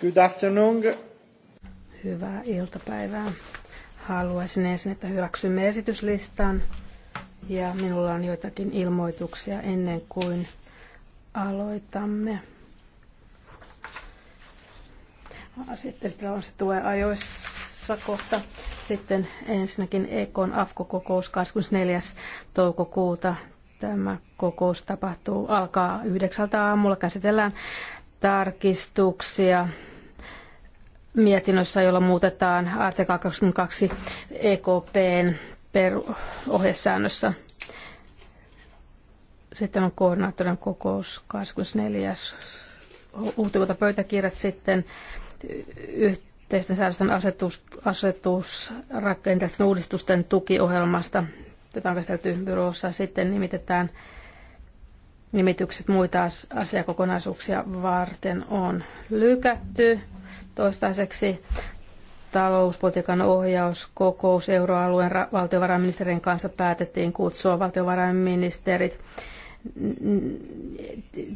Good afternoon. Hyvää iltapäivää. Haluaisin ensin, että hyväksymme esityslistan ja minulla on joitakin ilmoituksia ennen kuin aloitamme. Sitten on se tue ajoissa kohta. Sitten ensinnäkin EKn AFKO-kokous 24. toukokuuta Tämä kokous tapahtuu, alkaa yhdeksältä aamulla. Käsitellään tarkistuksia mietinnössä, jolla muutetaan artikla 22 EKPn ohjesäännössä. Sitten on koordinaattorin kokous 24. Uutuvuutta pöytäkirjat sitten yhteisten säädösten asetus, asetus rakenteisten uudistusten tukiohjelmasta tätä on sitten nimitetään nimitykset muita asiakokonaisuuksia varten on lykätty. Toistaiseksi talouspolitiikan ohjauskokous euroalueen valtiovarainministerin kanssa päätettiin kutsua valtiovarainministerit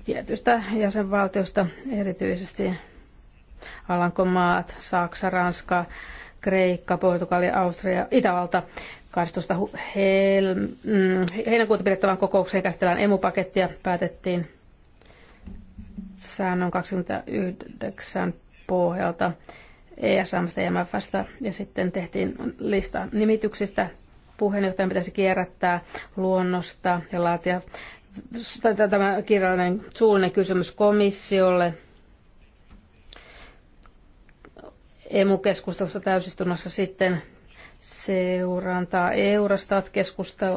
tietystä jäsenvaltiosta, erityisesti Alankomaat, Saksa, Ranska, Kreikka, Portugali, Austria, Itävalta 12. Hel- mm, heinäkuuta pidettävään kokoukseen käsitellään emupakettia. Päätettiin säännön 29 pohjalta ESMstä ja MFstä ja sitten tehtiin lista nimityksistä. Puheenjohtajan pitäisi kierrättää luonnosta ja laatia tämä kirjallinen suullinen kysymys komissiolle emu Emu-keskustelussa täysistunnossa sitten seurantaa. eurostat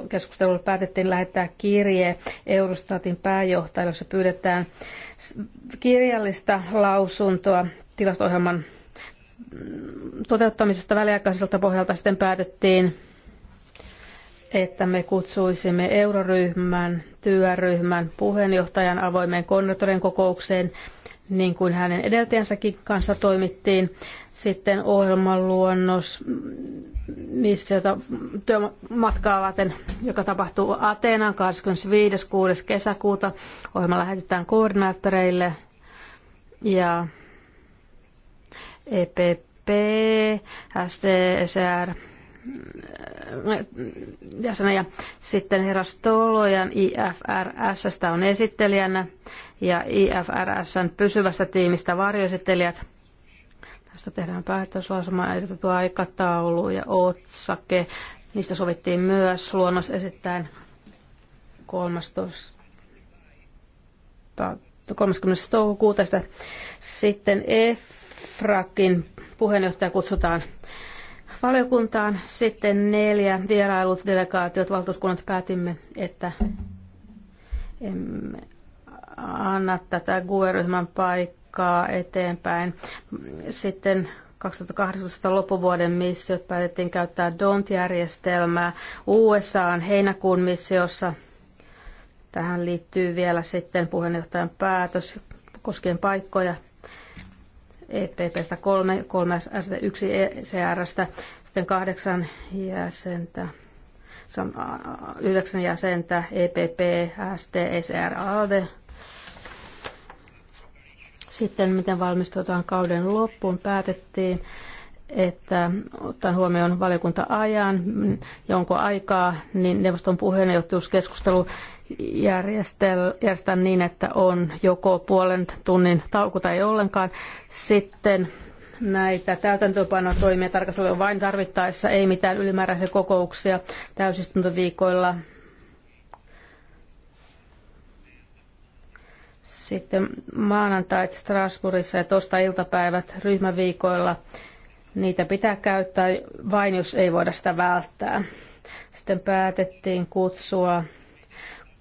keskustelulle päätettiin lähettää kirje Eurostatin pääjohtajalle, jossa pyydetään kirjallista lausuntoa tilasto-ohjelman toteuttamisesta väliaikaiselta pohjalta. Sitten päätettiin, että me kutsuisimme euroryhmän työryhmän puheenjohtajan avoimeen koordinaattorin kokoukseen – niin kuin hänen edeltäjänsäkin kanssa toimittiin. Sitten ohjelman luonnos, missä työmatkaa varten, joka tapahtuu Ateenaan 25.6. kesäkuuta. Ohjelma lähetetään koordinaattoreille ja EPP, SDSR, äh, ja sitten herra Stolojan IFRS on esittelijänä ja IFRSn pysyvästä tiimistä varjoesittelijät. Tästä tehdään päätöslausuma, ehdotettu aikataulu ja otsake. Niistä sovittiin myös luonnos esittäen 13. 30. toukokuuta. Sitten EFRAKin puheenjohtaja kutsutaan valiokuntaan. Sitten neljä vierailut, delegaatiot, valtuuskunnat päätimme, että emme anna tätä GUE-ryhmän paikkaa eteenpäin. Sitten 2018 loppuvuoden missiot päätettiin käyttää DONT-järjestelmää. USA on heinäkuun missiossa. Tähän liittyy vielä sitten puheenjohtajan päätös koskien paikkoja. EPPstä kolme, kolme yksi ECRstä, sitten kahdeksan jäsentä, yhdeksän jäsentä, EPP, ST, ECR, ALD, sitten miten valmistutaan kauden loppuun päätettiin, että ottaen huomioon valiokunta-ajan ja onko aikaa, niin neuvoston puheenjohtajuuskeskustelu järjestää niin, että on joko puolen tunnin tauko tai ei ollenkaan. Sitten näitä täytäntöönpanotoimia tarkastellaan vain tarvittaessa, ei mitään ylimääräisiä kokouksia täysistuntoviikoilla – Sitten maanantait Strasbourgissa ja toista iltapäivät ryhmäviikoilla. Niitä pitää käyttää vain, jos ei voida sitä välttää. Sitten päätettiin kutsua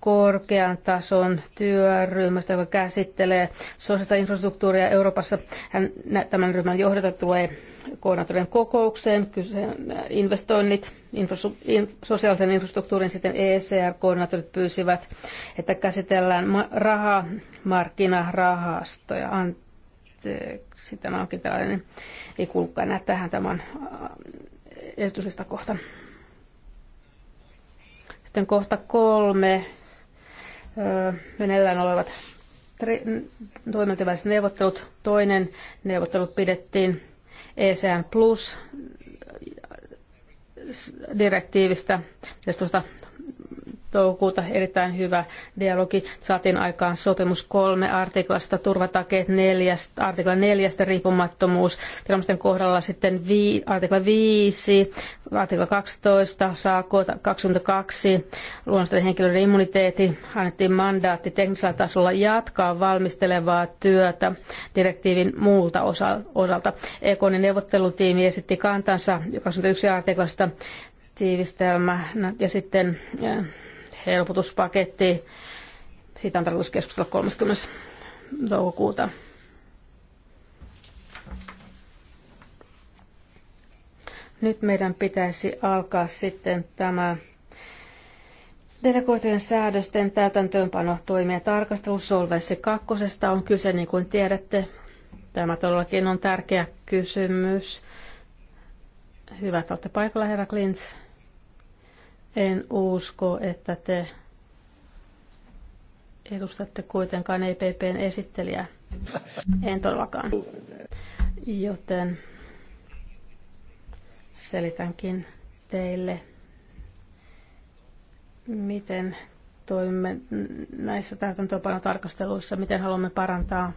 korkean tason työryhmästä, joka käsittelee sosiaalista infrastruktuuria Euroopassa. Hän, tämän ryhmän johdata tulee koordinaattorien kokoukseen, investoinnit, in, sosiaalisen infrastruktuurin sitten ECR-koordinaattorit pyysivät, että käsitellään ma- markkinarahastoja. Anteeksi, tämä onkin tällainen, ei kuulukaan enää tähän tämän esityslista kohta. Sitten kohta kolme meneillään olevat toimintaväliset neuvottelut. Toinen neuvottelut pidettiin ECN Plus direktiivistä, toukokuuta erittäin hyvä dialogi. Saatiin aikaan sopimus kolme artiklasta, turvatakeet neljästä, artikla neljästä riippumattomuus, viranomaisten kohdalla sitten vii, artikla viisi, artikla 12, SAK 22, luonnollisten henkilöiden immuniteetti, annettiin mandaatti teknisellä tasolla jatkaa valmistelevaa työtä direktiivin muulta osalta. Ekonin neuvottelutiimi esitti kantansa 21 artiklasta tiivistelmä ja sitten äh, helpotuspaketti. Siitä on tarkoitus keskustella 30. toukokuuta. Nyt meidän pitäisi alkaa sitten tämä Delegoitujen säädösten täytäntöönpano toimia. tarkastelu Solvenssi kakkosesta on kyse, niin kuin tiedätte. Tämä todellakin on tärkeä kysymys. Hyvä, että olette paikalla, herra Klintz. En usko, että te edustatte kuitenkaan EPPn esittelijää. En todellakaan. Joten selitänkin teille, miten toimimme näissä täytäntöpanotarkasteluissa, miten haluamme parantaa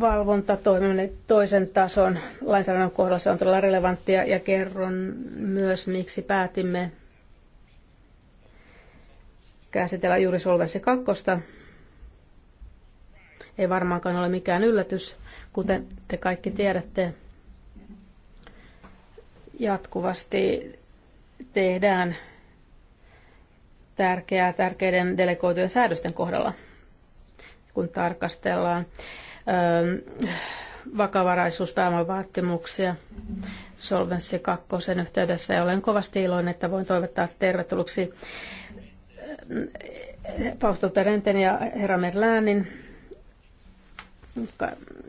valvontatoimen toisen tason lainsäädännön kohdalla se on todella relevanttia ja kerron myös, miksi päätimme käsitellä juuri Solvenssi 2. Ei varmaankaan ole mikään yllätys, kuten te kaikki tiedätte. Jatkuvasti tehdään tärkeää tärkeiden delegoitujen säädösten kohdalla, kun tarkastellaan vakavaraisuuspääomavaatimuksia Solvenssi 2 yhteydessä. Ja olen kovasti iloinen, että voin toivottaa tervetulleeksi Fausto Perenten ja Herra Merlänin,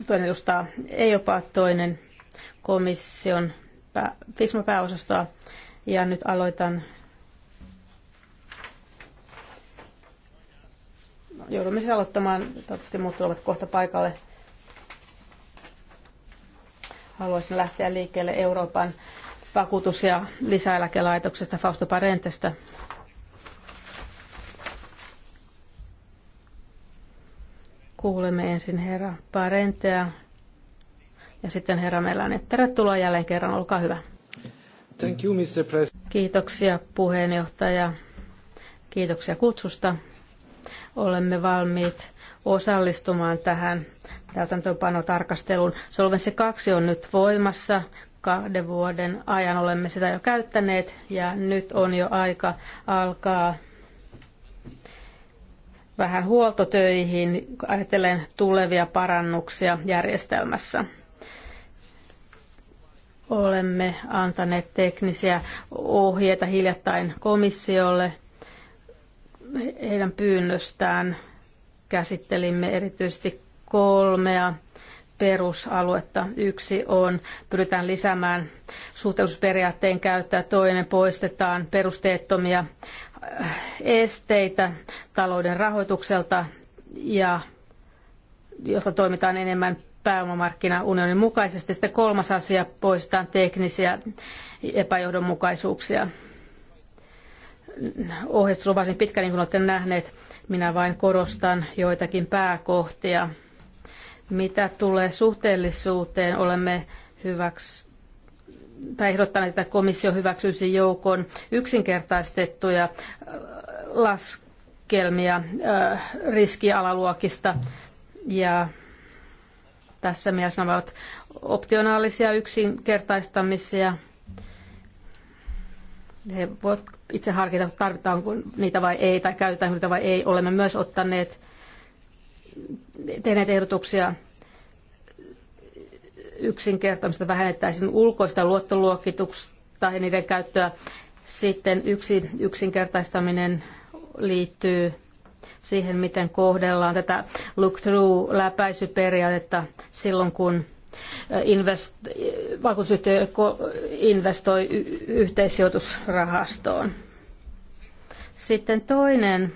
toinen edustaa ei opaa toinen komission FISMA-pääosastoa. Ja nyt aloitan joudumme siis aloittamaan. Toivottavasti muut tulevat kohta paikalle. Haluaisin lähteä liikkeelle Euroopan vakuutus- ja lisäeläkelaitoksesta Fausto Parentesta. Kuulemme ensin herra Parentea ja sitten herra Mellanen. Tervetuloa jälleen kerran, olkaa hyvä. Thank you, Mr. President. Kiitoksia puheenjohtaja. Kiitoksia kutsusta olemme valmiit osallistumaan tähän täytäntöönpanotarkasteluun. Solvenssi 2 on nyt voimassa. Kahden vuoden ajan olemme sitä jo käyttäneet ja nyt on jo aika alkaa vähän huoltotöihin, ajatellen tulevia parannuksia järjestelmässä. Olemme antaneet teknisiä ohjeita hiljattain komissiolle – heidän pyynnöstään käsittelimme erityisesti kolmea perusaluetta. Yksi on, pyritään lisäämään suhteellisuusperiaatteen käyttöä, toinen poistetaan perusteettomia äh, esteitä talouden rahoitukselta ja jotta toimitaan enemmän pääomamarkkinaunionin mukaisesti. Sitten kolmas asia, poistetaan teknisiä epäjohdonmukaisuuksia ohjeistus on varsin pitkä, niin kuin olette nähneet. Minä vain korostan joitakin pääkohtia. Mitä tulee suhteellisuuteen, olemme hyväks, tai ehdottaneet, että komissio hyväksyisi joukon yksinkertaistettuja äh, laskelmia äh, riskialaluokista. Ja tässä mielessä nämä ovat optionaalisia yksinkertaistamisia he voivat itse harkita, tarvitaanko niitä vai ei, tai käytetään niitä vai ei. Olemme myös ottaneet, tehneet ehdotuksia yksinkertaisesti vähennettäisiin ulkoista luottoluokitusta ja niiden käyttöä. Sitten yksi yksinkertaistaminen liittyy siihen, miten kohdellaan tätä look-through-läpäisyperiaatetta silloin, kun invest, vakuutusyhtiö investoi yhteissijoitusrahastoon. Sitten toinen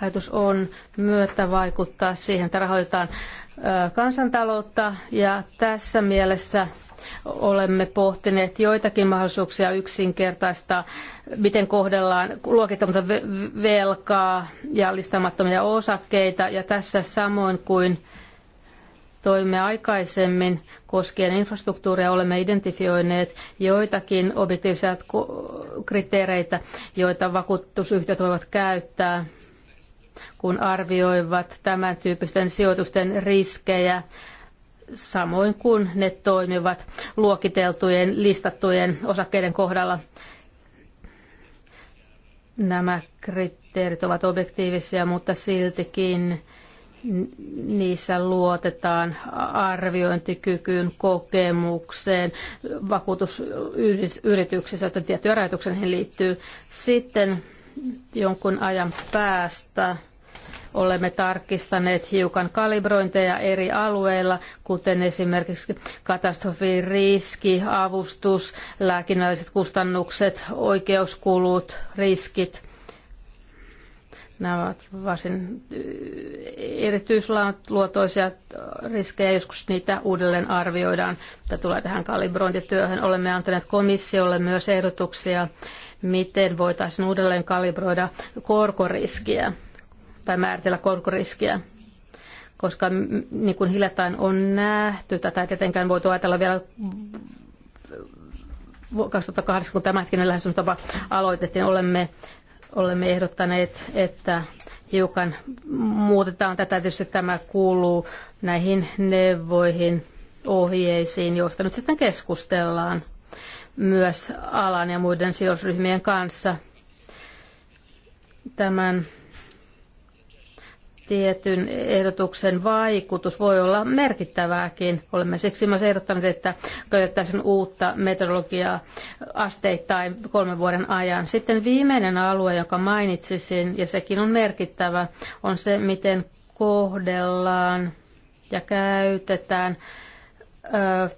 ajatus on myötä vaikuttaa siihen, että rahoitetaan kansantaloutta ja tässä mielessä Olemme pohtineet joitakin mahdollisuuksia yksinkertaista, miten kohdellaan luokittamatta velkaa ja listamattomia osakkeita. Ja tässä samoin kuin toimme aikaisemmin koskien infrastruktuuria olemme identifioineet joitakin objektiivisia kriteereitä, joita vakuutusyhtiöt voivat käyttää, kun arvioivat tämän tyyppisten sijoitusten riskejä samoin kuin ne toimivat luokiteltujen, listattujen osakkeiden kohdalla. Nämä kriteerit ovat objektiivisia, mutta siltikin niissä luotetaan arviointikykyyn, kokemukseen, vakuutusyrityksissä, joten tiettyjä rajoituksia liittyy. Sitten jonkun ajan päästä Olemme tarkistaneet hiukan kalibrointeja eri alueilla, kuten esimerkiksi katastrofin riski, avustus, lääkinnälliset kustannukset, oikeuskulut, riskit. Nämä ovat varsin erityisluotoisia riskejä, joskus niitä uudelleen arvioidaan, mitä tulee tähän kalibrointityöhön. Olemme antaneet komissiolle myös ehdotuksia, miten voitaisiin uudelleen kalibroida korkoriskiä tai määritellä korkoriskiä. Koska niin kuin hiljattain on nähty, tätä ei tietenkään voitu ajatella vielä 2008, kun hetkinen lähestymistapa aloitettiin, olemme, olemme ehdottaneet, että hiukan muutetaan tätä. Tietysti tämä kuuluu näihin neuvoihin, ohjeisiin, joista nyt sitten keskustellaan myös alan ja muiden sidosryhmien kanssa. Tämän tietyn ehdotuksen vaikutus voi olla merkittävääkin. Olemme siksi myös ehdottaneet, että käytettäisiin uutta metodologiaa asteittain kolmen vuoden ajan. Sitten viimeinen alue, joka mainitsisin, ja sekin on merkittävä, on se, miten kohdellaan ja käytetään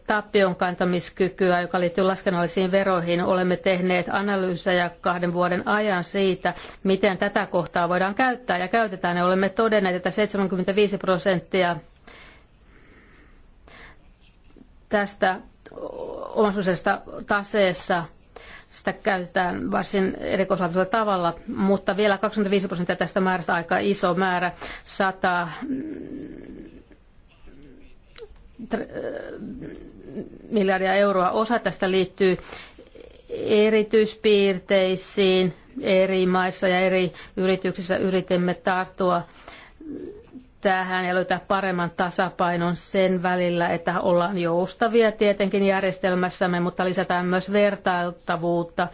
tappion kantamiskykyä, joka liittyy laskennallisiin veroihin. Olemme tehneet analyysejä kahden vuoden ajan siitä, miten tätä kohtaa voidaan käyttää ja käytetään. Ja olemme todenneet, että 75 prosenttia tästä omaisuudesta taseessa sitä käytetään varsin erikoislaatuisella tavalla, mutta vielä 25 prosenttia tästä määrästä aika iso määrä, 100 Äh, miljardia euroa. Osa tästä liittyy erityispiirteisiin eri maissa ja eri yrityksissä yritimme tarttua tähän ja löytää paremman tasapainon sen välillä, että ollaan joustavia tietenkin järjestelmässämme, mutta lisätään myös vertailtavuutta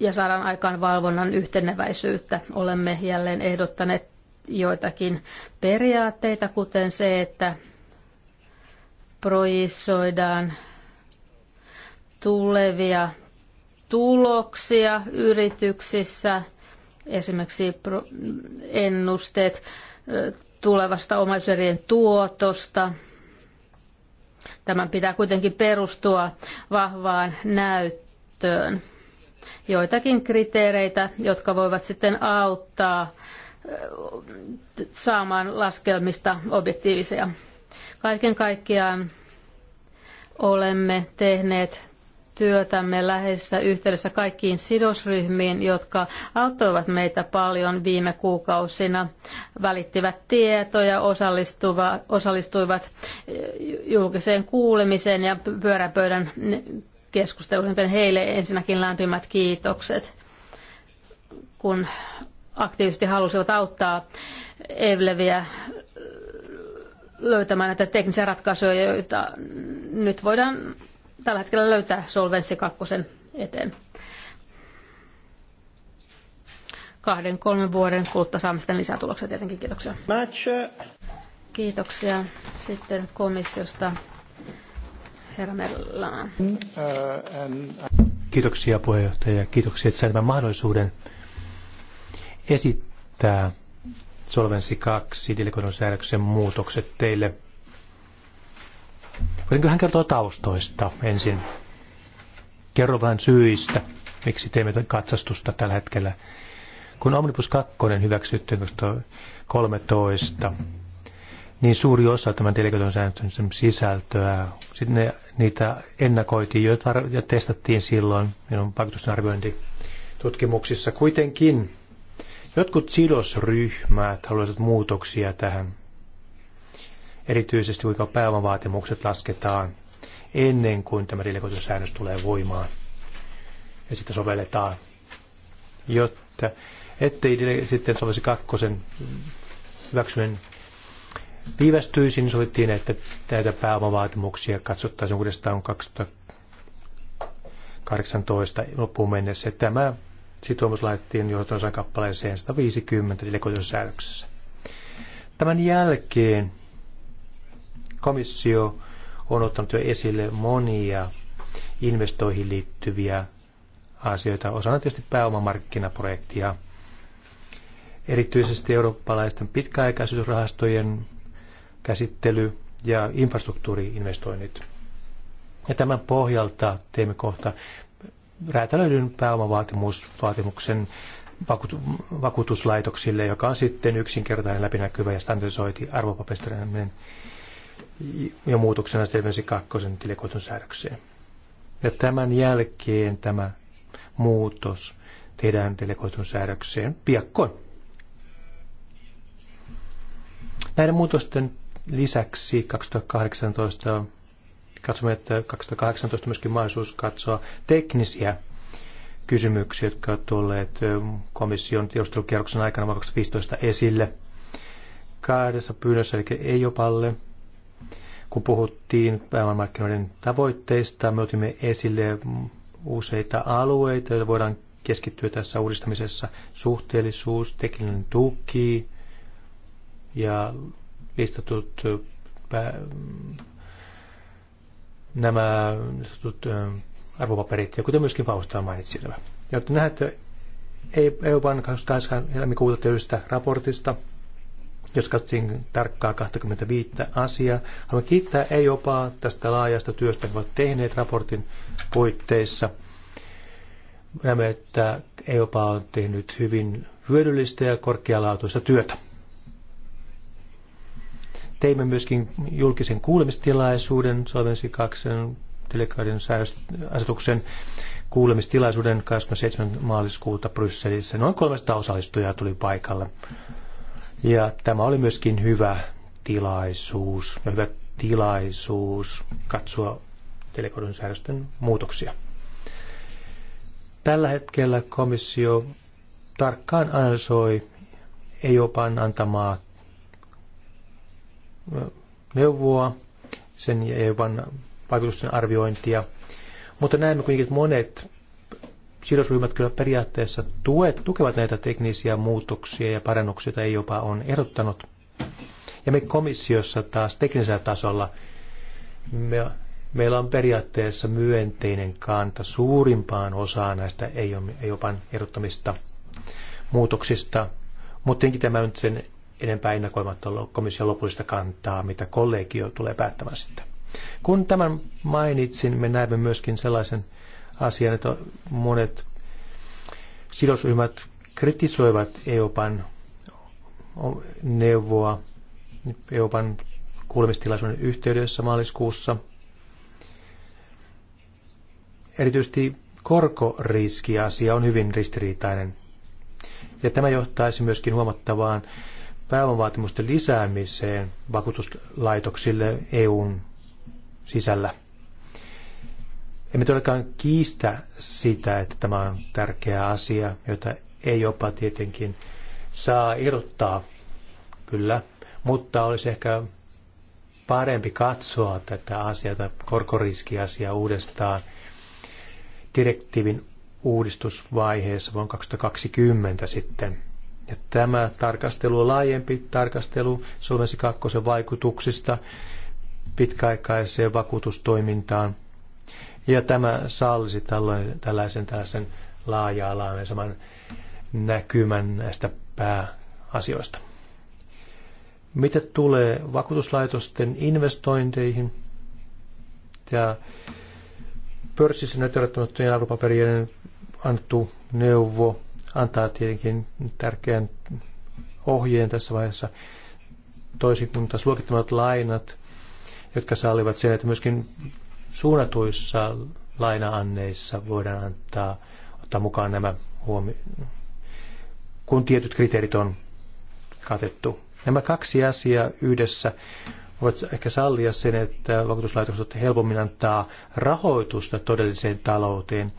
ja saadaan aikaan valvonnan yhteneväisyyttä. Olemme jälleen ehdottaneet joitakin periaatteita, kuten se, että projisoidaan tulevia tuloksia yrityksissä, esimerkiksi ennusteet tulevasta omaisuuden tuotosta. Tämän pitää kuitenkin perustua vahvaan näyttöön. Joitakin kriteereitä, jotka voivat sitten auttaa saamaan laskelmista objektiivisia Kaiken kaikkiaan olemme tehneet työtämme läheisessä yhteydessä kaikkiin sidosryhmiin, jotka auttoivat meitä paljon viime kuukausina, välittivät tietoja, osallistuivat eh, julkiseen kuulemiseen ja pyöräpöydän keskusteluun, heille ensinnäkin lämpimät kiitokset, kun aktiivisesti halusivat auttaa Evleviä löytämään näitä teknisiä ratkaisuja, joita nyt voidaan tällä hetkellä löytää Solvenssi 2 eteen. Kahden, kolmen vuoden kuluttua saamme sitten lisää tuloksia tietenkin. Kiitoksia. Kiitoksia sitten komissiosta. Herra uh, uh, Kiitoksia puheenjohtaja. Kiitoksia, että sain tämän mahdollisuuden esittää Solvensi 2 delegoidun säädöksen muutokset teille. Voitinko hän kertoa taustoista ensin? Kerro vähän syistä, miksi teemme katsastusta tällä hetkellä. Kun Omnibus 2 hyväksyttiin 2013, niin suuri osa tämän delegoidun säännöksen sisältöä, sitten ne, niitä ennakoitiin jo ja testattiin silloin minun vaikutusten tutkimuksissa. Kuitenkin Jotkut sidosryhmät haluaisivat muutoksia tähän, erityisesti kuinka pääomavaatimukset lasketaan ennen kuin tämä delegoitussäännös tulee voimaan ja sitä sovelletaan, jotta ettei sitten sovisi kakkosen hyväksyminen viivästyisi, niin sovittiin, että näitä pääomavaatimuksia katsottaisiin uudestaan 2018 loppuun mennessä. Tämä sitoumus laitettiin johtonsa kappaleeseen 150 delegoitussäädöksessä. Tämän jälkeen komissio on ottanut jo esille monia investoihin liittyviä asioita, osana tietysti pääomamarkkinaprojektia. Erityisesti eurooppalaisten pitkäaikaisuusrahastojen käsittely ja infrastruktuuriinvestoinnit. Ja tämän pohjalta teemme kohta räätälöidyn pääomavaatimuksen vakuutuslaitoksille, joka on sitten yksinkertainen, läpinäkyvä ja standardisoiti arvopaperistaminen ja muutoksena selvensi kakkosen tilikoitun säädökseen. Ja tämän jälkeen tämä muutos tehdään delegoitun säädökseen piakkoin. Näiden muutosten lisäksi 2018 katsomme, että 2018 myöskin mahdollisuus katsoa teknisiä kysymyksiä, jotka ovat tulleet komission tiedustelukierroksen aikana vuonna 2015 esille kahdessa pyynnössä, eli jopalle. Kun puhuttiin pääomamarkkinoiden tavoitteista, me otimme esille useita alueita, joita voidaan keskittyä tässä uudistamisessa. Suhteellisuus, tekninen tuki ja listatut nämä niin arvopaperit, ja kuten myöskin Fausta mainitsi tämä. Ja näette EU-ban 28. raportista, jos katsottiin tarkkaa 25 asiaa. Haluan kiittää EU-paa tästä laajasta työstä, jonka tehneet raportin puitteissa. Näemme, että EU-paa on tehnyt hyvin hyödyllistä ja korkealaatuista työtä. Teimme myöskin julkisen kuulemistilaisuuden Solvensi 2 telekaiden asetuksen kuulemistilaisuuden 27. maaliskuuta Brysselissä. Noin 300 osallistujaa tuli paikalle. Ja tämä oli myöskin hyvä tilaisuus ja hyvä tilaisuus katsoa delegoidun säädösten muutoksia. Tällä hetkellä komissio tarkkaan analysoi Euroopan antamaa neuvoa, sen ja Eevan vaikutusten arviointia. Mutta näemme kuitenkin, että monet sidosryhmät kyllä periaatteessa tuet, tukevat näitä teknisiä muutoksia ja parannuksia, joita ei jopa on erottanut. Ja me komissiossa taas teknisellä tasolla, me, meillä on periaatteessa myönteinen kanta suurimpaan osaan näistä ei, ei jopa erottamista muutoksista. Mutta tietenkin tämä nyt sen enempää ennakoimatta komission lopullista kantaa, mitä kollegio tulee päättämään sitten. Kun tämän mainitsin, me näemme myöskin sellaisen asian, että monet sidosryhmät kritisoivat EUPAN neuvoa EUPAN kuulemistilaisuuden yhteydessä maaliskuussa. Erityisesti korkoriskiasia on hyvin ristiriitainen. Ja tämä johtaisi myöskin huomattavaan pääomavaatimusten lisäämiseen vakuutuslaitoksille EUn sisällä. Emme todellakaan kiistä sitä, että tämä on tärkeä asia, jota ei jopa tietenkin saa irrottaa, kyllä, mutta olisi ehkä parempi katsoa tätä asiaa, korkoriskiasiaa uudestaan direktiivin uudistusvaiheessa vuonna 2020 sitten ja tämä tarkastelu on laajempi tarkastelu Solvensi kakkosen vaikutuksista pitkäaikaiseen vakuutustoimintaan. Ja tämä sallisi tällaisen, tällaisen, tällaisen laaja alaisen näkymän näistä pääasioista. Mitä tulee vakuutuslaitosten investointeihin ja pörssissä näyttämättömien arvopaperien annettu neuvo antaa tietenkin tärkeän ohjeen tässä vaiheessa, toisin kuin taas luokittamat lainat, jotka sallivat sen, että myöskin suunnatuissa lainaanneissa voidaan antaa, ottaa mukaan nämä huomioon, kun tietyt kriteerit on katettu. Nämä kaksi asiaa yhdessä voivat ehkä sallia sen, että vakuutuslaitokset helpommin antaa rahoitusta todelliseen talouteen –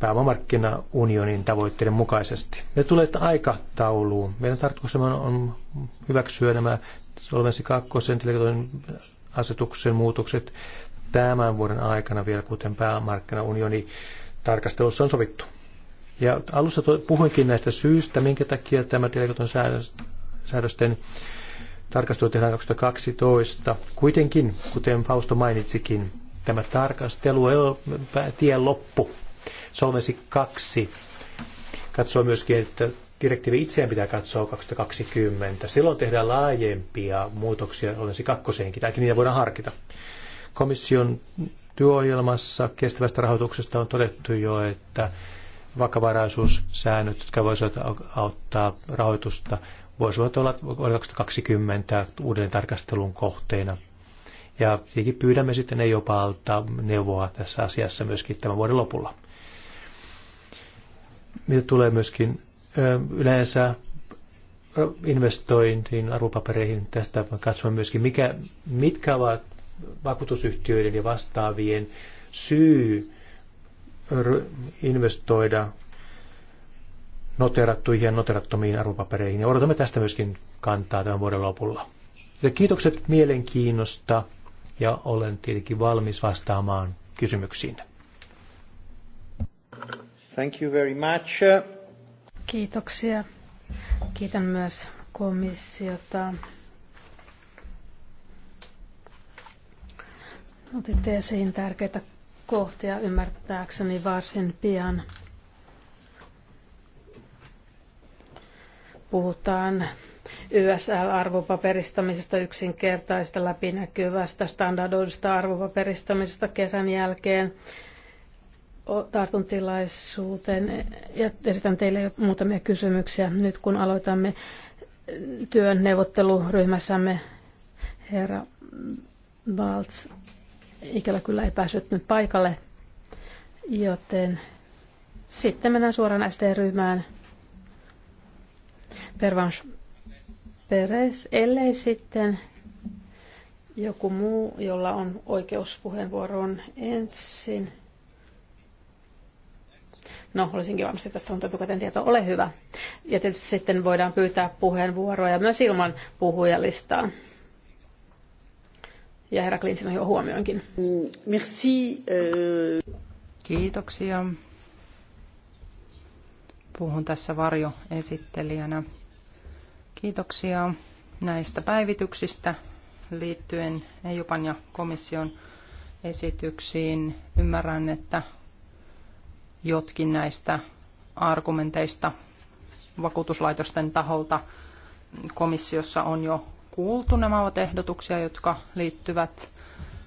pääomamarkkinaunionin tavoitteiden mukaisesti. Ne tulee aikatauluun. Meidän tarkoituksemme on hyväksyä nämä Solvensi 2 asetuksen muutokset tämän vuoden aikana vielä, kuten pääomamarkkinaunioni tarkastelussa on sovittu. Ja alussa puhuinkin näistä syistä, minkä takia tämä delegaton säädösten tarkastelu tehdään 2012. Kuitenkin, kuten Fausto mainitsikin, tämä tarkastelu ei ole tien loppu. Solvensi 2 katsoo myöskin, että direktiivi itseään pitää katsoa 2020. Silloin tehdään laajempia muutoksia Solvensi kakkoseenkin, tai niitä voidaan harkita. Komission työohjelmassa kestävästä rahoituksesta on todettu jo, että vakavaraisuussäännöt, jotka voisivat auttaa rahoitusta, voisivat olla 2020 uudelleen tarkastelun kohteena. Ja tietenkin pyydämme sitten ei jopa neuvoa tässä asiassa myöskin tämän vuoden lopulla mitä tulee myöskin yleensä investointiin, arvopapereihin. Tästä katsomme myöskin, mikä, mitkä ovat vakuutusyhtiöiden ja vastaavien syy investoida noterattuihin ja noterattomiin arvopapereihin. Ja odotamme tästä myöskin kantaa tämän vuoden lopulla. Ja kiitokset mielenkiinnosta ja olen tietenkin valmis vastaamaan kysymyksiin. Thank you very much. Kiitoksia. Kiitän myös komissiota. Otitte esiin tärkeitä kohtia ymmärtääkseni varsin pian. Puhutaan YSL-arvopaperistamisesta yksinkertaisesta läpinäkyvästä standardoidusta arvopaperistamisesta kesän jälkeen tartun tilaisuuteen ja esitän teille muutamia kysymyksiä nyt kun aloitamme työn neuvotteluryhmässämme. Herra Valts ikävä kyllä ei päässyt nyt paikalle, joten sitten mennään suoraan SD-ryhmään. Pervans Peres, ellei sitten joku muu, jolla on oikeus puheenvuoroon ensin. No, olisinkin että tästä on etukäteen tieto. Ole hyvä. Ja tietysti sitten voidaan pyytää puheenvuoroja myös ilman puhujalistaa. Ja herra Klinsin jo huomioinkin. Merci. Euh. Kiitoksia. Puhun tässä varjoesittelijänä. Kiitoksia näistä päivityksistä liittyen EUPan ja komission esityksiin. Ymmärrän, että jotkin näistä argumenteista vakuutuslaitosten taholta komissiossa on jo kuultu. Nämä ovat ehdotuksia, jotka liittyvät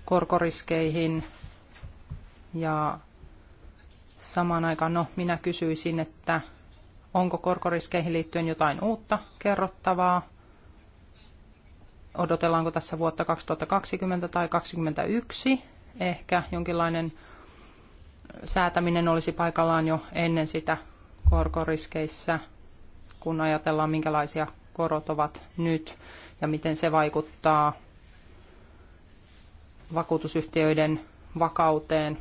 korkoriskeihin ja samaan aikaan, no minä kysyisin, että onko korkoriskeihin liittyen jotain uutta kerrottavaa? Odotellaanko tässä vuotta 2020 tai 2021? Ehkä jonkinlainen säätäminen olisi paikallaan jo ennen sitä korkoriskeissä, kun ajatellaan minkälaisia korot ovat nyt ja miten se vaikuttaa vakuutusyhtiöiden vakauteen.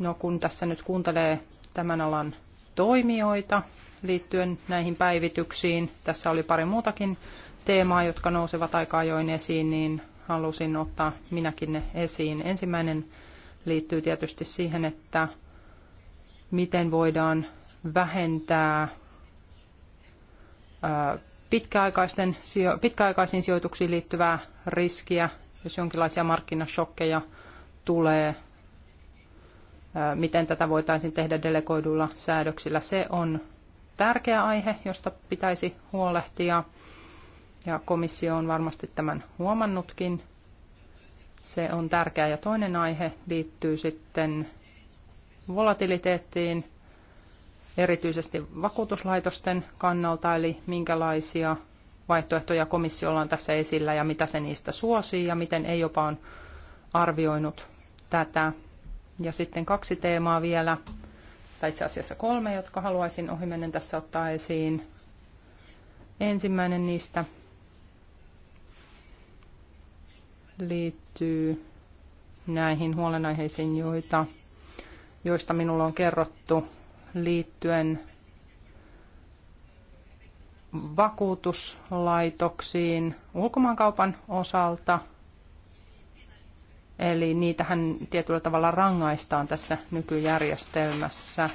No kun tässä nyt kuuntelee tämän alan toimijoita liittyen näihin päivityksiin, tässä oli pari muutakin teemaa, jotka nousevat aika ajoin esiin, niin halusin ottaa minäkin ne esiin. Ensimmäinen liittyy tietysti siihen, että miten voidaan vähentää pitkäaikaisten, pitkäaikaisiin sijoituksiin liittyvää riskiä, jos jonkinlaisia markkinashokkeja tulee, miten tätä voitaisiin tehdä delegoidulla säädöksillä. Se on tärkeä aihe, josta pitäisi huolehtia, ja komissio on varmasti tämän huomannutkin – se on tärkeä. Ja toinen aihe liittyy sitten volatiliteettiin, erityisesti vakuutuslaitosten kannalta, eli minkälaisia vaihtoehtoja komissiolla on tässä esillä ja mitä se niistä suosii ja miten ei jopa on arvioinut tätä. Ja sitten kaksi teemaa vielä, tai itse asiassa kolme, jotka haluaisin ohimennen tässä ottaa esiin. Ensimmäinen niistä liittyy näihin huolenaiheisiin, joita, joista minulla on kerrottu liittyen vakuutuslaitoksiin ulkomaankaupan osalta. Eli niitähän tietyllä tavalla rangaistaan tässä nykyjärjestelmässä.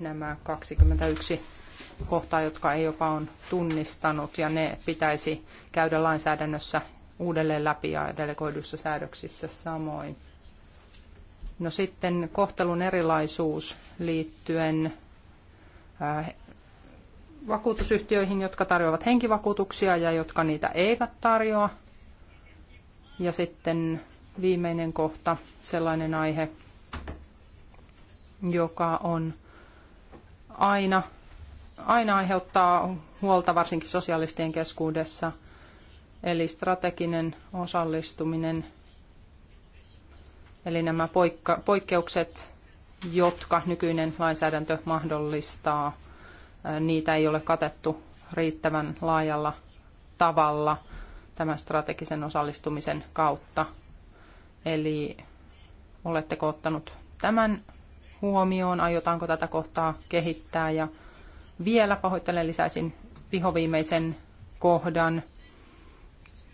Nämä 21 kohtaa, jotka ei jopa on tunnistanut, ja ne pitäisi käydä lainsäädännössä uudelleen läpi ja delegoiduissa säädöksissä samoin. No sitten kohtelun erilaisuus liittyen äh, vakuutusyhtiöihin, jotka tarjoavat henkivakuutuksia ja jotka niitä eivät tarjoa. Ja sitten viimeinen kohta, sellainen aihe, joka on aina, aina aiheuttaa huolta varsinkin sosiaalistien keskuudessa – eli strateginen osallistuminen, eli nämä poikka- poikkeukset, jotka nykyinen lainsäädäntö mahdollistaa, niitä ei ole katettu riittävän laajalla tavalla tämän strategisen osallistumisen kautta. Eli oletteko ottanut tämän huomioon, aiotaanko tätä kohtaa kehittää ja vielä pahoittelen lisäisin vihoviimeisen kohdan,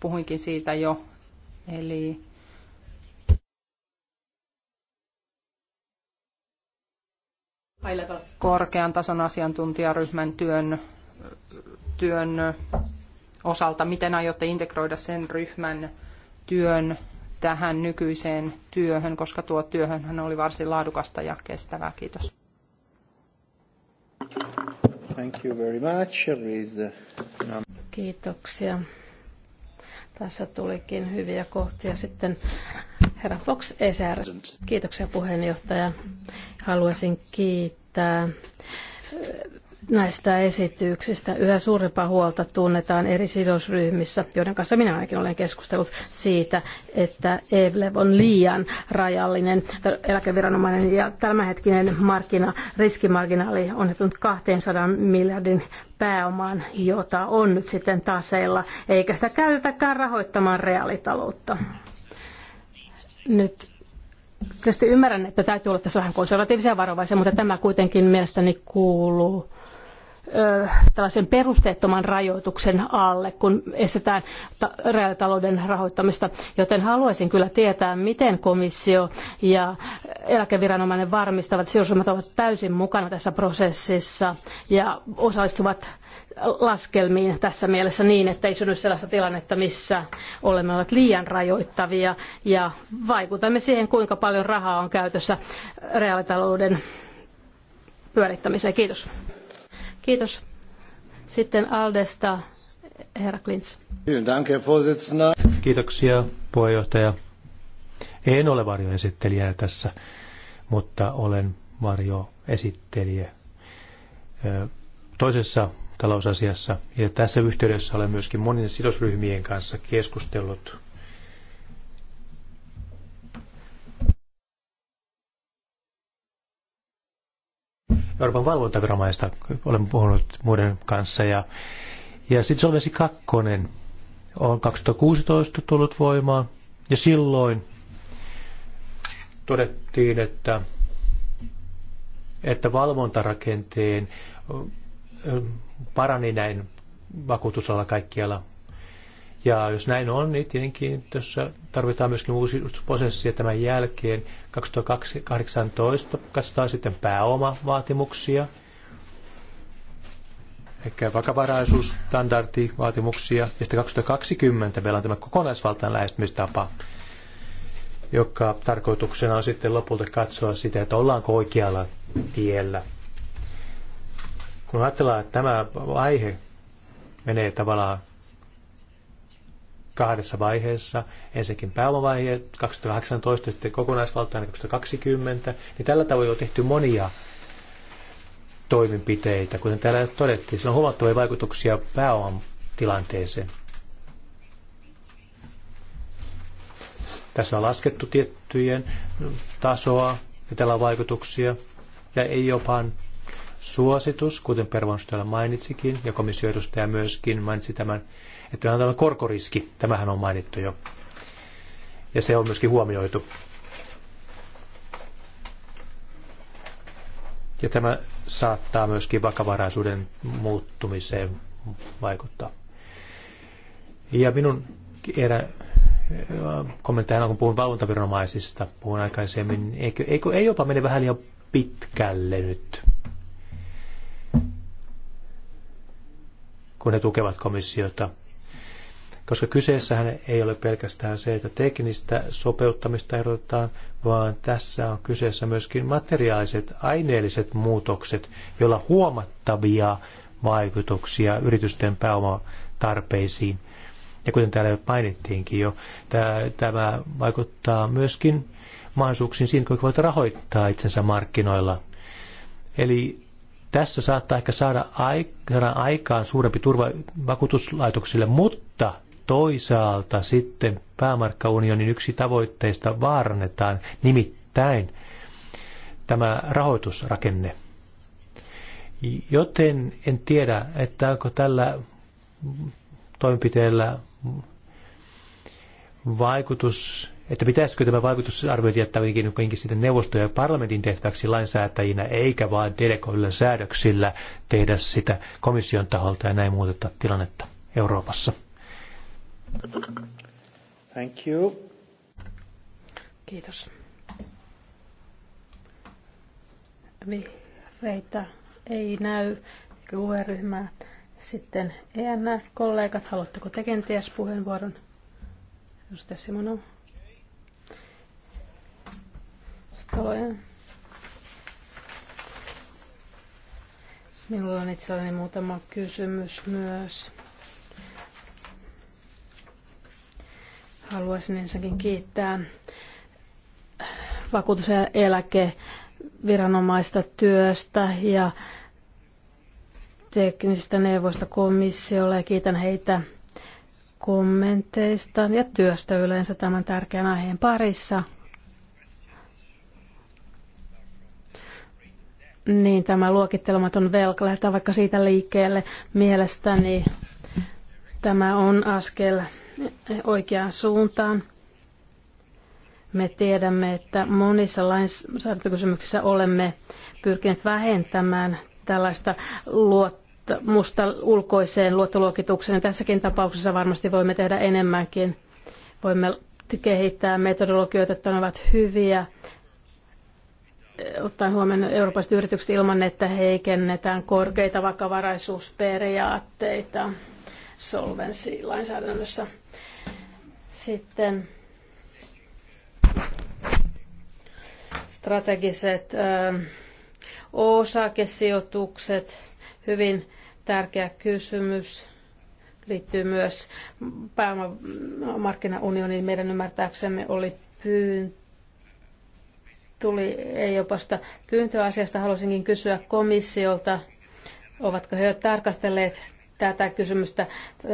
puhuinkin siitä jo. Eli korkean tason asiantuntijaryhmän työn, työn osalta, miten aiotte integroida sen ryhmän työn tähän nykyiseen työhön, koska tuo työhönhän oli varsin laadukasta ja kestävää. Kiitos. Thank you very much. Kiitoksia. Tässä tulikin hyviä kohtia sitten herra Fox ESR. Kiitoksia puheenjohtaja. Haluaisin kiittää näistä esityksistä. Yhä suurempaa huolta tunnetaan eri sidosryhmissä, joiden kanssa minä ainakin olen keskustellut siitä, että EVLEV on liian rajallinen eläkeviranomainen ja tämänhetkinen markkina, riskimarginaali on nyt 200 miljardin pääomaan, jota on nyt sitten taseilla, eikä sitä käytetäkään rahoittamaan reaalitaloutta. Nyt tietysti ymmärrän, että täytyy olla tässä vähän konservatiivisia ja varovaisia, mutta tämä kuitenkin mielestäni kuuluu tällaisen perusteettoman rajoituksen alle, kun estetään ta- reaalitalouden rahoittamista. Joten haluaisin kyllä tietää, miten komissio ja eläkeviranomainen varmistavat, että sidosryhmät ovat täysin mukana tässä prosessissa ja osallistuvat laskelmiin tässä mielessä niin, että ei synny sellaista tilannetta, missä olemme olleet liian rajoittavia ja vaikutamme siihen, kuinka paljon rahaa on käytössä reaalitalouden pyörittämiseen. Kiitos. Kiitos. Sitten Aldesta, herra Klintz. Kiitoksia, puheenjohtaja. En ole varjoesittelijänä tässä, mutta olen varjoesittelijä toisessa talousasiassa. Ja tässä yhteydessä olen myöskin monien sidosryhmien kanssa keskustellut Euroopan valvontaviranomaista olen puhunut muiden kanssa. Ja, ja sitten Solvensi 2 on 2016 tullut voimaan ja silloin todettiin, että, että valvontarakenteen parani näin vakuutusalla kaikkialla ja jos näin on, niin tietenkin tässä tarvitaan myöskin uudistusprosessia tämän jälkeen. 2018 katsotaan sitten pääomavaatimuksia, ehkä vakavaraisuusstandardivaatimuksia. Ja sitten 2020 meillä on tämä kokonaisvaltainen lähestymistapa, joka tarkoituksena on sitten lopulta katsoa sitä, että ollaanko oikealla tiellä. Kun ajatellaan, että tämä aihe menee tavallaan kahdessa vaiheessa, ensinnäkin pääomavaihe 2018 ja sitten kokonaisvaltainen 2020, niin tällä tavoin on tehty monia toimenpiteitä, kuten täällä todettiin. Sillä on huomattavia vaikutuksia pääoman tilanteeseen. Tässä on laskettu tiettyjen tasoa ja tällä on vaikutuksia. Ja ei jopa suositus, kuten Pervonstella mainitsikin, ja komissioedustaja myöskin mainitsi tämän, että on tällainen korkoriski, tämähän on mainittu jo. Ja se on myöskin huomioitu. Ja tämä saattaa myöskin vakavaraisuuden muuttumiseen vaikuttaa. Ja minun erä, on, kun puhun valvontaviranomaisista, puhun aikaisemmin, eikö, eikö, ei jopa mene vähän liian pitkälle nyt, kun he tukevat komissiota koska kyseessähän ei ole pelkästään se, että teknistä sopeuttamista erotetaan, vaan tässä on kyseessä myöskin materiaaliset, aineelliset muutokset, joilla huomattavia vaikutuksia yritysten pääomatarpeisiin. Ja kuten täällä mainittiinkin jo, tämä vaikuttaa myöskin mahdollisuuksiin siinä, kuinka voit rahoittaa itsensä markkinoilla. Eli tässä saattaa ehkä saada aikaan suurempi turva vakuutuslaitoksille, mutta toisaalta sitten päämarkkaunionin yksi tavoitteista vaarannetaan, nimittäin tämä rahoitusrakenne. Joten en tiedä, että onko tällä toimenpiteellä vaikutus, että pitäisikö tämä vaikutusarviointi jättää kuitenkin, kuitenkin sitten neuvosto- ja parlamentin tehtäväksi lainsäätäjinä, eikä vaan delegoilla säädöksillä tehdä sitä komission taholta ja näin muuteta tilannetta Euroopassa. Thank you. Kiitos. Vihreitä ei näy, eikä ryhmää Sitten ENF-kollegat, haluatteko te kenties puheenvuoron? Edustaja Simono. Stoloja. Minulla on itselleni muutama kysymys myös. Haluaisin ensinnäkin kiittää vakuutus- ja eläkeviranomaista työstä ja teknisistä neuvoista komissiolle ja kiitän heitä kommenteista ja työstä yleensä tämän tärkeän aiheen parissa. Niin, tämä luokittelematon velka, lähtee vaikka siitä liikkeelle. Mielestäni tämä on askel oikeaan suuntaan. Me tiedämme, että monissa lainsäädäntökysymyksissä olemme pyrkineet vähentämään tällaista luottamusta ulkoiseen luottoluokitukseen. Tässäkin tapauksessa varmasti voimme tehdä enemmänkin. Voimme kehittää metodologioita, että ne ovat hyviä, ottaen huomioon eurooppalaiset yritykset ilman, että heikennetään korkeita vakavaraisuusperiaatteita solvenssilainsäädännössä. lainsäädännössä sitten strategiset ö, osakesijoitukset, hyvin tärkeä kysymys, liittyy myös pääomamarkkinaunioniin. Meidän ymmärtääksemme oli pyyntö tuli ei EIOPasta pyyntöasiasta. Haluaisinkin kysyä komissiolta, ovatko he tarkastelleet tätä kysymystä,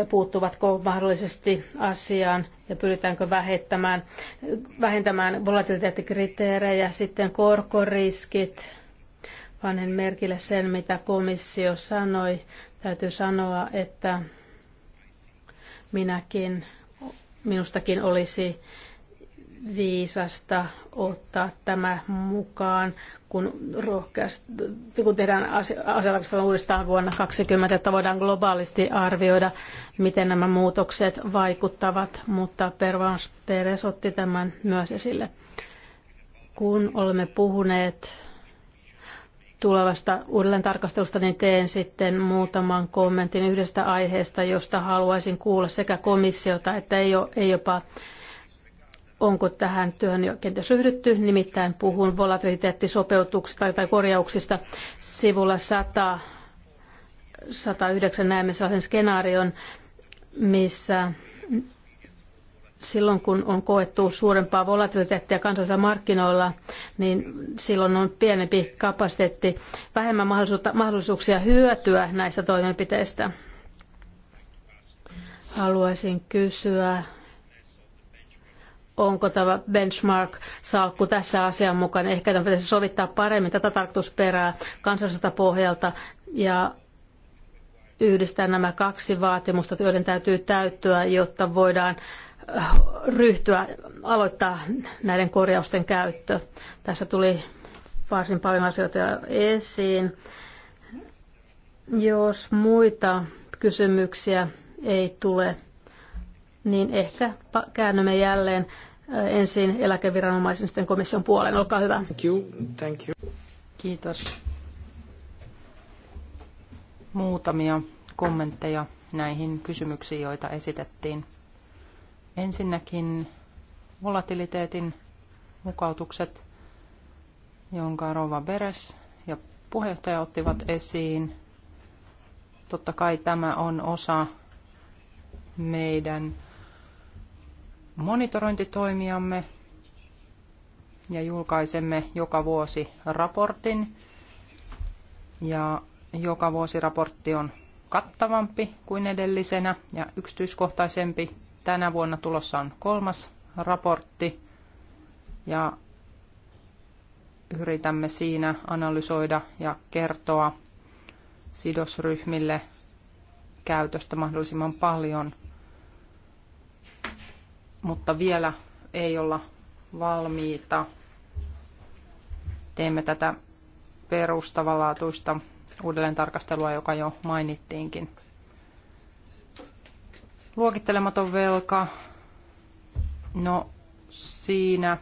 puuttuvatko mahdollisesti asiaan ja pyritäänkö vähentämään, vähentämään volatiliteettikriteerejä, sitten korkoriskit, Panen merkille sen, mitä komissio sanoi. Täytyy sanoa, että minäkin, minustakin olisi viisasta ottaa tämä mukaan kun, rohkeasti, kun tehdään asiakasta uudestaan vuonna 2020, että voidaan globaalisti arvioida, miten nämä muutokset vaikuttavat, mutta Pervans Peres otti tämän myös esille. Kun olemme puhuneet tulevasta uudelleen tarkastelusta, niin teen sitten muutaman kommentin yhdestä aiheesta, josta haluaisin kuulla sekä komissiota että ei, ole, ei jopa onko tähän työhön jo kenties ryhdytty. Nimittäin puhun volatiliteettisopeutuksista tai korjauksista sivulla 100, 109 näemme sellaisen skenaarion, missä silloin kun on koettu suurempaa volatiliteettia kansallisilla markkinoilla, niin silloin on pienempi kapasiteetti, vähemmän mahdollisuuksia hyötyä näistä toimenpiteistä. Haluaisin kysyä onko tämä benchmark-salkku tässä mukaan. Ehkä tämä pitäisi sovittaa paremmin tätä tarkoitusperää kansalliselta pohjalta ja yhdistää nämä kaksi vaatimusta, joiden täytyy täyttyä, jotta voidaan äh, ryhtyä aloittaa näiden korjausten käyttö. Tässä tuli varsin paljon asioita esiin. Jos muita kysymyksiä ei tule, niin ehkä käännymme jälleen ensin eläkeviranomaisen sitten komission puoleen. Olkaa hyvä. Thank you. Thank you. Kiitos. Muutamia kommentteja näihin kysymyksiin, joita esitettiin. Ensinnäkin volatiliteetin mukautukset, jonka Rova Beres ja puheenjohtaja ottivat esiin. Totta kai tämä on osa meidän monitorointitoimiamme ja julkaisemme joka vuosi raportin. Ja joka vuosi raportti on kattavampi kuin edellisenä ja yksityiskohtaisempi. Tänä vuonna tulossa on kolmas raportti ja yritämme siinä analysoida ja kertoa sidosryhmille käytöstä mahdollisimman paljon – mutta vielä ei olla valmiita. Teemme tätä perustavanlaatuista uudelleen tarkastelua, joka jo mainittiinkin. Luokittelematon velka. No siinä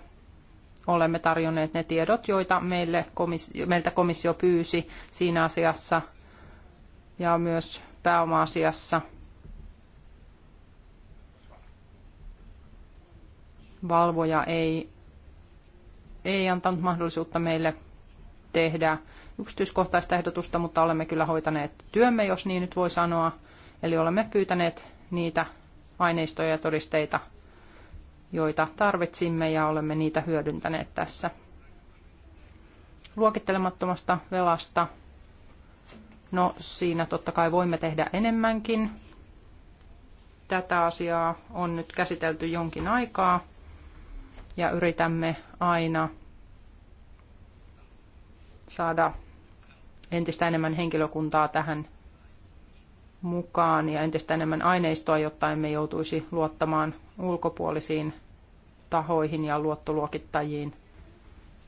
olemme tarjonneet ne tiedot, joita meille komissio, meiltä komissio pyysi siinä asiassa ja myös pääoma-asiassa – valvoja ei, ei antanut mahdollisuutta meille tehdä yksityiskohtaista ehdotusta, mutta olemme kyllä hoitaneet työmme, jos niin nyt voi sanoa. Eli olemme pyytäneet niitä aineistoja ja todisteita, joita tarvitsimme ja olemme niitä hyödyntäneet tässä. Luokittelemattomasta velasta. No siinä totta kai voimme tehdä enemmänkin. Tätä asiaa on nyt käsitelty jonkin aikaa ja yritämme aina saada entistä enemmän henkilökuntaa tähän mukaan ja entistä enemmän aineistoa, jotta emme joutuisi luottamaan ulkopuolisiin tahoihin ja luottoluokittajiin.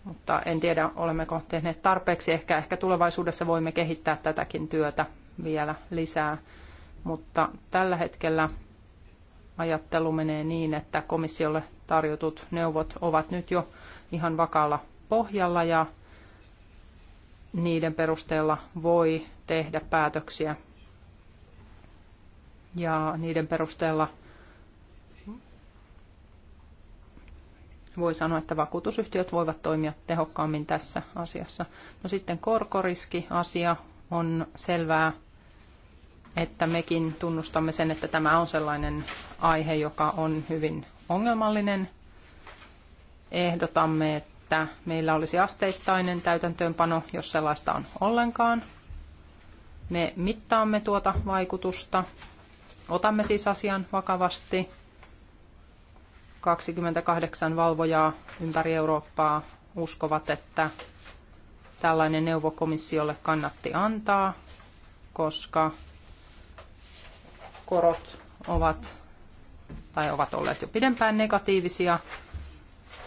Mutta en tiedä, olemmeko tehneet tarpeeksi. Ehkä, ehkä tulevaisuudessa voimme kehittää tätäkin työtä vielä lisää. Mutta tällä hetkellä ajattelu menee niin, että komissiolle tarjotut neuvot ovat nyt jo ihan vakalla pohjalla ja niiden perusteella voi tehdä päätöksiä. Ja niiden perusteella voi sanoa, että vakuutusyhtiöt voivat toimia tehokkaammin tässä asiassa. No sitten korkoriski-asia on selvää, että mekin tunnustamme sen, että tämä on sellainen aihe, joka on hyvin ongelmallinen. Ehdotamme, että meillä olisi asteittainen täytäntöönpano, jos sellaista on ollenkaan. Me mittaamme tuota vaikutusta, otamme siis asian vakavasti. 28 valvojaa ympäri Eurooppaa uskovat, että tällainen neuvokomissiolle kannatti antaa, koska korot ovat tai ovat olleet jo pidempään negatiivisia,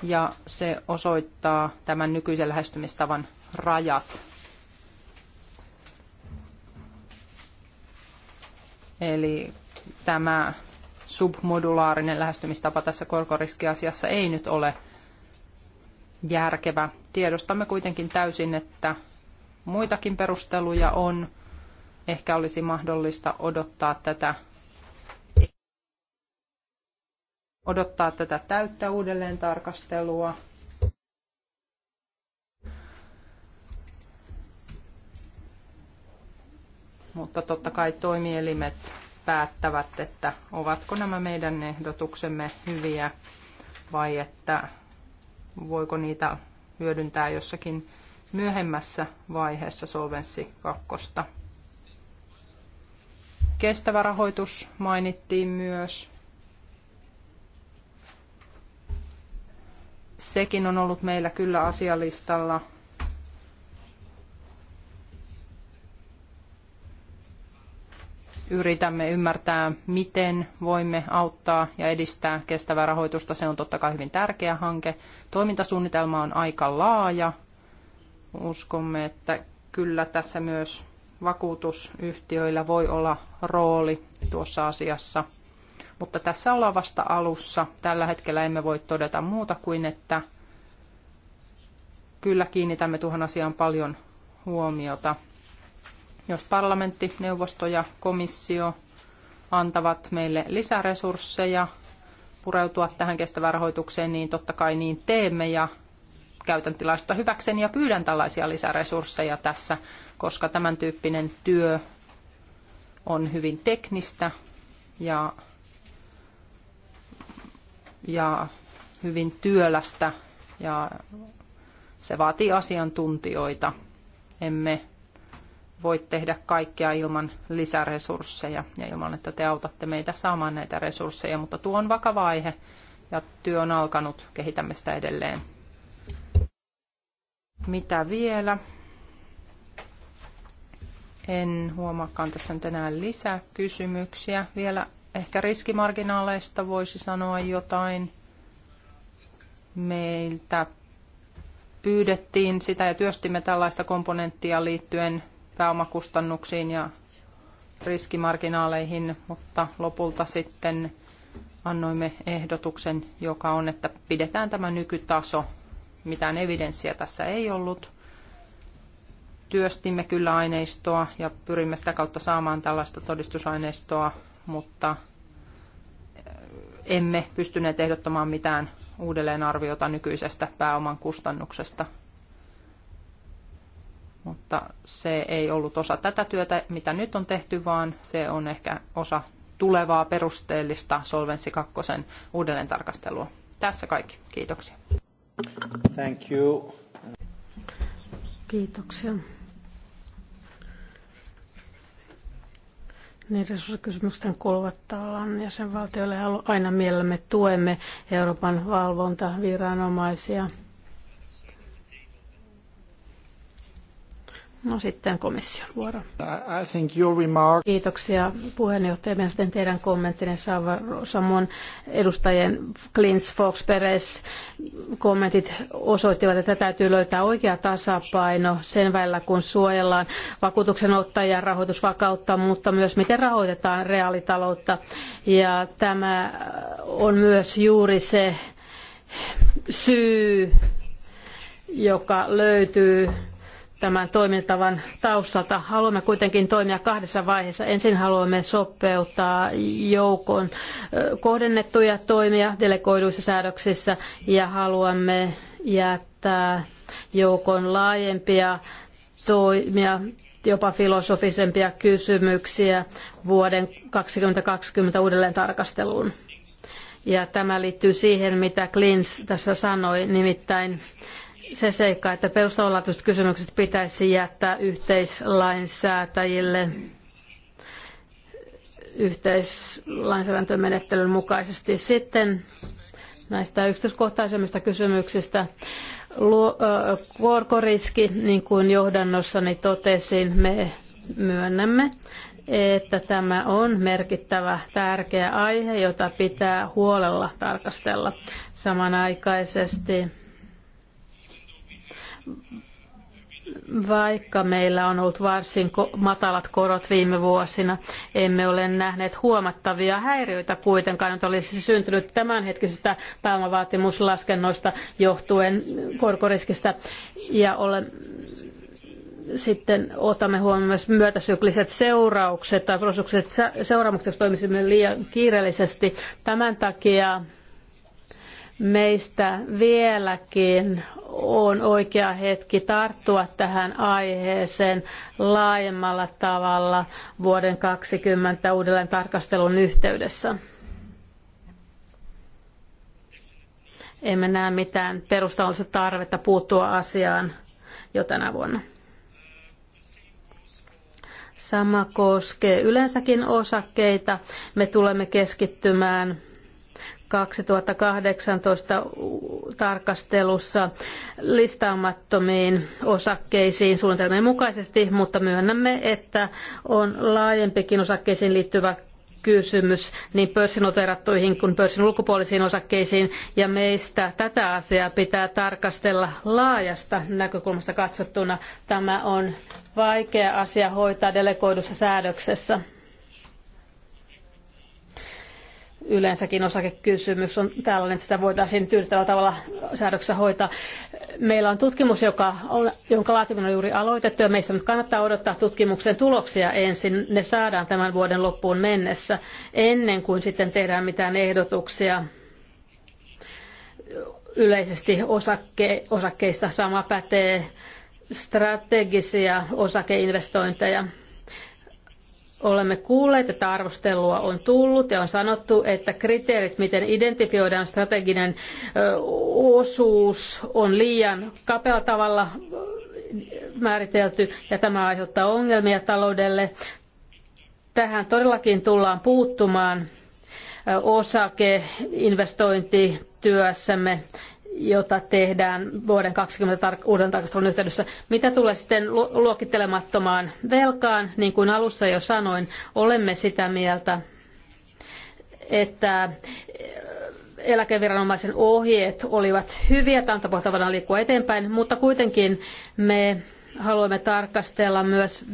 ja se osoittaa tämän nykyisen lähestymistavan rajat. Eli tämä submodulaarinen lähestymistapa tässä korkoriskiasiassa ei nyt ole järkevä. Tiedostamme kuitenkin täysin, että muitakin perusteluja on. Ehkä olisi mahdollista odottaa tätä odottaa tätä täyttä uudelleen tarkastelua. Mutta totta kai toimielimet päättävät, että ovatko nämä meidän ehdotuksemme hyviä vai että voiko niitä hyödyntää jossakin myöhemmässä vaiheessa solvenssi kakkosta. Kestävä rahoitus mainittiin myös. Sekin on ollut meillä kyllä asialistalla. Yritämme ymmärtää, miten voimme auttaa ja edistää kestävää rahoitusta. Se on totta kai hyvin tärkeä hanke. Toimintasuunnitelma on aika laaja. Uskomme, että kyllä tässä myös vakuutusyhtiöillä voi olla rooli tuossa asiassa – mutta tässä ollaan vasta alussa. Tällä hetkellä emme voi todeta muuta kuin, että kyllä kiinnitämme tuohon asiaan paljon huomiota. Jos parlamentti, neuvosto ja komissio antavat meille lisäresursseja pureutua tähän kestävään rahoitukseen, niin totta kai niin teemme ja käytän tilaisuutta hyväkseni ja pyydän tällaisia lisäresursseja tässä, koska tämän tyyppinen työ on hyvin teknistä ja ja hyvin työlästä ja se vaatii asiantuntijoita. Emme voi tehdä kaikkea ilman lisäresursseja ja ilman, että te autatte meitä saamaan näitä resursseja, mutta tuo on vakava aihe ja työ on alkanut, kehitämme sitä edelleen. Mitä vielä? En huomaakaan tässä nyt enää lisää kysymyksiä. Vielä Ehkä riskimarginaaleista voisi sanoa jotain. Meiltä pyydettiin sitä ja työstimme tällaista komponenttia liittyen pääomakustannuksiin ja riskimarginaaleihin, mutta lopulta sitten annoimme ehdotuksen, joka on, että pidetään tämä nykytaso. Mitään evidenssiä tässä ei ollut. Työstimme kyllä aineistoa ja pyrimme sitä kautta saamaan tällaista todistusaineistoa mutta äh, emme pystyneet ehdottamaan mitään uudelleenarviota nykyisestä pääoman kustannuksesta. Mutta se ei ollut osa tätä työtä, mitä nyt on tehty, vaan se on ehkä osa tulevaa perusteellista Solvenssi 2 uudelleen tarkastelua. Tässä kaikki. Kiitoksia. Thank you. Kiitoksia. Niin resurssikysymykset kuuluvat tavallaan jäsenvaltioille aina mielellämme tuemme Euroopan valvontaviranomaisia. No sitten komission vuoro. I think your remark... Kiitoksia puheenjohtaja. Mielestäni teidän kommenttinne samoin edustajien Clint Fox Perez kommentit osoittivat, että täytyy löytää oikea tasapaino sen välillä, kun suojellaan vakuutuksen ottajia rahoitusvakautta, mutta myös miten rahoitetaan reaalitaloutta. Ja tämä on myös juuri se syy, joka löytyy tämän toimintavan taustalta. Haluamme kuitenkin toimia kahdessa vaiheessa. Ensin haluamme sopeuttaa joukon kohdennettuja toimia delegoiduissa säädöksissä ja haluamme jättää joukon laajempia toimia jopa filosofisempia kysymyksiä vuoden 2020 uudelleen tarkasteluun. Ja tämä liittyy siihen, mitä Klins tässä sanoi, nimittäin se seikka, että perustavanlaatuiset kysymykset pitäisi jättää yhteislainsäätäjille yhteislainsäädäntömenettelyn mukaisesti. Sitten näistä yksityiskohtaisemmista kysymyksistä. Korkoriski, niin kuin johdannossani totesin, me myönnämme, että tämä on merkittävä, tärkeä aihe, jota pitää huolella tarkastella. Samanaikaisesti vaikka meillä on ollut varsin matalat korot viime vuosina, emme ole nähneet huomattavia häiriöitä kuitenkaan, nyt olisi syntynyt tämänhetkisistä pääomavaatimuslaskennoista johtuen korkoriskistä. Ja ole, sitten otamme huomioon myös myötäsykliset seuraukset tai seuraamukset, jos toimisimme liian kiireellisesti. Tämän takia meistä vieläkin on oikea hetki tarttua tähän aiheeseen laajemmalla tavalla vuoden 2020 uudelleen tarkastelun yhteydessä. Emme näe mitään perustaloudellista tarvetta puuttua asiaan jo tänä vuonna. Sama koskee yleensäkin osakkeita. Me tulemme keskittymään 2018 tarkastelussa listaamattomiin osakkeisiin suunnitelmien mukaisesti, mutta myönnämme, että on laajempikin osakkeisiin liittyvä kysymys niin pörssinoteerattuihin kuin pörssin ulkopuolisiin osakkeisiin, ja meistä tätä asiaa pitää tarkastella laajasta näkökulmasta katsottuna. Tämä on vaikea asia hoitaa delegoidussa säädöksessä. yleensäkin osakekysymys on tällainen, että sitä voitaisiin tyydyttävällä tavalla säädöksessä hoitaa. Meillä on tutkimus, joka on, jonka laatiminen on juuri aloitettu, ja meistä nyt kannattaa odottaa tutkimuksen tuloksia ensin. Ne saadaan tämän vuoden loppuun mennessä, ennen kuin sitten tehdään mitään ehdotuksia yleisesti osakke, osakkeista. Sama pätee strategisia osakeinvestointeja Olemme kuulleet, että arvostelua on tullut ja on sanottu, että kriteerit, miten identifioidaan strateginen osuus, on liian kapealla tavalla määritelty ja tämä aiheuttaa ongelmia taloudelle. Tähän todellakin tullaan puuttumaan osakeinvestointityössämme jota tehdään vuoden 20 tar- uuden tarkastelun yhteydessä. Mitä tulee sitten luokittelemattomaan velkaan, niin kuin alussa jo sanoin, olemme sitä mieltä, että eh, eläkeviranomaisen ohjeet olivat hyviä, tältä pohjalta voidaan liikkua eteenpäin, mutta kuitenkin me haluamme tarkastella myös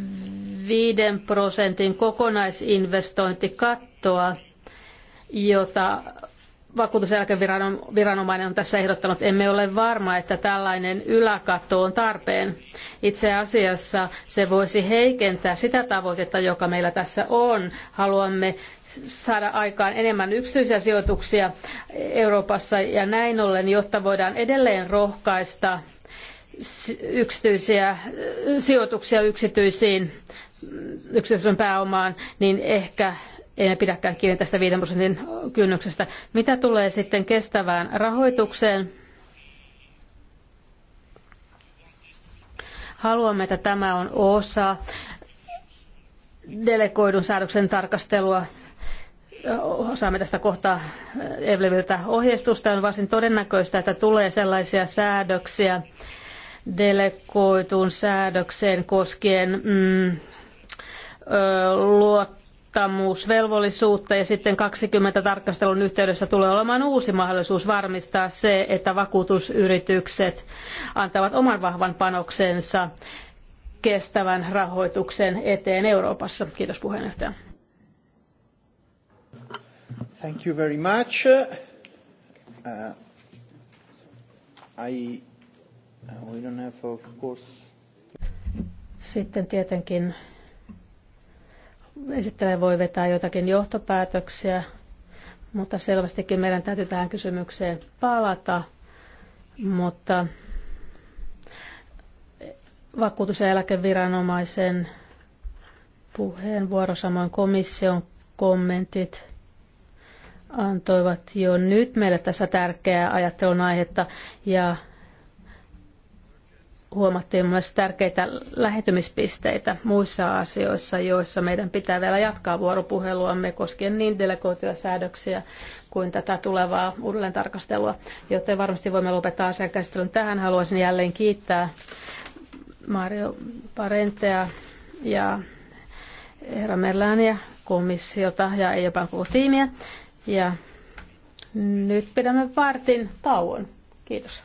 5 prosentin kokonaisinvestointikattoa, jota vakuutuseläkeviranomainen on tässä ehdottanut, emme ole varma, että tällainen yläkatto on tarpeen. Itse asiassa se voisi heikentää sitä tavoitetta, joka meillä tässä on. Haluamme saada aikaan enemmän yksityisiä sijoituksia Euroopassa ja näin ollen, jotta voidaan edelleen rohkaista yksityisiä äh, sijoituksia yksityisiin yksityisen pääomaan, niin ehkä ei pidäkään kiinni tästä 5 prosentin kynnyksestä. Mitä tulee sitten kestävään rahoitukseen? Haluamme, että tämä on osa delegoidun säädöksen tarkastelua. Saamme tästä kohta eh, Evleviltä ohjeistusta. On varsin todennäköistä, että tulee sellaisia säädöksiä delegoituun säädökseen koskien mm, luot luottamusvelvollisuutta ja sitten 20 tarkastelun yhteydessä tulee olemaan uusi mahdollisuus varmistaa se, että vakuutusyritykset antavat oman vahvan panoksensa kestävän rahoituksen eteen Euroopassa. Kiitos puheenjohtaja. Thank you very much. Uh, I, uh, we don't have, of course... Sitten tietenkin esittelee voi vetää jotakin johtopäätöksiä, mutta selvästikin meidän täytyy tähän kysymykseen palata. Mutta vakuutus- ja eläkeviranomaisen puheenvuoro, samoin komission kommentit antoivat jo nyt meille tässä tärkeää ajattelun aihetta ja huomattiin myös tärkeitä lähetymispisteitä muissa asioissa, joissa meidän pitää vielä jatkaa vuoropuheluamme koskien niin delegoituja säädöksiä kuin tätä tulevaa uudelleen tarkastelua, joten varmasti voimme lopettaa asian käsittelyn tähän. Haluaisin jälleen kiittää Mario Parentea ja Herra Merläniä, komissiota ja EIOPan koko tiimiä. Ja nyt pidämme vartin tauon. Kiitos.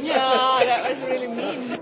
yeah, that was really mean.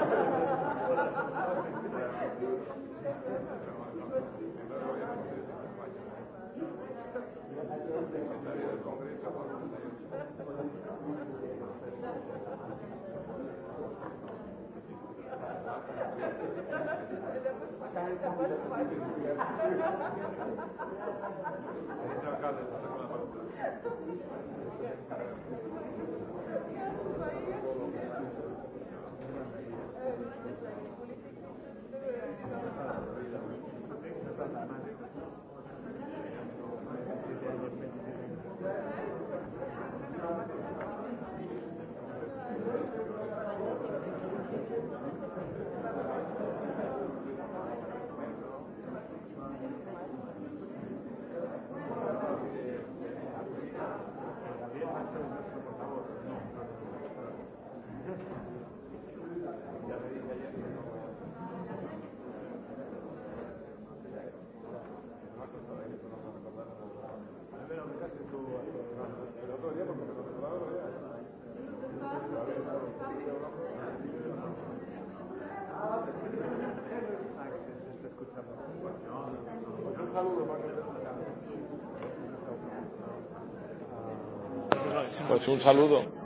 Un saludo.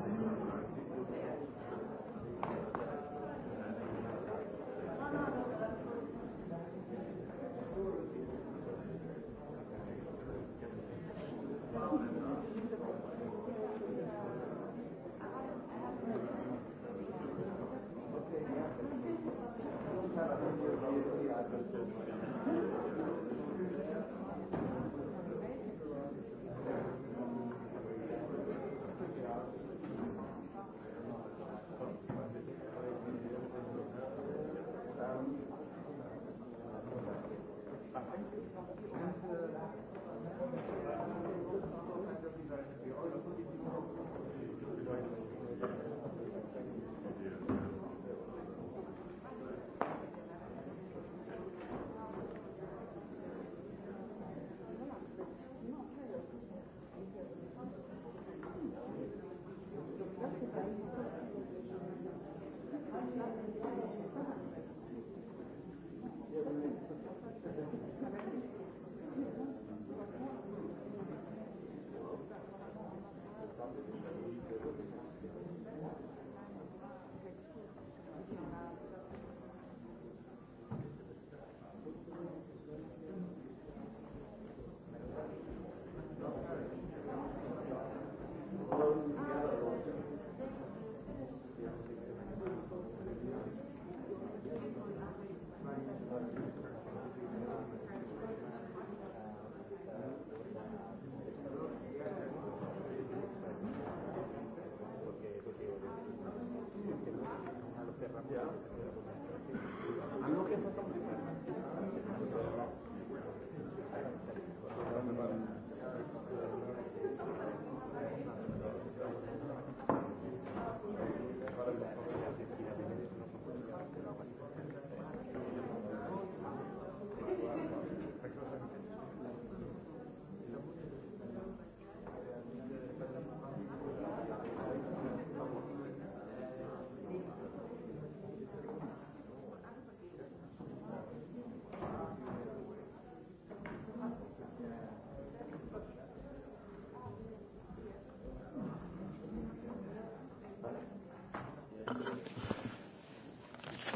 Thank you.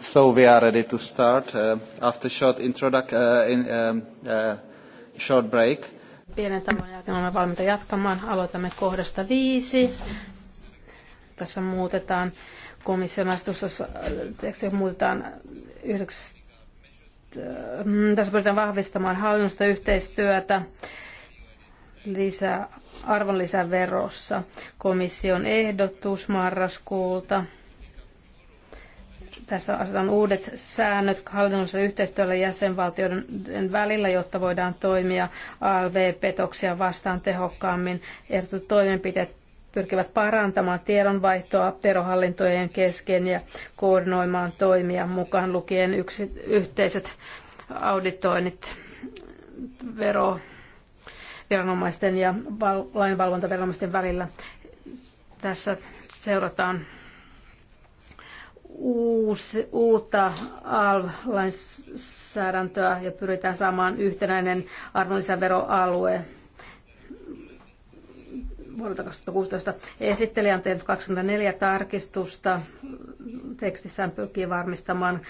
So we are ready to start uh, after short introduc- uh, in, um, uh, short break. Pienen tauon jälkeen olemme valmiita jatkamaan. Aloitamme kohdasta viisi. Tässä muutetaan komission asetusta, tekstiä muutetaan yhdeksästä. Mm, tässä pyritään vahvistamaan hallinnosta yhteistyötä lisää arvonlisäverossa. Komission ehdotus marraskuulta tässä asetetaan uudet säännöt hallinnolliselle yhteistyölle jäsenvaltioiden välillä, jotta voidaan toimia ALV-petoksia vastaan tehokkaammin. Ehdotut toimenpiteet pyrkivät parantamaan tiedonvaihtoa verohallintojen kesken ja koordinoimaan toimia mukaan lukien yksi, yhteiset auditoinnit veroviranomaisten ja val, lainvalvontaviranomaisten välillä. Tässä seurataan uusi, uutta ALV-lainsäädäntöä ja pyritään saamaan yhtenäinen arvonlisäveroalue vuodelta 2016. Esittelijä on tehnyt 24 tarkistusta. Tekstissään pyrkii varmistamaan eh,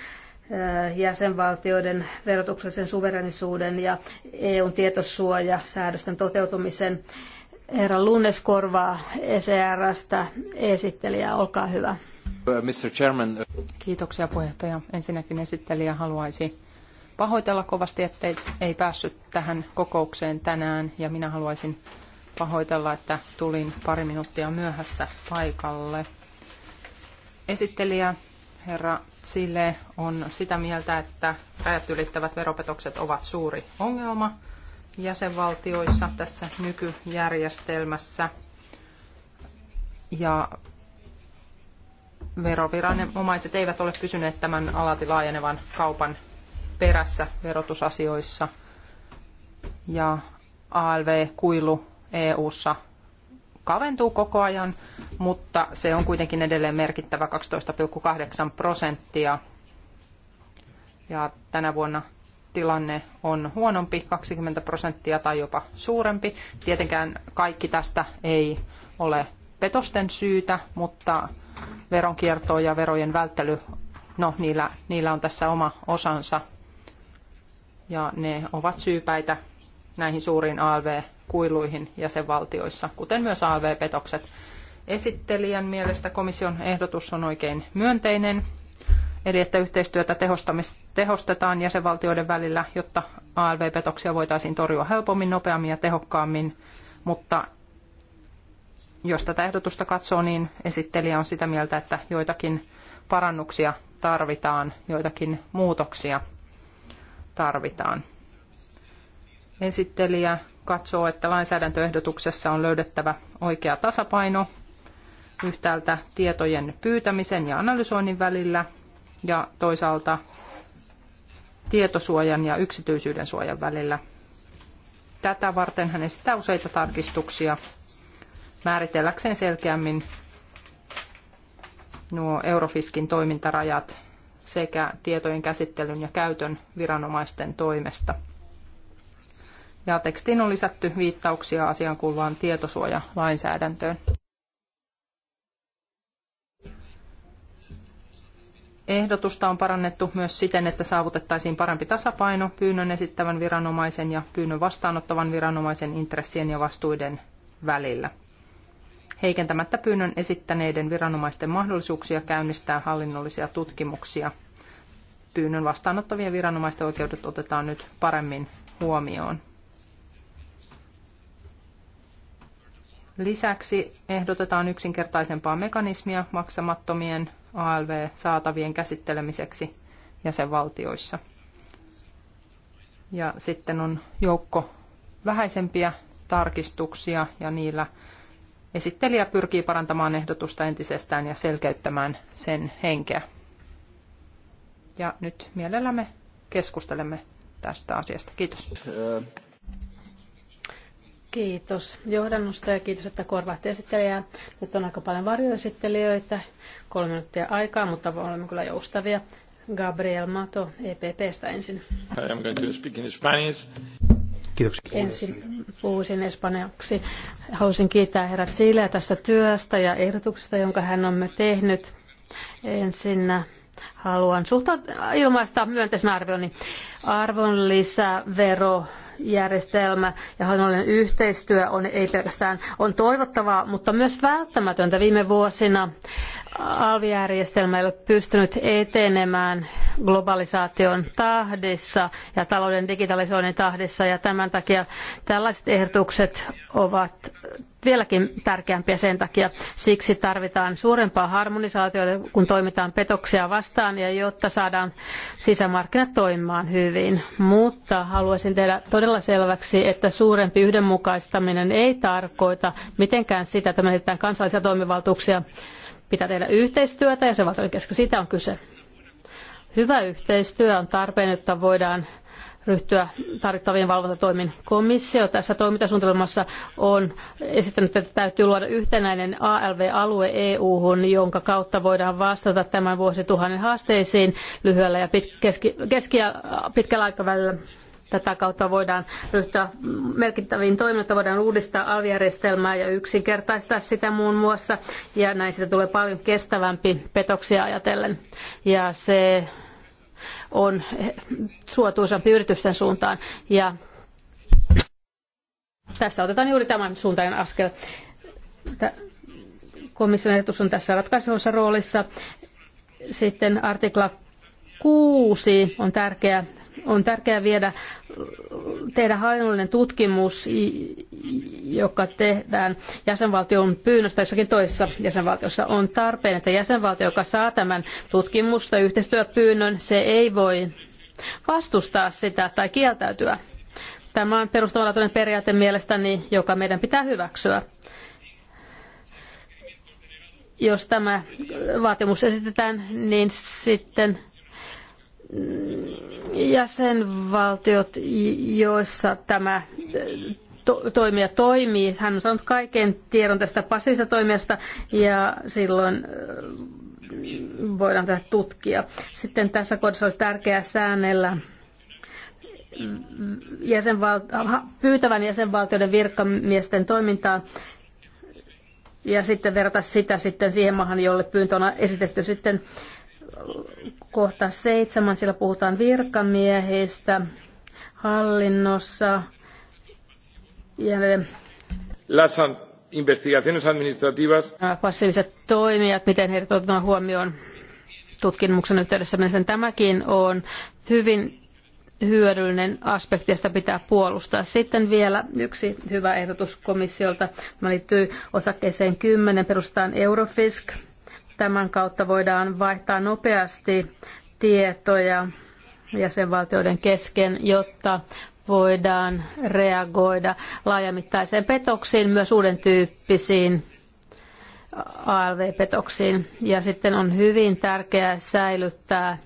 jäsenvaltioiden verotuksellisen suverenisuuden ja EUn tietosuojasäädösten toteutumisen. Herra Lunnes korvaa ECRstä esittelijä, olkaa hyvä. Mr. Chairman. Kiitoksia puheenjohtaja. Ensinnäkin esittelijä haluaisi pahoitella kovasti, ettei ei päässyt tähän kokoukseen tänään ja minä haluaisin pahoitella, että tulin pari minuuttia myöhässä paikalle. Esittelijä herra Sille on sitä mieltä, että rajat ylittävät veropetokset ovat suuri ongelma jäsenvaltioissa tässä nykyjärjestelmässä. Ja veroviranomaiset eivät ole pysyneet tämän alati laajenevan kaupan perässä verotusasioissa. Ja ALV-kuilu EU:ssa kaventuu koko ajan, mutta se on kuitenkin edelleen merkittävä 12,8 prosenttia. Ja tänä vuonna tilanne on huonompi, 20 prosenttia tai jopa suurempi. Tietenkään kaikki tästä ei ole petosten syytä, mutta veronkiertoon ja verojen välttely, no niillä, niillä on tässä oma osansa ja ne ovat syypäitä näihin suuriin ALV-kuiluihin jäsenvaltioissa, kuten myös ALV-petokset. Esittelijän mielestä komission ehdotus on oikein myönteinen, eli että yhteistyötä tehostetaan jäsenvaltioiden välillä, jotta ALV-petoksia voitaisiin torjua helpommin, nopeammin ja tehokkaammin, mutta jos tätä ehdotusta katsoo, niin esittelijä on sitä mieltä, että joitakin parannuksia tarvitaan, joitakin muutoksia tarvitaan. Esittelijä katsoo, että lainsäädäntöehdotuksessa on löydettävä oikea tasapaino yhtäältä tietojen pyytämisen ja analysoinnin välillä ja toisaalta tietosuojan ja yksityisyyden suojan välillä. Tätä varten hän esittää useita tarkistuksia määritelläkseen selkeämmin nuo Eurofiskin toimintarajat sekä tietojen käsittelyn ja käytön viranomaisten toimesta. Ja tekstiin on lisätty viittauksia asian kuuluvaan tietosuojalainsäädäntöön. Ehdotusta on parannettu myös siten, että saavutettaisiin parempi tasapaino pyynnön esittävän viranomaisen ja pyynnön vastaanottavan viranomaisen intressien ja vastuiden välillä heikentämättä pyynnön esittäneiden viranomaisten mahdollisuuksia käynnistää hallinnollisia tutkimuksia. Pyynnön vastaanottavien viranomaisten oikeudet otetaan nyt paremmin huomioon. Lisäksi ehdotetaan yksinkertaisempaa mekanismia maksamattomien ALV-saatavien käsittelemiseksi jäsenvaltioissa. Ja sitten on joukko vähäisempiä tarkistuksia ja niillä Esittelijä pyrkii parantamaan ehdotusta entisestään ja selkeyttämään sen henkeä. Ja nyt mielellämme keskustelemme tästä asiasta. Kiitos. Kiitos johdannosta ja kiitos, että korvaatte esittelijää. Nyt on aika paljon varjoesittelijöitä, kolme minuuttia aikaa, mutta olemme kyllä joustavia. Gabriel Mato, EPPstä ensin. I am going to speak in Spanish. Kiitoksia. Ensin puhuisin espanjaksi. Haluaisin kiittää herra Chileä tästä työstä ja ehdotuksesta, jonka hän on me tehnyt. Ensinnä haluan suhtautua ilmaista myönteisen arvioni. Arvonlisävero järjestelmä ja hallinnollinen yhteistyö on ei pelkästään on toivottavaa, mutta myös välttämätöntä. Viime vuosina alvijärjestelmä ei ole pystynyt etenemään globalisaation tahdissa ja talouden digitalisoinnin tahdissa ja tämän takia tällaiset ehdotukset ovat vieläkin tärkeämpiä sen takia. Siksi tarvitaan suurempaa harmonisaatiota, kun toimitaan petoksia vastaan ja jotta saadaan sisämarkkinat toimimaan hyvin. Mutta haluaisin tehdä todella selväksi, että suurempi yhdenmukaistaminen ei tarkoita mitenkään sitä, että menetetään kansallisia toimivaltuuksia. Pitää tehdä yhteistyötä ja se kesken siitä on kyse. Hyvä yhteistyö on tarpeen, jotta voidaan ryhtyä tarvittaviin valvontatoimin. Komissio tässä toimintasuunnitelmassa on esittänyt, että täytyy luoda yhtenäinen ALV-alue EU-hun, jonka kautta voidaan vastata tämän vuosituhannen haasteisiin lyhyellä ja keski-, pitkällä aikavälillä. Tätä kautta voidaan ryhtyä merkittäviin toimintaan, voidaan uudistaa alvijärjestelmää ja yksinkertaistaa sitä muun muassa. Ja näin siitä tulee paljon kestävämpi petoksia ajatellen. Ja se on suotuisampi yritysten suuntaan. Ja tässä otetaan juuri tämän suuntainen askel. Komission ehdotus on tässä ratkaisevassa roolissa. Sitten artikla 6 on tärkeä, on tärkeä viedä tehdä hallinnollinen tutkimus, joka tehdään jäsenvaltion pyynnöstä jossakin toisessa jäsenvaltiossa. On tarpeen, että jäsenvaltio, joka saa tämän tutkimus- tai yhteistyöpyynnön, se ei voi vastustaa sitä tai kieltäytyä. Tämä on perustavanlaatuinen periaate mielestäni, joka meidän pitää hyväksyä jos tämä vaatimus esitetään, niin sitten jäsenvaltiot, joissa tämä äh, to- toimija toimii. Hän on saanut kaiken tiedon tästä passiivisesta toimijasta ja silloin äh, voidaan tätä tutkia. Sitten tässä kohdassa olisi tärkeää säännellä jäsenval- pyytävän jäsenvaltioiden virkamiesten toimintaa ja sitten verrata sitä sitten siihen maahan, jolle pyyntö on esitetty sitten kohta seitsemän, siellä puhutaan virkamiehistä hallinnossa. Ja Las investigaciones administrativas. Passiiviset toimijat, miten heidät otetaan huomioon tutkimuksen yhteydessä. Mielestäni tämäkin on hyvin hyödyllinen aspekti ja sitä pitää puolustaa. Sitten vielä yksi hyvä ehdotus komissiolta. Tämä liittyy osakkeeseen 10. Perustetaan Eurofisk Tämän kautta voidaan vaihtaa nopeasti tietoja jäsenvaltioiden kesken, jotta voidaan reagoida laajamittaiseen petoksiin, myös uuden tyyppisiin ALV-petoksiin. Ja sitten on hyvin tärkeää säilyttää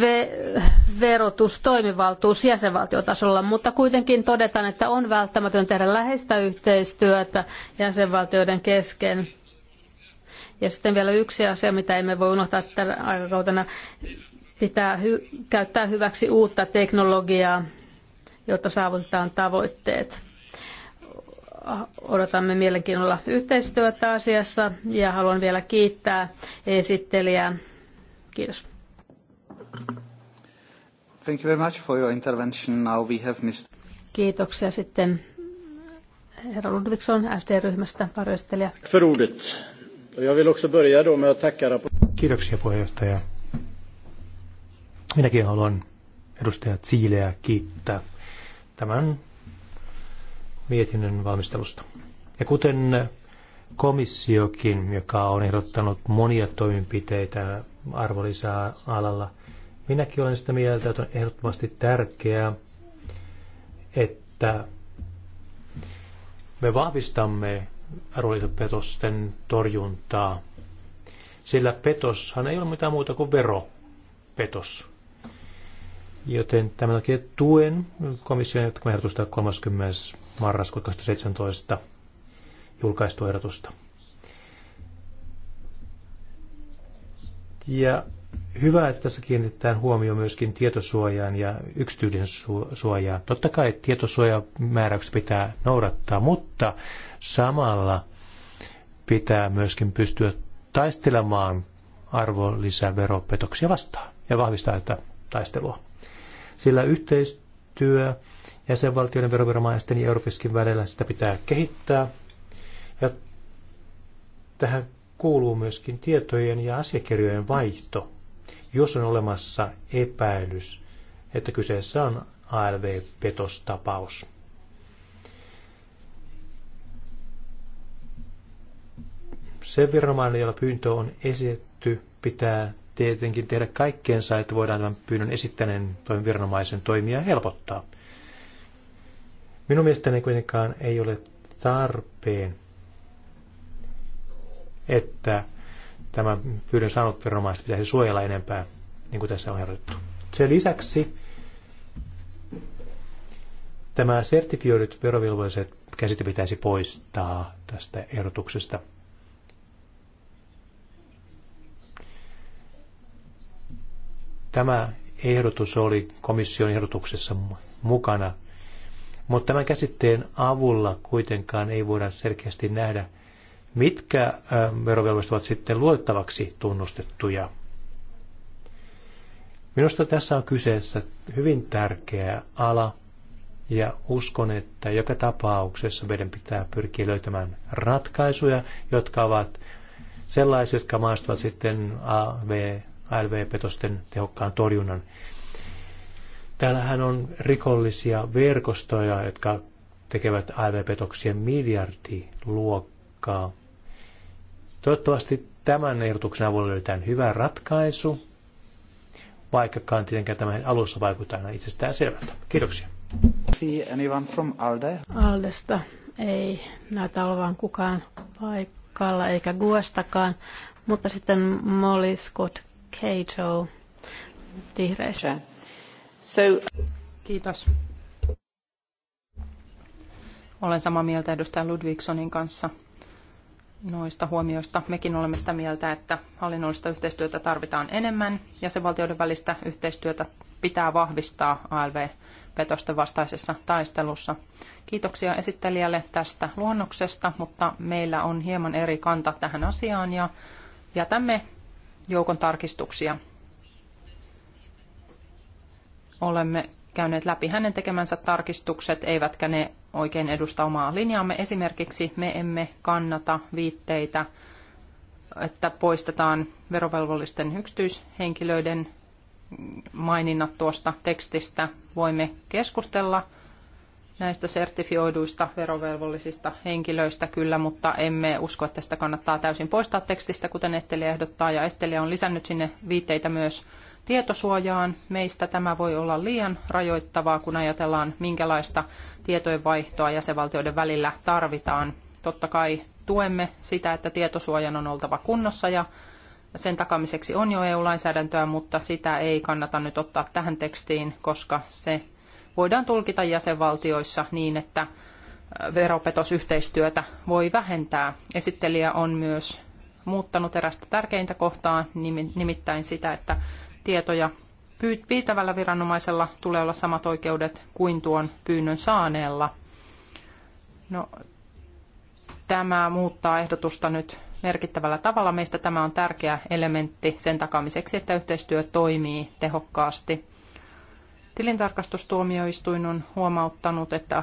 ve- verotustoimivaltuus jäsenvaltiotasolla, mutta kuitenkin todetaan, että on välttämätön tehdä läheistä yhteistyötä jäsenvaltioiden kesken ja sitten vielä yksi asia, mitä emme voi unohtaa tällä aikakautena, pitää hy- käyttää hyväksi uutta teknologiaa, jotta saavutetaan tavoitteet. Odotamme mielenkiinnolla yhteistyötä asiassa ja haluan vielä kiittää esittelijää. Kiitos. Thank you very much for your intervention. Now we have missed... Kiitoksia sitten herra Ludvigsson SD-ryhmästä, varjoistelija. Jag vill också börja då med att tacka Kiitoksia puheenjohtaja. Minäkin haluan edustaja Tsiileä kiittää tämän mietinnön valmistelusta. Ja kuten komissiokin, joka on ehdottanut monia toimenpiteitä arvonlisää alalla, minäkin olen sitä mieltä, että on ehdottomasti tärkeää, että me vahvistamme arvonlisäpetosten torjuntaa. Sillä petoshan ei ole mitään muuta kuin veropetos. Joten tämän takia tuen komission ehdotusta 30. marraskuuta 2017 julkaistu ehdotusta. Ja hyvä, että tässä kiinnitetään huomio myöskin tietosuojaan ja yksityisen suojaan. Totta kai tietosuojamääräykset pitää noudattaa, mutta samalla pitää myöskin pystyä taistelemaan arvonlisäveropetoksia vastaan ja vahvistaa tätä taistelua. Sillä yhteistyö jäsenvaltioiden veroviranomaisten ja Eurofiskin välillä sitä pitää kehittää. Ja tähän kuuluu myöskin tietojen ja asiakirjojen vaihto jos on olemassa epäilys, että kyseessä on ALV-petostapaus. Sen viranomainen, jolla pyyntö on esitetty, pitää tietenkin tehdä kaikkeensa, että voidaan tämän pyynnön esittäneen toimen viranomaisen toimia helpottaa. Minun mielestäni kuitenkaan ei ole tarpeen, että Tämä pyydön saanut viranomaiset pitäisi suojella enempää, niin kuin tässä on ehdotettu. Sen lisäksi tämä sertifioidut verovelvolliset käsite pitäisi poistaa tästä ehdotuksesta. Tämä ehdotus oli komission ehdotuksessa mukana, mutta tämän käsitteen avulla kuitenkaan ei voida selkeästi nähdä, mitkä verovelvolliset ovat sitten luotettavaksi tunnustettuja. Minusta tässä on kyseessä hyvin tärkeä ala, ja uskon, että joka tapauksessa meidän pitää pyrkiä löytämään ratkaisuja, jotka ovat sellaisia, jotka maastavat sitten AV, ALV-petosten tehokkaan torjunnan. Täällähän on rikollisia verkostoja, jotka tekevät alv petoksien miljardiluokkaa Toivottavasti tämän ehdotuksen avulla löytää hyvä ratkaisu, vaikkakaan tietenkään tämän alussa vaikuttaa aina itsestään selvältä. Kiitoksia. See anyone from Alde? Aldesta ei näytä olevan kukaan paikalla eikä Guestakaan, mutta sitten Molly Scott Cato vihreistä. So, Kiitos. Olen samaa mieltä edustaja Ludvigsonin kanssa – noista huomioista. Mekin olemme sitä mieltä, että hallinnollista yhteistyötä tarvitaan enemmän ja se valtioiden välistä yhteistyötä pitää vahvistaa ALV-petosten vastaisessa taistelussa. Kiitoksia esittelijälle tästä luonnoksesta, mutta meillä on hieman eri kanta tähän asiaan ja jätämme joukon tarkistuksia. Olemme käyneet läpi hänen tekemänsä tarkistukset, eivätkä ne oikein edusta omaa linjaamme. Esimerkiksi me emme kannata viitteitä, että poistetaan verovelvollisten yksityishenkilöiden maininnat tuosta tekstistä. Voimme keskustella näistä sertifioiduista verovelvollisista henkilöistä kyllä, mutta emme usko, että sitä kannattaa täysin poistaa tekstistä, kuten Esteli ehdottaa, ja Esteli on lisännyt sinne viitteitä myös tietosuojaan. Meistä tämä voi olla liian rajoittavaa, kun ajatellaan, minkälaista tietojenvaihtoa jäsenvaltioiden välillä tarvitaan. Totta kai tuemme sitä, että tietosuojan on oltava kunnossa ja sen takamiseksi on jo EU-lainsäädäntöä, mutta sitä ei kannata nyt ottaa tähän tekstiin, koska se voidaan tulkita jäsenvaltioissa niin, että veropetosyhteistyötä voi vähentää. Esittelijä on myös muuttanut erästä tärkeintä kohtaa, nimittäin sitä, että tietoja pyytävällä viranomaisella tulee olla samat oikeudet kuin tuon pyynnön saaneella. No, tämä muuttaa ehdotusta nyt merkittävällä tavalla. Meistä tämä on tärkeä elementti sen takaamiseksi, että yhteistyö toimii tehokkaasti. Tilintarkastustuomioistuin on huomauttanut, että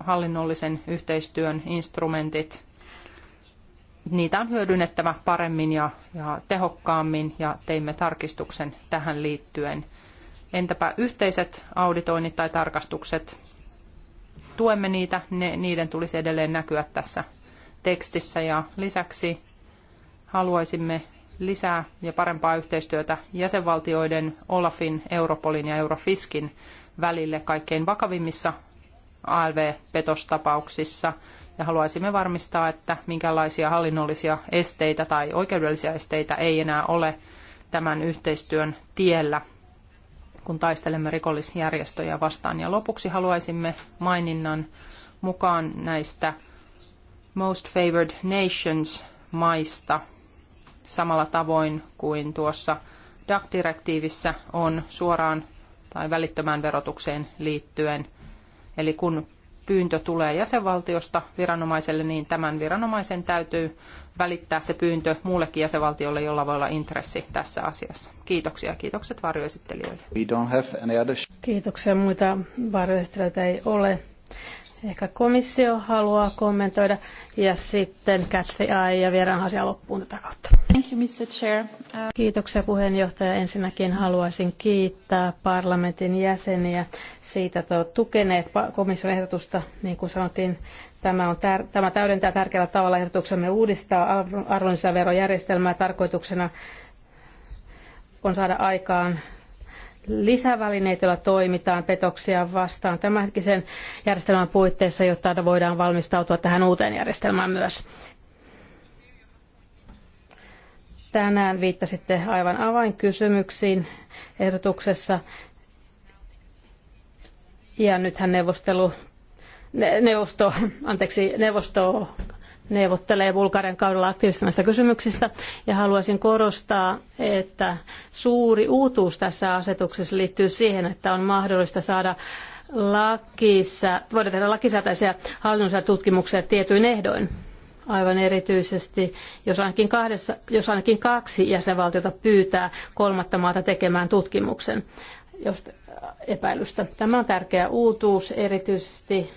hallinnollisen yhteistyön instrumentit niitä on hyödynnettävä paremmin ja, ja tehokkaammin ja teimme tarkistuksen tähän liittyen. Entäpä yhteiset auditoinnit tai tarkastukset? Tuemme niitä, ne, niiden tulisi edelleen näkyä tässä tekstissä ja lisäksi haluaisimme lisää ja parempaa yhteistyötä jäsenvaltioiden, Olafin, Europolin ja Eurofiskin välille kaikkein vakavimmissa ALV-petostapauksissa – ja haluaisimme varmistaa, että minkälaisia hallinnollisia esteitä tai oikeudellisia esteitä ei enää ole tämän yhteistyön tiellä, kun taistelemme rikollisjärjestöjä vastaan. Ja lopuksi haluaisimme maininnan mukaan näistä Most Favored Nations maista samalla tavoin kuin tuossa DAC-direktiivissä on suoraan tai välittömään verotukseen liittyen. Eli kun pyyntö tulee jäsenvaltiosta viranomaiselle, niin tämän viranomaisen täytyy välittää se pyyntö muullekin jäsenvaltiolle, jolla voi olla intressi tässä asiassa. Kiitoksia. Kiitokset varjoesittelijöille. Kiitoksia. Muita varjoesittelijöitä ei ole. Ehkä komissio haluaa kommentoida ja sitten catch the eye ja viedään asia loppuun tätä kautta. Thank you, Mr. Chair. Uh, Kiitoksia puheenjohtaja. Ensinnäkin haluaisin kiittää parlamentin jäseniä siitä, että ovat tukeneet komission ehdotusta. Niin kuin sanottiin, tämä, on tär- tämä täydentää tärkeällä tavalla ehdotuksemme uudistaa arvonlisäverojärjestelmää tarkoituksena on saada aikaan lisävälineitä, joilla toimitaan petoksia vastaan tämänhetkisen järjestelmän puitteissa, jotta voidaan valmistautua tähän uuteen järjestelmään myös. Tänään viittasitte aivan avainkysymyksiin ehdotuksessa. Ja nythän neuvostelu, neuvosto, anteeksi, neuvosto neuvottelee Bulgarian kaudella aktiivisesti näistä kysymyksistä. Ja haluaisin korostaa, että suuri uutuus tässä asetuksessa liittyy siihen, että on mahdollista saada lakissa, voidaan tehdä lakisääteisiä hallinnollisia tutkimuksia tietyin ehdoin. Aivan erityisesti, jos ainakin, kahdessa, jos ainakin kaksi jäsenvaltiota pyytää kolmatta maata tekemään tutkimuksen jos epäilystä. Tämä on tärkeä uutuus erityisesti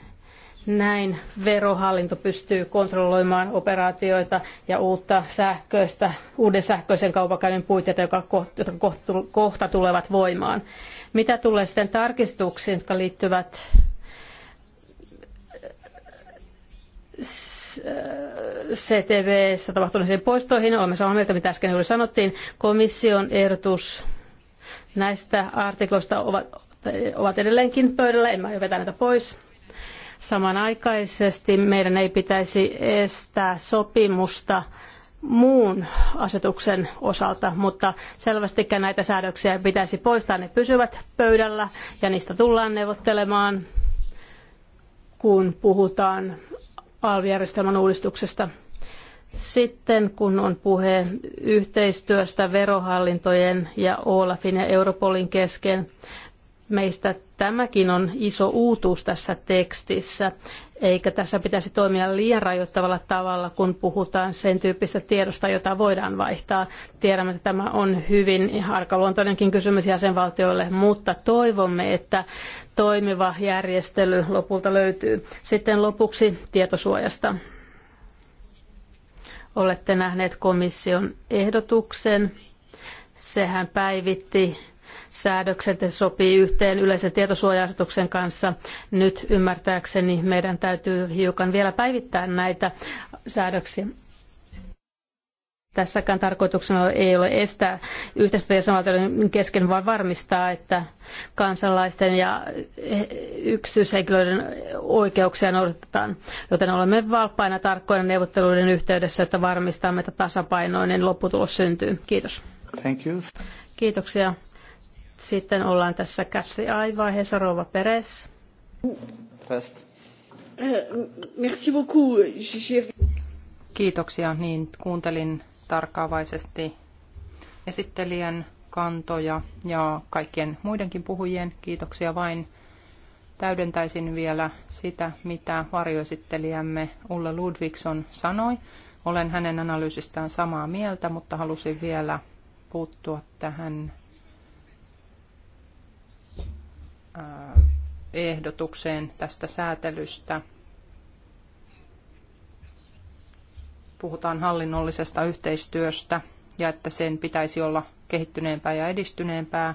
näin verohallinto pystyy kontrolloimaan operaatioita ja uutta sähköistä, uuden sähköisen kaupankäynnin puitteita, jotka kohta tulevat voimaan. Mitä tulee sitten tarkistuksiin, jotka liittyvät CTV-ssä tapahtuneisiin poistoihin. Olemme samaa mieltä, mitä äsken juuri sanottiin. Komission ehdotus näistä artikloista ovat, ovat edelleenkin pöydällä. En mä jo vetä näitä pois. Samanaikaisesti meidän ei pitäisi estää sopimusta muun asetuksen osalta, mutta selvästikään näitä säädöksiä pitäisi poistaa. Ne pysyvät pöydällä ja niistä tullaan neuvottelemaan, kun puhutaan alvijärjestelmän uudistuksesta. Sitten kun on puhe yhteistyöstä verohallintojen ja Olafin ja Europolin kesken, meistä Tämäkin on iso uutuus tässä tekstissä, eikä tässä pitäisi toimia liian rajoittavalla tavalla, kun puhutaan sen tyyppistä tiedosta, jota voidaan vaihtaa. Tiedämme, että tämä on hyvin arkaluontoinenkin kysymys jäsenvaltioille, mutta toivomme, että toimiva järjestely lopulta löytyy. Sitten lopuksi tietosuojasta. Olette nähneet komission ehdotuksen. Sehän päivitti säädökset ja se sopii yhteen yleisen tietosuoja-asetuksen kanssa. Nyt ymmärtääkseni meidän täytyy hiukan vielä päivittää näitä säädöksiä. Tässäkään tarkoituksena ei ole estää yhteistyötä jäsenvaltioiden kesken, vaan varmistaa, että kansalaisten ja yksityishenkilöiden oikeuksia noudatetaan. Joten olemme valppaina tarkkoina neuvotteluiden yhteydessä, että varmistamme, että tasapainoinen lopputulos syntyy. Kiitos. Thank you. Kiitoksia. Sitten ollaan tässä käsi vaiheessa Rouva Peres. First. Eh, merci beaucoup. Kiitoksia. Niin, kuuntelin tarkkaavaisesti esittelijän kantoja ja kaikkien muidenkin puhujien kiitoksia vain. Täydentäisin vielä sitä, mitä varjoesittelijämme Ulla Ludvigson sanoi. Olen hänen analyysistään samaa mieltä, mutta halusin vielä puuttua tähän ehdotukseen tästä säätelystä. Puhutaan hallinnollisesta yhteistyöstä ja että sen pitäisi olla kehittyneempää ja edistyneempää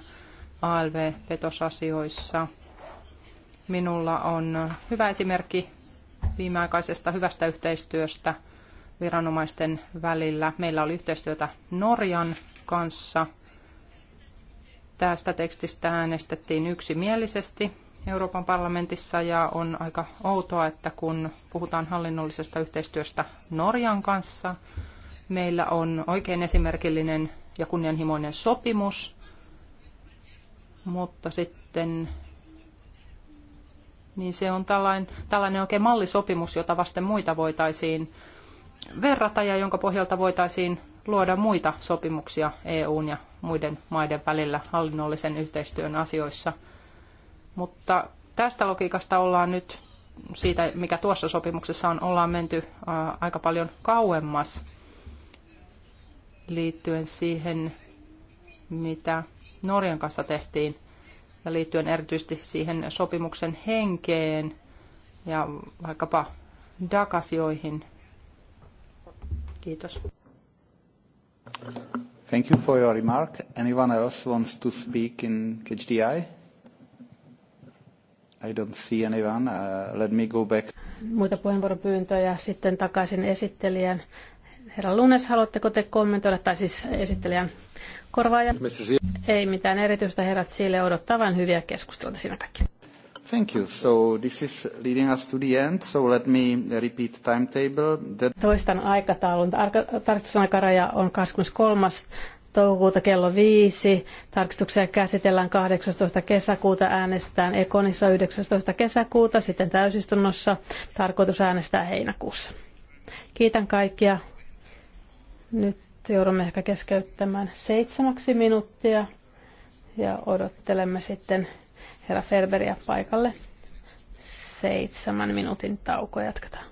ALV-petosasioissa. Minulla on hyvä esimerkki viimeaikaisesta hyvästä yhteistyöstä viranomaisten välillä. Meillä oli yhteistyötä Norjan kanssa – Tästä tekstistä äänestettiin yksimielisesti Euroopan parlamentissa ja on aika outoa, että kun puhutaan hallinnollisesta yhteistyöstä Norjan kanssa, meillä on oikein esimerkillinen ja kunnianhimoinen sopimus, mutta sitten niin se on tällainen, tällainen oikein mallisopimus, jota vasten muita voitaisiin verrata ja jonka pohjalta voitaisiin luoda muita sopimuksia EUn ja muiden maiden välillä hallinnollisen yhteistyön asioissa. Mutta tästä logiikasta ollaan nyt, siitä mikä tuossa sopimuksessa on, ollaan menty aika paljon kauemmas liittyen siihen, mitä Norjan kanssa tehtiin ja liittyen erityisesti siihen sopimuksen henkeen ja vaikkapa Dakasioihin. Kiitos. Thank you for your remark. Anyone else wants to speak in HDI? I don't see anyone. Uh, let me go back. Muita puheenvuoropyyntöjä sitten takaisin esittelijän. Herra Lunes, haluatteko te kommentoida, tai siis esittelijän korvaaja? Ei mitään erityistä, herrat Siile odottaa vain hyviä keskusteluita siinä kaikki. Thank you. So this is leading us to the end, so let me repeat timetable. Toistan aikataulun. Tarkastusaikaraja on 23 toukokuuta kello 5. Tarkistuksia käsitellään 18. kesäkuuta, äänestetään Ekonissa 19. kesäkuuta, sitten täysistunnossa. Tarkoitus äänestää heinäkuussa. Kiitän kaikkia. Nyt joudumme ehkä keskeyttämään seitsemäksi minuuttia ja odottelemme sitten herra Ferberiä paikalle. Seitsemän minuutin tauko jatketaan.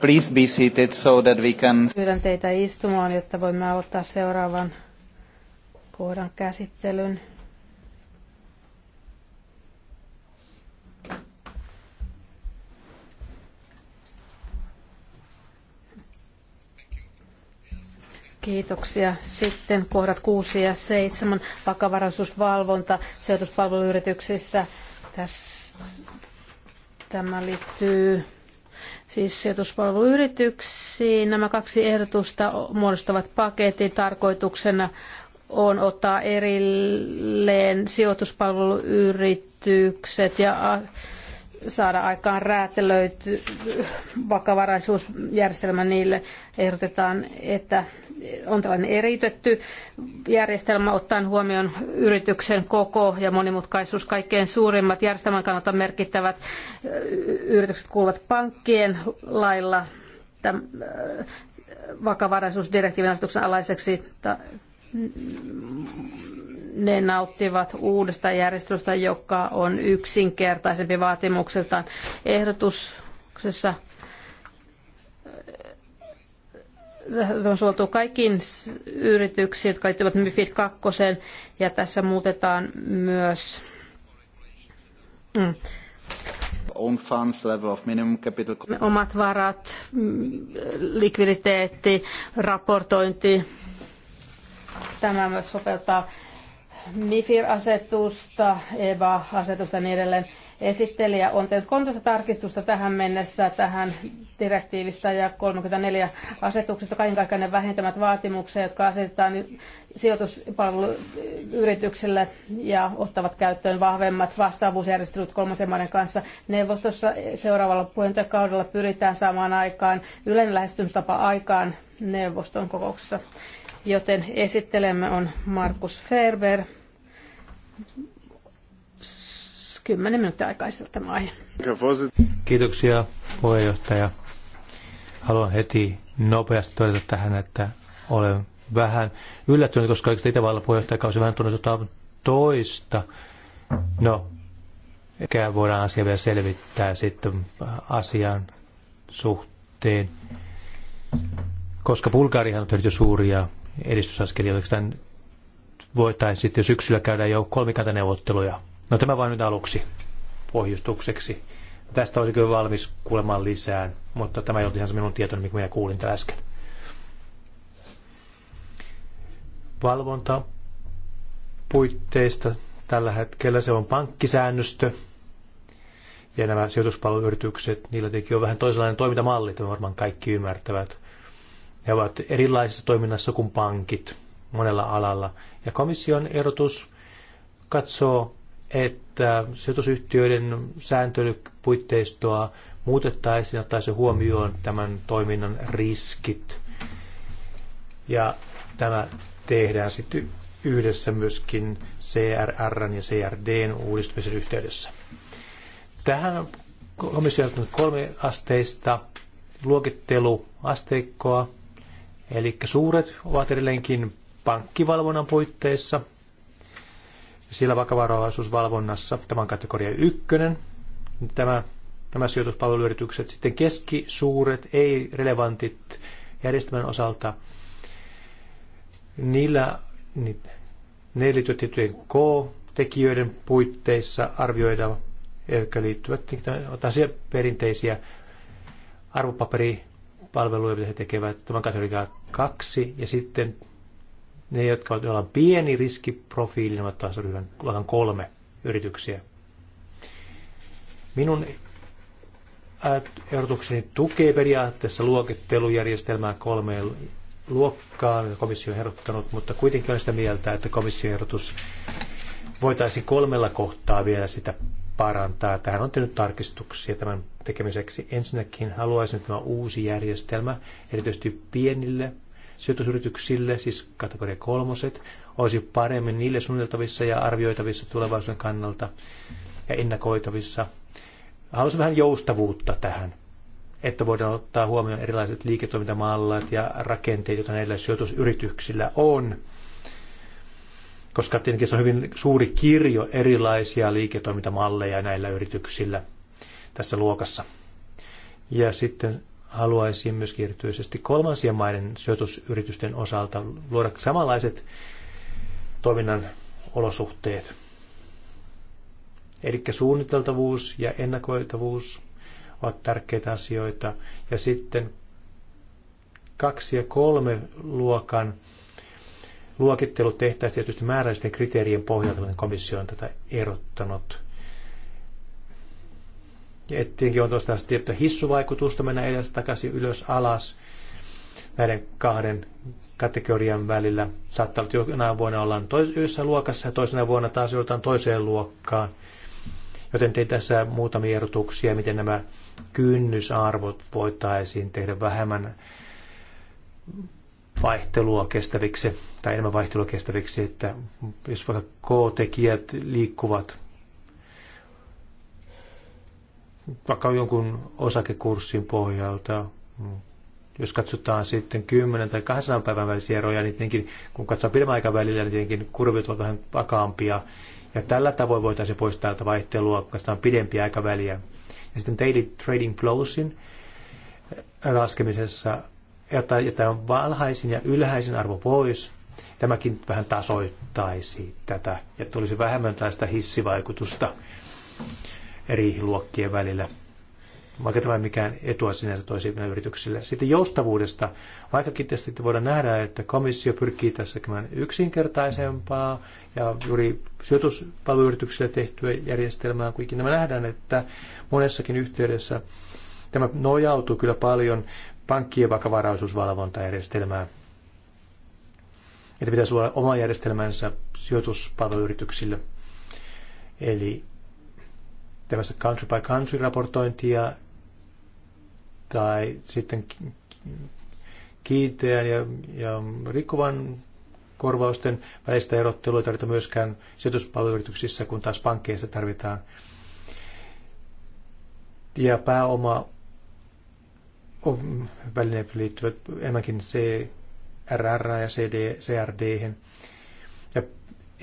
Please be seated so that we can... Pyydän teitä istumaan, jotta voimme aloittaa seuraavan kohdan käsittelyn. Kiitoksia. Sitten kohdat 6 ja 7, vakavaraisuusvalvonta sijoituspalveluyrityksissä. Tässä, tämä liittyy siis sijoituspalveluyrityksiin. Nämä kaksi ehdotusta muodostavat paketin tarkoituksena on ottaa erilleen sijoituspalveluyritykset ja saada aikaan räätälöity vakavaraisuusjärjestelmä niille. Ehdotetaan, että on tällainen eriytetty järjestelmä ottaen huomioon yrityksen koko ja monimutkaisuus. Kaikkein suurimmat järjestelmän kannalta merkittävät yritykset kuuluvat pankkien lailla tämän vakavaraisuusdirektiivin asetuksen alaiseksi. Ne nauttivat uudesta järjestelystä, joka on yksinkertaisempi vaatimuksiltaan. Ehdotuksessa On suotu kaikkiin yrityksiin, jotka liittyvät MIFID 2, ja tässä muutetaan myös mm, own funds level of minimum capital. Omat varat, mm, likviditeetti, raportointi. Tämä myös sopeuttaa MIFIR-asetusta, EVA-asetusta ja niin edelleen. Esittelijä on tehnyt 13 tarkistusta tähän mennessä tähän direktiivistä ja 34 asetuksesta kaiken kaikkiaan ne vähentämät vaatimukset, jotka asetetaan sijoituspalveluyrityksille ja ottavat käyttöön vahvemmat vastaavuusjärjestelyt kolmansien maiden kanssa. Neuvostossa seuraavalla puheenjohtajakaudella pyritään saamaan aikaan yleinen lähestymistapa aikaan neuvoston kokouksessa. Joten esittelemme on Markus Ferber 10 minuuttia aikaiselta maihin. Kiitoksia puheenjohtaja. Haluan heti nopeasti todeta tähän, että olen vähän yllättynyt, koska Itävallan puheenjohtajakausi vähän tunnut jotain toista. No, ehkä voidaan asia vielä selvittää sitten asian suhteen. Koska Bulgaarihan on tehnyt jo suuria edistysaskelia, oikeastaan voitaisiin sitten syksyllä käydä jo kolmikantaneuvotteluja No tämä vain nyt aluksi pohjustukseksi. Tästä olisi kyllä valmis kuulemaan lisää, mutta tämä ei ollut ihan se minun tietoni, mikä minä kuulin tällä äsken. Valvonta puitteista tällä hetkellä se on pankkisäännöstö, ja nämä sijoituspalveluyritykset, niillä tietenkin on vähän toisenlainen toimintamalli, tämä varmaan kaikki ymmärtävät. Ne ovat erilaisessa toiminnassa kuin pankit monella alalla. Ja komission erotus katsoo että sijoitusyhtiöiden sääntelypuitteistoa muutettaisiin, ottaisiin huomioon tämän toiminnan riskit. Ja tämä tehdään sitten yhdessä myöskin CRR ja CRDn uudistumisen yhteydessä. Tähän komissio on kolme asteista luokitteluasteikkoa, eli suuret ovat edelleenkin pankkivalvonnan puitteissa, siellä vakavaraisuusvalvonnassa, tämä on kategoria ykkönen, tämä, nämä sijoituspalveluyritykset, sitten keskisuuret, ei-relevantit järjestelmän osalta, niillä niin, ne tiettyjen K-tekijöiden puitteissa arvioida, jotka liittyvät otan niin siellä perinteisiä arvopaperipalveluja, mitä he tekevät, tämän kategoria kaksi, ja sitten ne, jotka ovat, joilla on pieni riskiprofiili, nämä taas ryhmän luokan kolme yrityksiä. Minun ehdotukseni tukee periaatteessa luokittelujärjestelmää kolmeen luokkaan, jota komissio on ehdottanut, mutta kuitenkin olen sitä mieltä, että komission ehdotus voitaisiin kolmella kohtaa vielä sitä parantaa. Tähän on tehnyt tarkistuksia tämän tekemiseksi. Ensinnäkin haluaisin, että tämä uusi järjestelmä, erityisesti pienille sijoitusyrityksille, siis kategoria kolmoset, olisi paremmin niille suunniteltavissa ja arvioitavissa tulevaisuuden kannalta ja ennakoitavissa. Haluaisin vähän joustavuutta tähän, että voidaan ottaa huomioon erilaiset liiketoimintamallat ja rakenteet, joita näillä sijoitusyrityksillä on koska tietenkin se on hyvin suuri kirjo erilaisia liiketoimintamalleja näillä yrityksillä tässä luokassa. Ja sitten haluaisi myös erityisesti kolmansien maiden sijoitusyritysten osalta luoda samanlaiset toiminnan olosuhteet. Eli suunniteltavuus ja ennakoitavuus ovat tärkeitä asioita. Ja sitten kaksi ja kolme luokan luokittelu tehtäisiin tietysti määräisten kriteerien pohjalta, komissio on tätä erottanut. Tietenkin on tuosta tiettyä hissuvaikutusta mennä edes takaisin ylös alas näiden kahden kategorian välillä. Saattaa olla, että jonain vuonna ollaan yhdessä luokassa ja toisena vuonna taas joudutaan toiseen luokkaan. Joten tein tässä muutamia erotuksia, miten nämä kynnysarvot voitaisiin tehdä vähemmän vaihtelua kestäviksi tai enemmän vaihtelua kestäviksi, että jos vaikka K-tekijät liikkuvat vaikka jonkun osakekurssin pohjalta, mm, jos katsotaan sitten 10 tai 200 päivän välisiä eroja, niin tietenkin, kun katsotaan pidemmän aikavälillä, niin tietenkin kurvit ovat vähän vakaampia. Ja tällä tavoin voitaisiin poistaa tätä vaihtelua, kun katsotaan pidempiä aikaväliä. Ja sitten daily trading flowsin äh, laskemisessa jättää valhaisin ja ylhäisin arvo pois. Tämäkin vähän tasoittaisi tätä ja tulisi vähemmän tästä hissivaikutusta eri luokkien välillä, vaikka tämä ei mikään etua sinänsä toisi yrityksille. Sitten joustavuudesta, vaikkakin tästä voidaan nähdä, että komissio pyrkii tässä yksinkertaisempaa ja juuri sijoituspalveluyrityksille tehtyä järjestelmää, kuitenkin nämä nähdään, että monessakin yhteydessä tämä nojautuu kyllä paljon pankkien vakavaraisuusvalvontajärjestelmään, että pitäisi olla oma järjestelmänsä sijoituspalveluyrityksille. Eli tämmöistä country by country raportointia tai sitten kiinteän ja, ja rikkovan korvausten välistä erottelua ei tarvita myöskään sijoituspalveluyrityksissä, kun taas pankkeissa tarvitaan. Ja pääoma välineet liittyvät enemmänkin CRR ja CD, CRD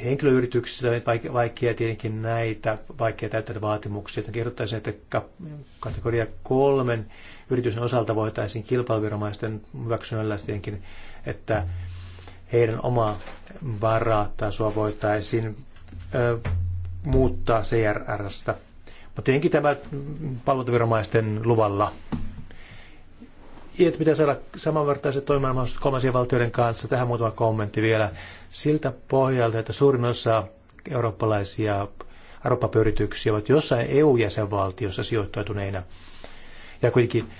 henkilöyrityksissä vaikea tietenkin näitä, vaikea täyttää vaatimuksia. Että kirjoittaisin, että kategoria kolmen yrityksen osalta voitaisiin kilpailuviranomaisten hyväksynnällä tietenkin, että heidän omaa varatasoa voitaisiin ö, muuttaa CRRstä. Mutta tietenkin tämä palvelutaviranomaisten luvalla että pitäisi saada samanvertaiset toimintamahdollisuudet kolmansien valtioiden kanssa. Tähän muutama kommentti vielä. Siltä pohjalta, että suurin osa eurooppalaisia arvopapöyrityksiä ovat jossain EU-jäsenvaltiossa sijoittautuneina. Ja kuitenkin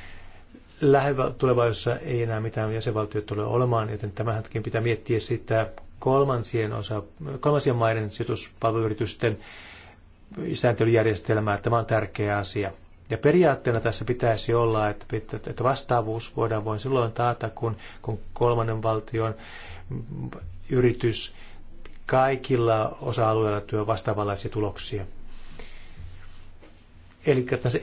tulevaisuudessa ei enää mitään jäsenvaltioita tule olemaan, joten tämänkin pitää miettiä sitä kolmansien, osa, kolmansien maiden sijoituspalveluyritysten sääntelyjärjestelmää. Tämä on tärkeä asia. Ja periaatteena tässä pitäisi olla, että, että vastaavuus voidaan voin silloin taata, kun, kun kolmannen valtion yritys kaikilla osa-alueilla työ vastaavanlaisia tuloksia. Eli tässä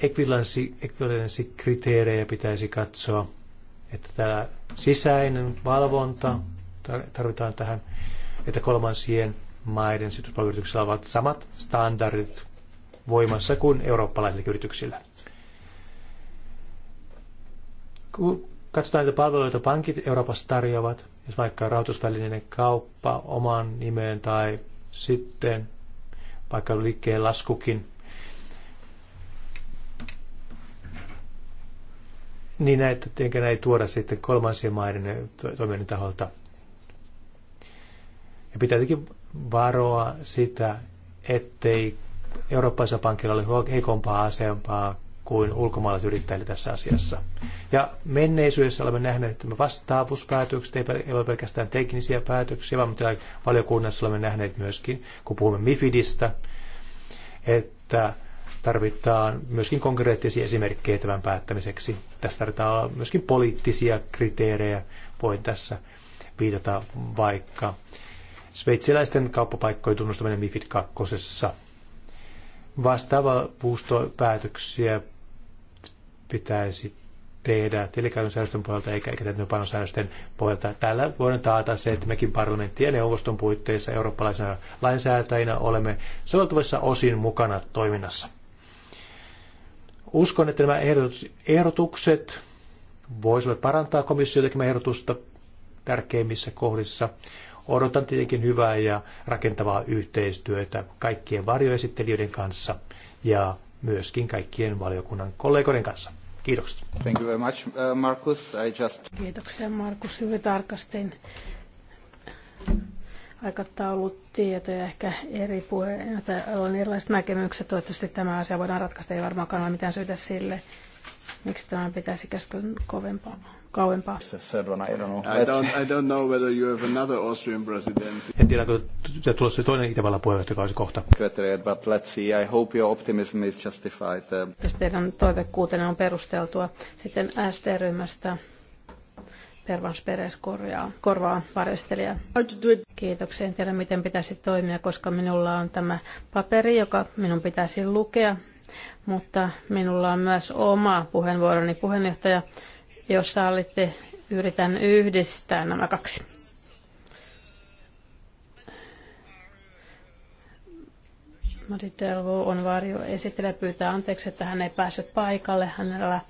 ekvivalenssikriteerejä pitäisi katsoa, että tämä sisäinen valvonta tarvitaan tähän, että kolmansien maiden sijoituspalveluyrityksillä ovat samat standardit voimassa kuin eurooppalaisilla yrityksillä kun katsotaan niitä palveluita, joita pankit Euroopassa tarjoavat, jos vaikka rahoitusvälineiden kauppa omaan nimeen tai sitten vaikka liikkeen laskukin, niin näitä tietenkään ei tuoda sitten kolmansien maiden toiminnan taholta. Ja pitää tietenkin varoa sitä, ettei Eurooppaisella pankilla ole heikompaa asempaa kuin ulkomaalaisyrittäjille tässä asiassa. Ja menneisyydessä olemme nähneet, että me vastaavuuspäätökset ei ole pelkästään teknisiä päätöksiä, vaan mitä valiokunnassa olemme nähneet myöskin, kun puhumme MIFIDistä, että tarvitaan myöskin konkreettisia esimerkkejä tämän päättämiseksi. Tässä tarvitaan myöskin poliittisia kriteerejä. Voin tässä viitata vaikka sveitsiläisten kauppapaikkojen tunnustaminen MIFID 2. Vastaava puustopäätöksiä pitäisi tehdä tilikäännösäädösten pohjalta eikä, eikä täytäntöönpanosäädösten pohjalta. Tällä voidaan taata se, että mekin parlamentti ja neuvoston puitteissa eurooppalaisena lainsäätäjinä olemme soveltuvissa osin mukana toiminnassa. Uskon, että nämä ehdotukset voisivat parantaa komission tekemää ehdotusta tärkeimmissä kohdissa. Odotan tietenkin hyvää ja rakentavaa yhteistyötä kaikkien varjoesittelijöiden kanssa ja myöskin kaikkien valiokunnan kollegoiden kanssa. Kiitokset. Thank you very much, uh, Markus. I just... Kiitoksia, Markus. Hyvin tarkastin tietoja ehkä eri puheenjohtajilla on erilaiset näkemykset. Toivottavasti tämä asia voidaan ratkaista. Ei varmaankaan ole mitään syytä sille, miksi tämä pitäisi käsitellä kovempaa kauempaa. I don't, I don't know whether you have another Austrian presidency. En tiedä, onko se tulossa toinen Itävallan puheenjohtajakausi kohta. But let's see. I hope your optimism is justified. Uh, Jos teidän toivekuutenne on perusteltua, sitten ST-ryhmästä Pervans Peres korjaa, korvaa varjastelija. Kiitoksia. En tiedä, miten pitäisi toimia, koska minulla on tämä paperi, joka minun pitäisi lukea. Mutta minulla on myös oma puheenvuoroni puheenjohtaja jos sallitte, yritän yhdistää nämä kaksi. Mati Telvo on varjo esittelijä, pyytää anteeksi, että hän ei päässyt paikalle. Hänellä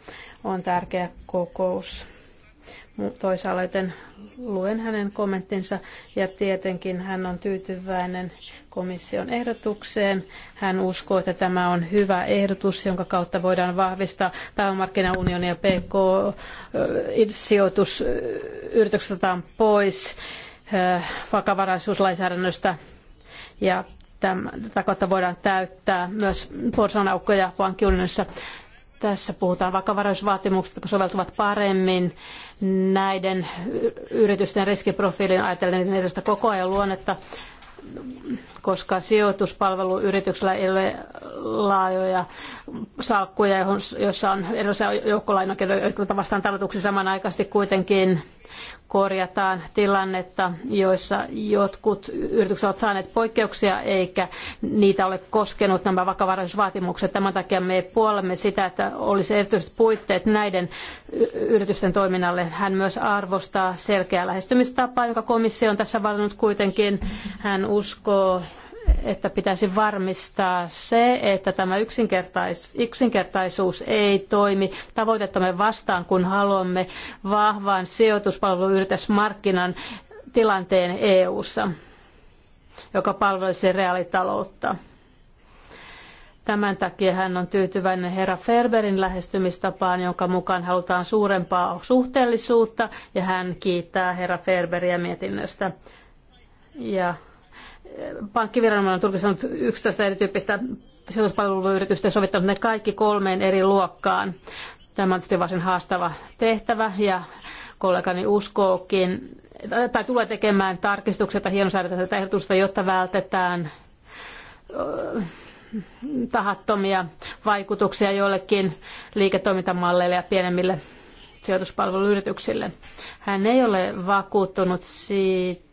on tärkeä kokous. Toisaalta luen hänen kommenttinsa ja tietenkin hän on tyytyväinen komission ehdotukseen. Hän uskoo, että tämä on hyvä ehdotus, jonka kautta voidaan vahvistaa pääomarkkinaunionia ja PK-sijoitusyritykset otetaan pois vakavaraisuuslainsäädännöstä ja tätä kautta voidaan täyttää myös porsanaukkoja pankkiunionissa. Tässä puhutaan vakavaraisuusvaatimuksista, jotka soveltuvat paremmin näiden yritysten riskiprofiilin ajatellen niiden koko ajan luonnetta koska sijoituspalveluyrityksellä ei ole laajoja salkkuja, joissa on erilaisia jotka vastaan tarkoituksia samanaikaisesti kuitenkin korjataan tilannetta, joissa jotkut yritykset ovat saaneet poikkeuksia eikä niitä ole koskenut nämä vakavaraisuusvaatimukset. Tämän takia me puolemme sitä, että olisi erityiset puitteet näiden yritysten toiminnalle. Hän myös arvostaa selkeää lähestymistapaa, jonka komissio on tässä valinnut kuitenkin. Hän uskoo että pitäisi varmistaa se, että tämä yksinkertais, yksinkertaisuus ei toimi tavoitettamme vastaan, kun haluamme vahvan sijoituspalveluyritysmarkkinan tilanteen EU-ssa, joka palvelisi reaalitaloutta. Tämän takia hän on tyytyväinen herra Ferberin lähestymistapaan, jonka mukaan halutaan suurempaa suhteellisuutta, ja hän kiittää herra Ferberiä mietinnöstä. Ja pankkiviranomainen on tulkistanut 11 erityyppistä sijoituspalveluyritystä ja sovittanut ne kaikki kolmeen eri luokkaan. Tämä on tietysti varsin haastava tehtävä ja kollegani uskookin, tai tulee tekemään tarkistuksia tai hienosäädetä tätä ehdotusta, jotta vältetään tahattomia vaikutuksia joillekin liiketoimintamalleille ja pienemmille sijoituspalveluyrityksille. Hän ei ole vakuuttunut siitä,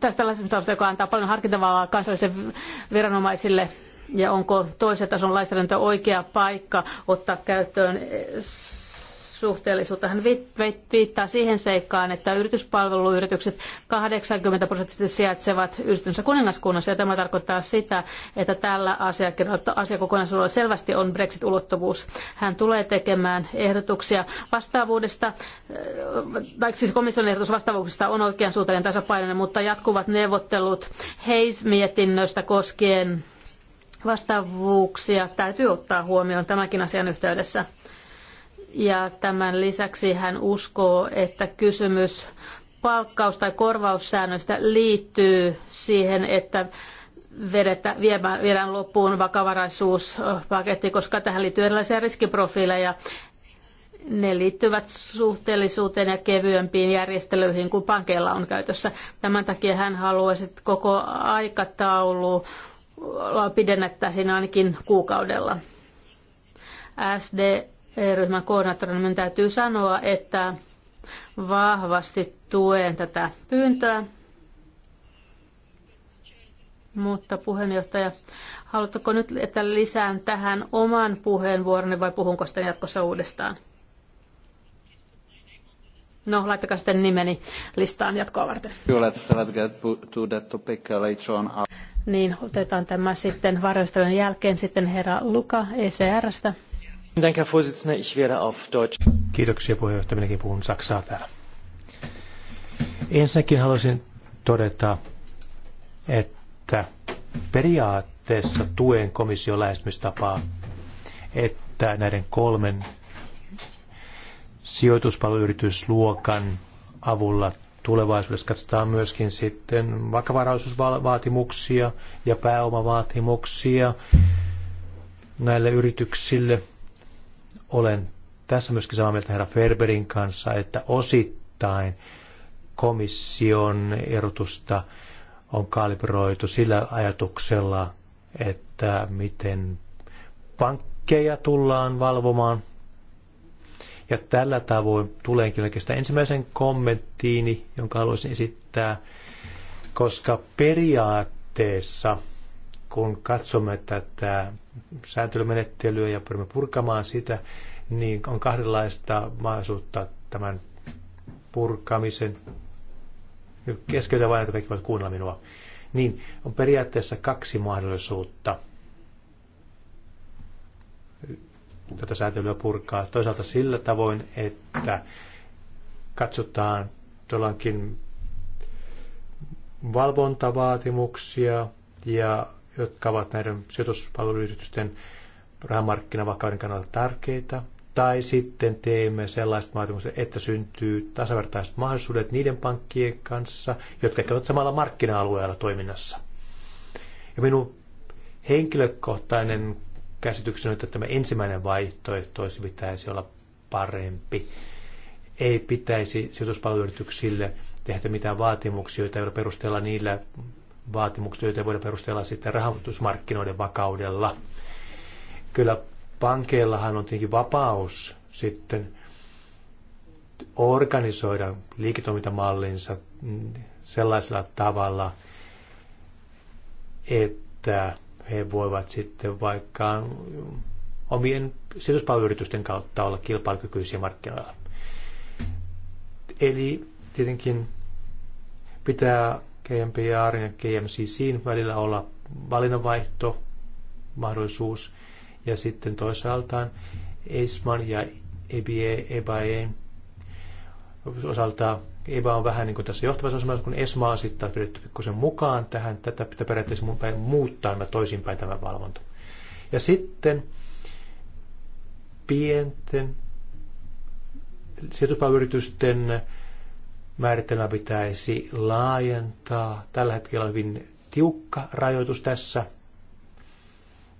tästä lainsäädäntöä, joka antaa paljon harkintavallaa kansallisille viranomaisille ja onko toisen tason lainsäädäntö oikea paikka ottaa käyttöön suhteellisuutta. Hän viittaa siihen seikkaan, että yrityspalveluyritykset 80 prosenttisesti sijaitsevat yhdistyneessä kuningaskunnassa, ja tämä tarkoittaa sitä, että tällä asiakokonaisuudella selvästi on Brexit-ulottuvuus. Hän tulee tekemään ehdotuksia vastaavuudesta, eh, tai siis komission ehdotus vastaavuudesta on oikean suuntainen tasapainoinen, mutta jatkuvat neuvottelut heis mietinnöstä koskien vastaavuuksia täytyy ottaa huomioon tämänkin asian yhteydessä. Ja tämän lisäksi hän uskoo, että kysymys palkkaus- tai korvaussäännöistä liittyy siihen, että vedetä, viemään, viedään loppuun vakavaraisuuspaketti, koska tähän liittyy erilaisia riskiprofiileja. Ne liittyvät suhteellisuuteen ja kevyempiin järjestelyihin kuin pankeilla on käytössä. Tämän takia hän haluaisi, että koko aikataulu pidennettäisiin ainakin kuukaudella. SD ryhmän koordinaattorina minun täytyy sanoa, että vahvasti tuen tätä pyyntöä. Mutta puheenjohtaja, haluatteko nyt, että lisään tähän oman puheenvuoroni vai puhunko sitten jatkossa uudestaan? No, laittakaa sitten nimeni listaan jatkoa varten. Niin, otetaan tämä sitten varjoistelun jälkeen sitten herra Luka ECRstä. Danke, Herr Vorsitzender. Ich werde auf Deutsch. Kiitoksia puheenjohtaja. Minäkin puhun Saksaa täällä. Ensinnäkin haluaisin todeta, että periaatteessa tuen komission lähestymistapaa, että näiden kolmen sijoituspalveluyritysluokan avulla tulevaisuudessa katsotaan myöskin sitten vakavaraisuusvaatimuksia ja pääomavaatimuksia näille yrityksille – olen tässä myöskin samaa mieltä herra Ferberin kanssa, että osittain komission erotusta on kalibroitu sillä ajatuksella, että miten pankkeja tullaan valvomaan. Ja tällä tavoin tuleekin oikeastaan ensimmäisen kommenttiini, jonka haluaisin esittää, koska periaatteessa – kun katsomme tätä säätelymenettelyä ja pyrimme purkamaan sitä, niin on kahdenlaista mahdollisuutta tämän purkamisen. Nyt keskeytä vain, että kaikki voivat kuunnella minua. Niin, on periaatteessa kaksi mahdollisuutta tätä säätelyä purkaa. Toisaalta sillä tavoin, että katsotaan tuollakin valvontavaatimuksia ja jotka ovat näiden sijoituspalveluyritysten rahamarkkinavakauden kannalta tärkeitä. Tai sitten teemme sellaiset vaatimukset, että syntyy tasavertaiset mahdollisuudet niiden pankkien kanssa, jotka ovat samalla markkina-alueella toiminnassa. Ja minun henkilökohtainen käsitykseni on, että tämä ensimmäinen vaihtoehto olisi pitäisi olla parempi. Ei pitäisi sijoituspalveluyrityksille tehdä mitään vaatimuksia, joita ei ole perusteella niillä vaatimukset, joita voidaan perustella sitten rahoitusmarkkinoiden vakaudella. Kyllä pankeillahan on tietenkin vapaus sitten organisoida liiketoimintamallinsa sellaisella tavalla, että he voivat sitten vaikka omien sijoituspalveluyritysten kautta olla kilpailukykyisiä markkinoilla. Eli tietenkin pitää GMPR ja GMCCin välillä olla valinnanvaihto, mahdollisuus, ja sitten toisaaltaan ESMAN ja EBA, EBAE osalta EBA on vähän niin kuin tässä johtavassa asemassa, kun ESMA on sitten pidetty pikkusen mukaan tähän, tätä pitää periaatteessa muuttaa nämä niin toisinpäin tämä valvonta. Ja sitten pienten sijoituspalveluyritysten määritelmä pitäisi laajentaa. Tällä hetkellä on hyvin tiukka rajoitus tässä.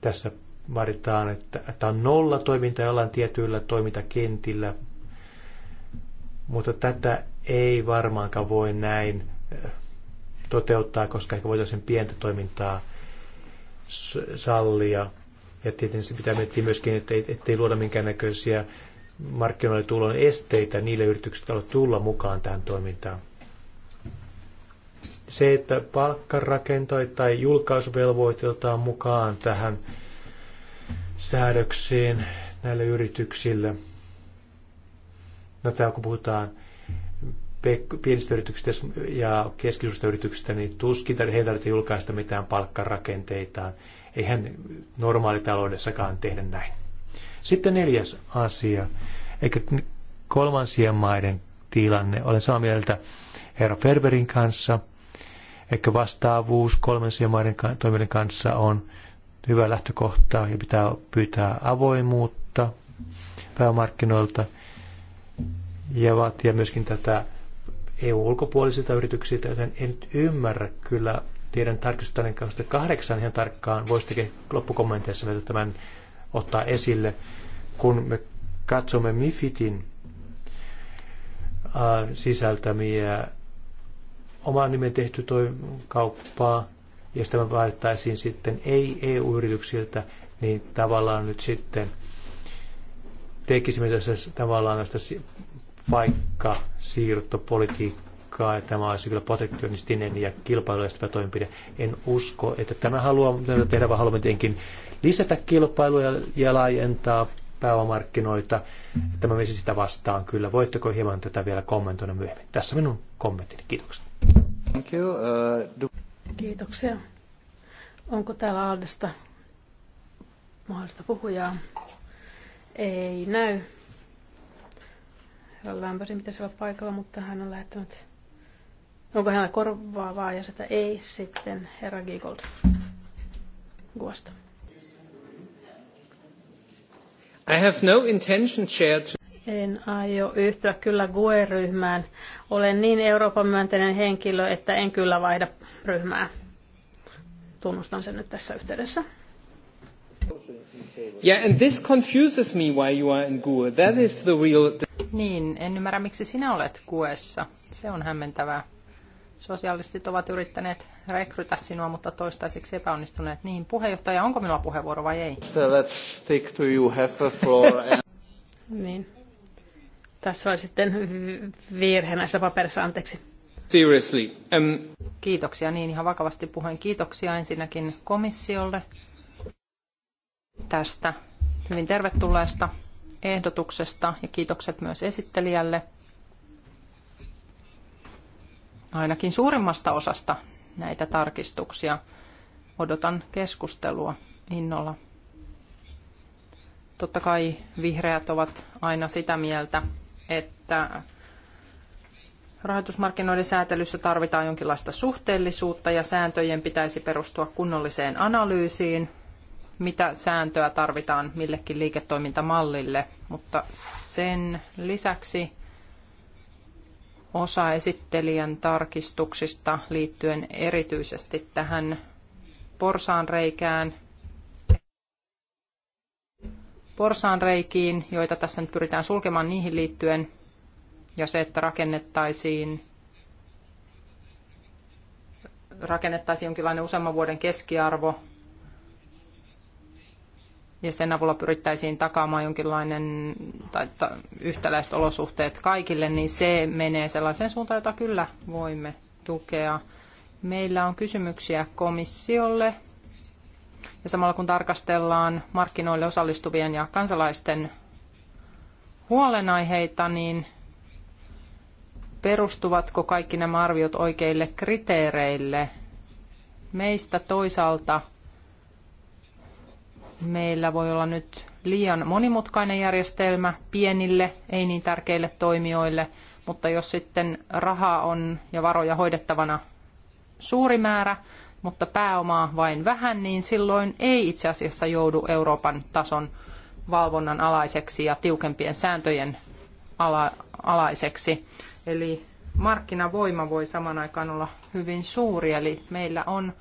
Tässä vaaditaan, että, tämä on nolla toiminta jollain tietyillä toimintakentillä, mutta tätä ei varmaankaan voi näin eh, toteuttaa, koska ehkä voitaisiin pientä toimintaa sallia. Ja tietenkin pitää miettiä myöskin, että ei, ettei luoda minkäännäköisiä markkinoille tulon esteitä niille yrityksille, jotka tulla mukaan tähän toimintaan. Se, että palkkarakentoi tai julkaisuvelvoite otetaan mukaan tähän säädöksiin näille yrityksille. No tämä kun puhutaan pienistä yrityksistä ja keskisuurista yrityksistä, niin tuskin heitä ei julkaista mitään palkkarakenteitaan. Eihän normaalitaloudessakaan tehdä näin. Sitten neljäs asia, eikä kolmansien maiden tilanne. Olen samaa mieltä herra Ferberin kanssa. Ehkä vastaavuus kolmansien maiden toimijoiden kanssa on hyvä lähtökohta ja pitää pyytää avoimuutta pääomarkkinoilta ja vaatia myöskin tätä EU-ulkopuolisilta yrityksiltä, joten en nyt ymmärrä kyllä tiedän tarkistustaneen kahdeksan, ihan tarkkaan. Voisitte loppukommenteissa tämän ottaa esille, kun me katsomme MIFITin äh, sisältämiä oman nimen tehty toi kauppaa, ja sitä me vaadittaisiin sitten ei-EU-yrityksiltä, niin tavallaan nyt sitten tekisimme tässä tavallaan tästä paikkasiirtopolitiikkaa että tämä olisi kyllä protektionistinen ja kilpailuistava toimenpide. En usko, että tämä haluaa tehdä, vaan haluamme tietenkin lisätä kilpailua ja laajentaa pääomamarkkinoita. Tämä menisi sitä vastaan kyllä. Voitteko hieman tätä vielä kommentoida myöhemmin? Tässä minun kommenttini. Kiitokset. Thank you. Uh, Kiitoksia. Onko täällä Aldesta mahdollista puhujaa? Ei näy. Lämpöisin pitäisi olla paikalla, mutta hän on lähettänyt Onko hänellä korvaavaa ja sitä ei sitten herra Giegold Guosta. I have no intention, Chair, to... En aio yhtyä kyllä GUE-ryhmään. Olen niin Euroopan myönteinen henkilö, että en kyllä vaihda ryhmää. Tunnustan sen nyt tässä yhteydessä. Yeah, and this confuses me why you are in GUE. That is the real... Niin, en ymmärrä miksi sinä olet GUEssa. Se on hämmentävää. Sosialistit ovat yrittäneet rekrytä sinua, mutta toistaiseksi epäonnistuneet. Niin, puheenjohtaja, onko minulla puheenvuoro vai ei? So let's stick to you, have a floor. And... niin. Tässä oli sitten virhe näissä paperissa, anteeksi. Seriously. Um... Kiitoksia, niin ihan vakavasti puheen. Kiitoksia ensinnäkin komissiolle tästä hyvin tervetulleesta ehdotuksesta ja kiitokset myös esittelijälle – ainakin suurimmasta osasta näitä tarkistuksia. Odotan keskustelua innolla. Totta kai vihreät ovat aina sitä mieltä, että Rahoitusmarkkinoiden säätelyssä tarvitaan jonkinlaista suhteellisuutta ja sääntöjen pitäisi perustua kunnolliseen analyysiin, mitä sääntöä tarvitaan millekin liiketoimintamallille, mutta sen lisäksi osa esittelijän tarkistuksista liittyen erityisesti tähän porsaanreikään, porsaanreikiin, joita tässä nyt pyritään sulkemaan niihin liittyen, ja se, että rakennettaisiin, rakennettaisiin jonkinlainen useamman vuoden keskiarvo ja sen avulla pyrittäisiin takaamaan jonkinlainen tai yhtäläiset olosuhteet kaikille, niin se menee sellaiseen suuntaan, jota kyllä voimme tukea. Meillä on kysymyksiä komissiolle ja samalla kun tarkastellaan markkinoille osallistuvien ja kansalaisten huolenaiheita, niin perustuvatko kaikki nämä arviot oikeille kriteereille? Meistä toisaalta meillä voi olla nyt liian monimutkainen järjestelmä pienille, ei niin tärkeille toimijoille, mutta jos sitten rahaa on ja varoja hoidettavana suuri määrä, mutta pääomaa vain vähän, niin silloin ei itse asiassa joudu Euroopan tason valvonnan alaiseksi ja tiukempien sääntöjen ala- alaiseksi. Eli markkinavoima voi saman aikaan olla hyvin suuri, eli meillä on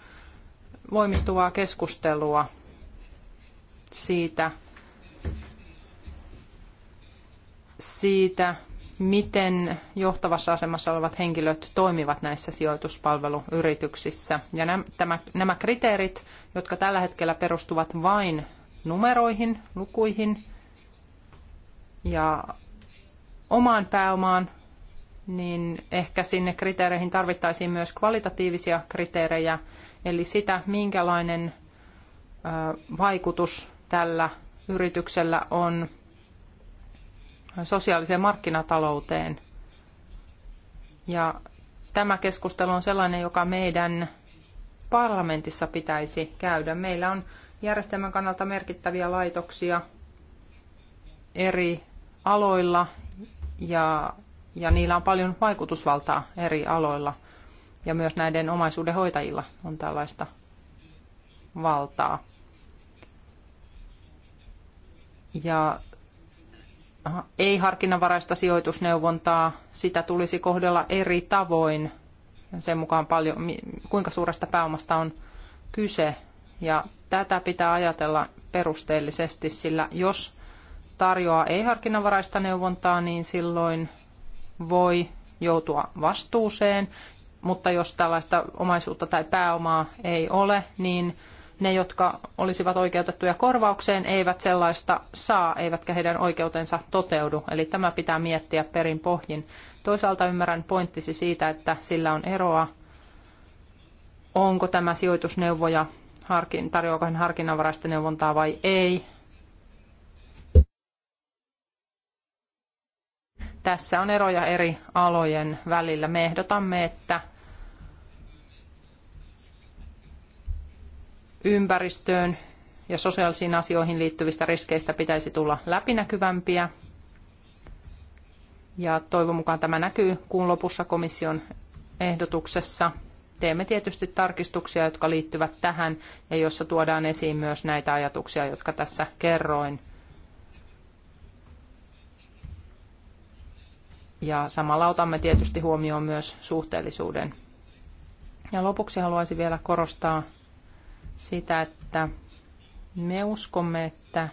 voimistuvaa keskustelua siitä, siitä, miten johtavassa asemassa olevat henkilöt toimivat näissä sijoituspalveluyrityksissä. Ja nämä, nämä kriteerit, jotka tällä hetkellä perustuvat vain numeroihin, lukuihin ja omaan pääomaan, niin ehkä sinne kriteereihin tarvittaisiin myös kvalitatiivisia kriteerejä, eli sitä, minkälainen vaikutus tällä yrityksellä on sosiaaliseen markkinatalouteen. Ja tämä keskustelu on sellainen, joka meidän parlamentissa pitäisi käydä. Meillä on järjestelmän kannalta merkittäviä laitoksia eri aloilla ja, ja niillä on paljon vaikutusvaltaa eri aloilla. Ja myös näiden omaisuudenhoitajilla on tällaista valtaa ja ei harkinnanvaraista sijoitusneuvontaa, sitä tulisi kohdella eri tavoin sen mukaan paljon, kuinka suuresta pääomasta on kyse. Ja tätä pitää ajatella perusteellisesti, sillä jos tarjoaa ei-harkinnanvaraista neuvontaa, niin silloin voi joutua vastuuseen, mutta jos tällaista omaisuutta tai pääomaa ei ole, niin ne, jotka olisivat oikeutettuja korvaukseen, eivät sellaista saa, eivätkä heidän oikeutensa toteudu. Eli tämä pitää miettiä perin pohjin. Toisaalta ymmärrän pointtisi siitä, että sillä on eroa, onko tämä sijoitusneuvoja, harkin, tarjoako hän harkinnanvaraista neuvontaa vai ei. Tässä on eroja eri alojen välillä. Me ehdotamme, että ympäristöön ja sosiaalisiin asioihin liittyvistä riskeistä pitäisi tulla läpinäkyvämpiä. Ja toivon mukaan tämä näkyy kuun lopussa komission ehdotuksessa. Teemme tietysti tarkistuksia, jotka liittyvät tähän ja jossa tuodaan esiin myös näitä ajatuksia, jotka tässä kerroin. Ja samalla otamme tietysti huomioon myös suhteellisuuden. Ja lopuksi haluaisin vielä korostaa sitä, että me uskomme, että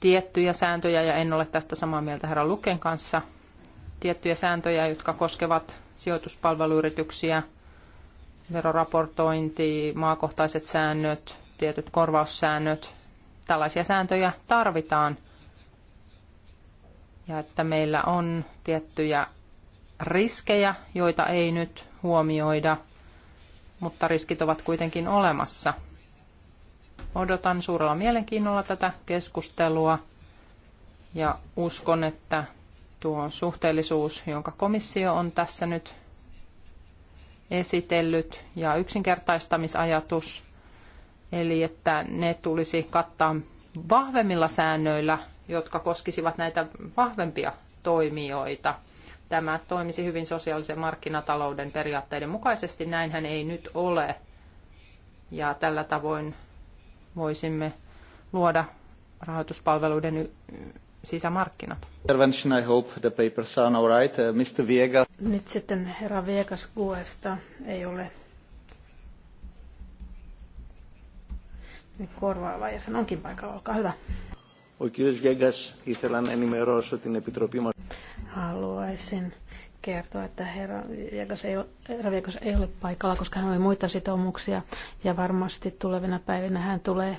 tiettyjä sääntöjä, ja en ole tästä samaa mieltä herra Luken kanssa, tiettyjä sääntöjä, jotka koskevat sijoituspalveluyrityksiä, veroraportointi, maakohtaiset säännöt, tietyt korvaussäännöt, tällaisia sääntöjä tarvitaan. Ja että meillä on tiettyjä riskejä, joita ei nyt huomioida – mutta riskit ovat kuitenkin olemassa. Odotan suurella mielenkiinnolla tätä keskustelua ja uskon, että tuo suhteellisuus, jonka komissio on tässä nyt esitellyt ja yksinkertaistamisajatus, eli että ne tulisi kattaa vahvemmilla säännöillä, jotka koskisivat näitä vahvempia toimijoita – tämä toimisi hyvin sosiaalisen markkinatalouden periaatteiden mukaisesti. Näinhän ei nyt ole. Ja tällä tavoin voisimme luoda rahoituspalveluiden sisämarkkinat. Intervention, I hope the papers are all right. Uh, Mr. Viega. Nyt sitten herra Viegas Guesta ei ole korvaava ja sanonkin onkin paikalla. Olkaa hyvä. Ο κύριος Γέγκας ήθελα να ενημερώσω την Επιτροπή μας. Haluaisin kertoa, että herra Viekas ei, herra Viekas ei ole paikalla, koska hän oli muita sitoumuksia ja varmasti tulevina päivinä hän tulee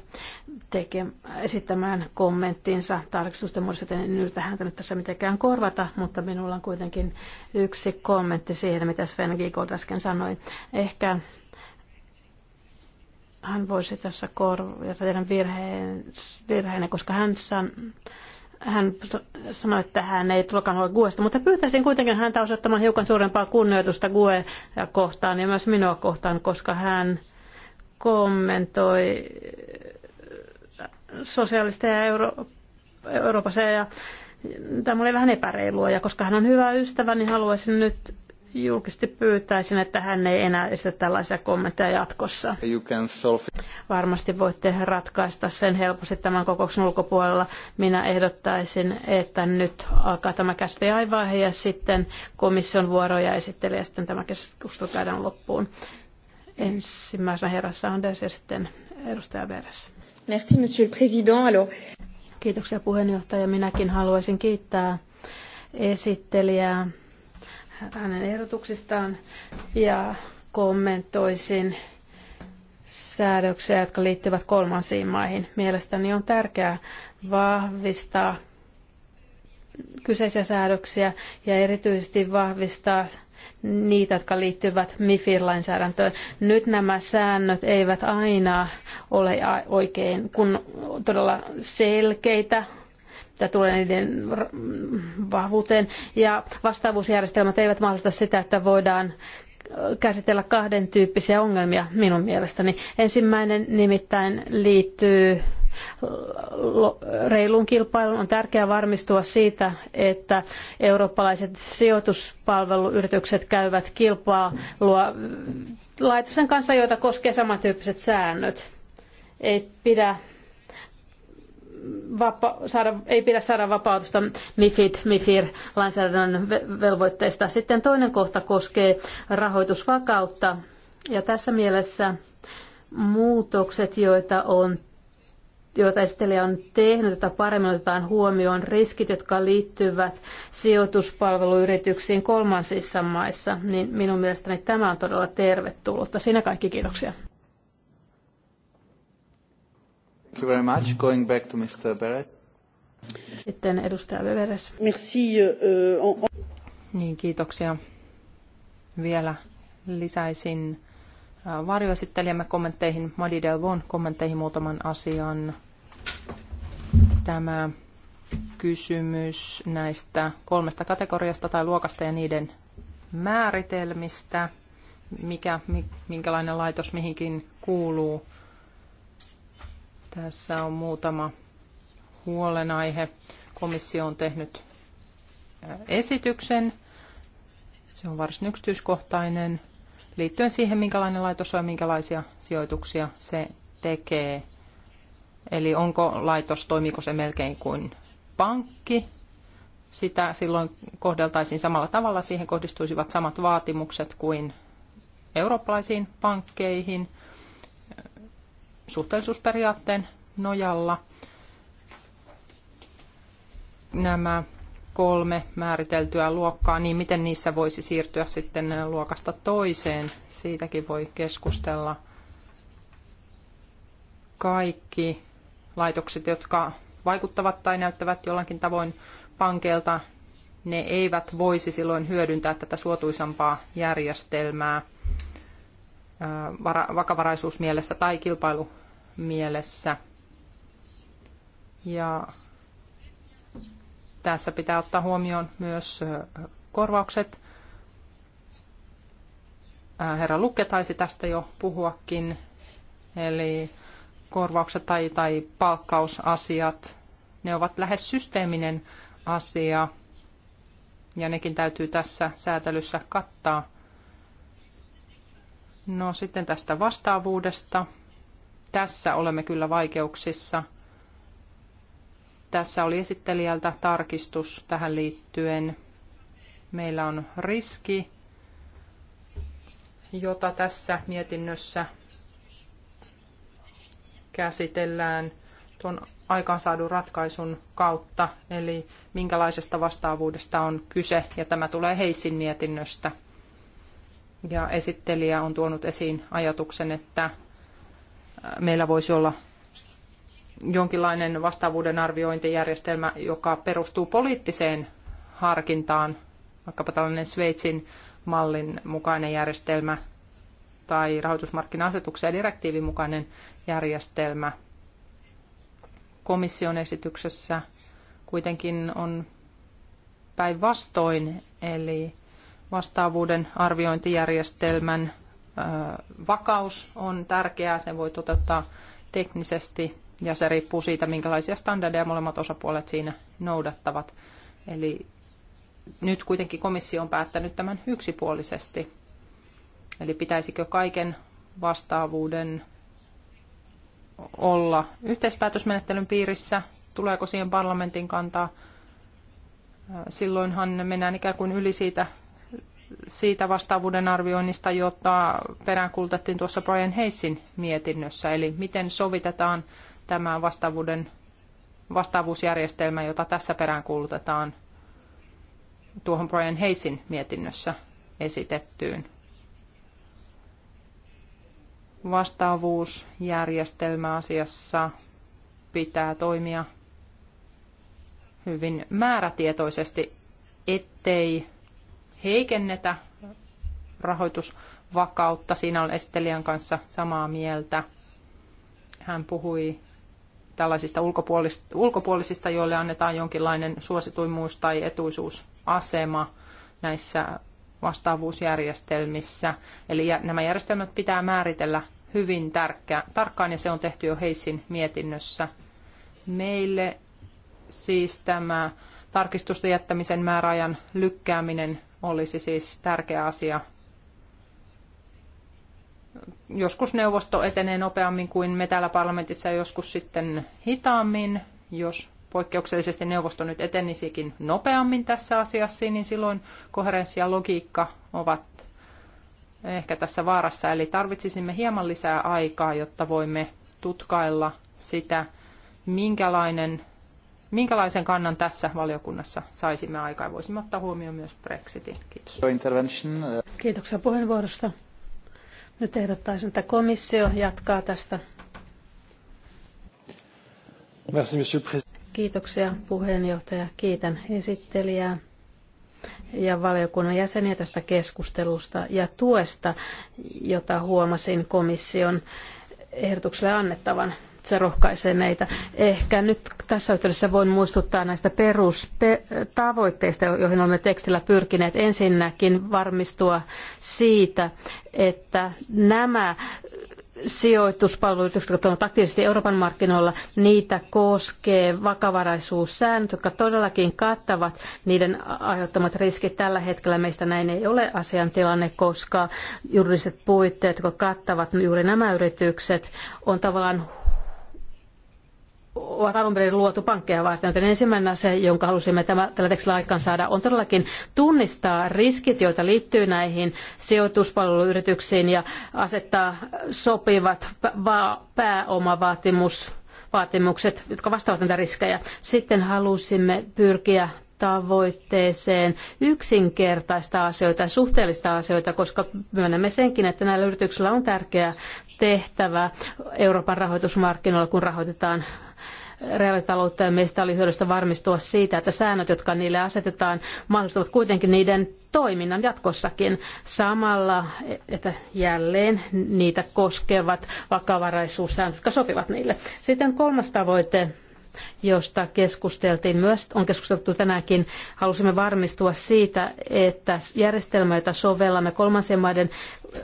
teke, esittämään kommenttinsa tarkistusten muodossa, joten en yritä häntä nyt tässä mitenkään korvata, mutta minulla on kuitenkin yksi kommentti siihen, mitä Sven Giegold äsken sanoi. Ehkä hän voisi tässä korvata teidän virheen, virheenne, koska hän sanoi, hän sanoi, että hän ei tulekaan ole Guesta, mutta pyytäisin kuitenkin häntä osoittamaan hiukan suurempaa kunnioitusta Gue kohtaan ja myös minua kohtaan, koska hän kommentoi äh, sosiaalista ja Euro- Euroopassa ja tämä oli vähän epäreilua ja koska hän on hyvä ystävä, niin haluaisin nyt julkisesti pyytäisin, että hän ei enää estä tällaisia kommentteja jatkossa. Varmasti voitte ratkaista sen helposti tämän kokouksen ulkopuolella. Minä ehdottaisin, että nyt alkaa tämä käsittelyvaihe ja sitten komission vuoroja esittelee ja sitten tämä keskustelu käydään loppuun. Ensimmäisenä herra Sanders ja sitten edustaja Veres. Merci, monsieur le président. Alors... Kiitoksia puheenjohtaja. Minäkin haluaisin kiittää esittelijää hänen ehdotuksistaan ja kommentoisin säädöksiä, jotka liittyvät kolmansiin maihin. Mielestäni on tärkeää vahvistaa kyseisiä säädöksiä ja erityisesti vahvistaa niitä, jotka liittyvät MIFIR-lainsäädäntöön. Nyt nämä säännöt eivät aina ole oikein kun todella selkeitä, mitä tulee niiden vahvuuteen. Ja vastaavuusjärjestelmät eivät mahdollista sitä, että voidaan käsitellä kahden tyyppisiä ongelmia minun mielestäni. Ensimmäinen nimittäin liittyy reilun kilpailuun. On tärkeää varmistua siitä, että eurooppalaiset sijoituspalveluyritykset käyvät kilpailua laitosten kanssa, joita koskee samantyyppiset säännöt. Ei pidä vapa- saada, ei pidä saada vapautusta MIFID, MIFIR-lainsäädännön velvoitteista. Sitten toinen kohta koskee rahoitusvakautta. Ja tässä mielessä muutokset, joita on joita esittelijä on tehnyt, jota paremmin otetaan huomioon riskit, jotka liittyvät sijoituspalveluyrityksiin kolmansissa maissa, niin minun mielestäni tämä on todella tervetullutta. Siinä kaikki kiitoksia. Thank you very much. Going back to Mr. Beret. Sitten edustaja Weberes. Merci. Euh, euh, niin, kiitoksia. Vielä lisäisin äh, varjoesittelijämme kommentteihin, Madi Delvon kommentteihin muutaman asian. Tämä kysymys näistä kolmesta kategoriasta tai luokasta ja niiden määritelmistä, mikä, minkälainen laitos mihinkin kuuluu. Tässä on muutama huolenaihe. Komissio on tehnyt esityksen. Se on varsin yksityiskohtainen liittyen siihen, minkälainen laitos on ja minkälaisia sijoituksia se tekee. Eli onko laitos, toimiiko se melkein kuin pankki. Sitä silloin kohdeltaisiin samalla tavalla. Siihen kohdistuisivat samat vaatimukset kuin eurooppalaisiin pankkeihin – suhteellisuusperiaatteen nojalla nämä kolme määriteltyä luokkaa, niin miten niissä voisi siirtyä sitten luokasta toiseen? Siitäkin voi keskustella. Kaikki laitokset, jotka vaikuttavat tai näyttävät jollakin tavoin pankeelta, ne eivät voisi silloin hyödyntää tätä suotuisampaa järjestelmää – vakavaraisuusmielessä tai kilpailumielessä. Ja tässä pitää ottaa huomioon myös korvaukset. Herra Lukke taisi tästä jo puhuakin, eli korvaukset tai, tai palkkausasiat, ne ovat lähes systeeminen asia, ja nekin täytyy tässä säätelyssä kattaa. No sitten tästä vastaavuudesta. Tässä olemme kyllä vaikeuksissa. Tässä oli esittelijältä tarkistus tähän liittyen. Meillä on riski, jota tässä mietinnössä käsitellään tuon aikaansaadun ratkaisun kautta, eli minkälaisesta vastaavuudesta on kyse, ja tämä tulee Heisin mietinnöstä – ja esittelijä on tuonut esiin ajatuksen, että äh, meillä voisi olla jonkinlainen vastaavuuden arviointijärjestelmä, joka perustuu poliittiseen harkintaan, vaikkapa tällainen Sveitsin mallin mukainen järjestelmä tai rahoitusmarkkina-asetuksen ja direktiivin mukainen järjestelmä. Komission esityksessä kuitenkin on päinvastoin, eli vastaavuuden arviointijärjestelmän vakaus on tärkeää, sen voi toteuttaa teknisesti ja se riippuu siitä, minkälaisia standardeja molemmat osapuolet siinä noudattavat. Eli nyt kuitenkin komissio on päättänyt tämän yksipuolisesti. Eli pitäisikö kaiken vastaavuuden olla yhteispäätösmenettelyn piirissä? Tuleeko siihen parlamentin kantaa? Silloinhan mennään ikään kuin yli siitä siitä vastaavuuden arvioinnista, jota peräänkultettiin tuossa Brian Heisin mietinnössä, eli miten sovitetaan tämä vastaavuuden, vastaavuusjärjestelmä, jota tässä peräänkuulutetaan tuohon Brian Heisin mietinnössä esitettyyn. Vastaavuusjärjestelmä asiassa pitää toimia hyvin määrätietoisesti, ettei heikennetä rahoitusvakautta. Siinä on Estelian kanssa samaa mieltä. Hän puhui tällaisista ulkopuolisista, ulkopuolisista joille annetaan jonkinlainen suosituimuus tai etuisuusasema näissä vastaavuusjärjestelmissä. Eli nämä järjestelmät pitää määritellä hyvin tärkeä, tarkkaan ja se on tehty jo Heissin mietinnössä. Meille siis tämä tarkistusten jättämisen määräajan lykkääminen olisi siis tärkeä asia. Joskus neuvosto etenee nopeammin kuin me täällä parlamentissa ja joskus sitten hitaammin. Jos poikkeuksellisesti neuvosto nyt etenisikin nopeammin tässä asiassa, niin silloin koherenssi ja logiikka ovat ehkä tässä vaarassa. Eli tarvitsisimme hieman lisää aikaa, jotta voimme tutkailla sitä, minkälainen minkälaisen kannan tässä valiokunnassa saisimme aikaan. Voisimme ottaa huomioon myös Brexitin. Kiitos. Uh, Kiitoksia puheenvuorosta. Nyt ehdottaisin, että komissio jatkaa tästä. Kiitoksia puheenjohtaja. Kiitän esittelijää ja valiokunnan jäseniä tästä keskustelusta ja tuesta, jota huomasin komission ehdotukselle annettavan se rohkaisee meitä. Ehkä nyt tässä yhteydessä voin muistuttaa näistä perustavoitteista, joihin olemme tekstillä pyrkineet. Ensinnäkin varmistua siitä, että nämä sijoituspalvelut, jotka ovat aktiivisesti Euroopan markkinoilla, niitä koskee vakavaraisuussäännöt, jotka todellakin kattavat niiden aiheuttamat riskit. Tällä hetkellä meistä näin ei ole asiantilanne, koska juridiset puitteet, jotka kattavat juuri nämä yritykset, on tavallaan ovat alun perin luotu pankkeja varten, joten ensimmäinen asia, jonka halusimme tämä, tällä tekstillä aikaan saada, on todellakin tunnistaa riskit, joita liittyy näihin sijoituspalveluyrityksiin ja asettaa sopivat pääomavaatimukset, jotka vastaavat näitä riskejä. Sitten halusimme pyrkiä tavoitteeseen yksinkertaista asioita ja suhteellista asioita, koska myönnämme senkin, että näillä yrityksillä on tärkeä tehtävä Euroopan rahoitusmarkkinoilla, kun rahoitetaan reaalitaloutta ja meistä oli hyödyllistä varmistua siitä, että säännöt, jotka niille asetetaan, mahdollistavat kuitenkin niiden toiminnan jatkossakin samalla, että jälleen niitä koskevat vakavaraisuussäännöt, jotka sopivat niille. Sitten kolmas tavoite josta keskusteltiin myös, on keskusteltu tänäänkin. Halusimme varmistua siitä, että järjestelmä, jota sovellamme kolmansien maiden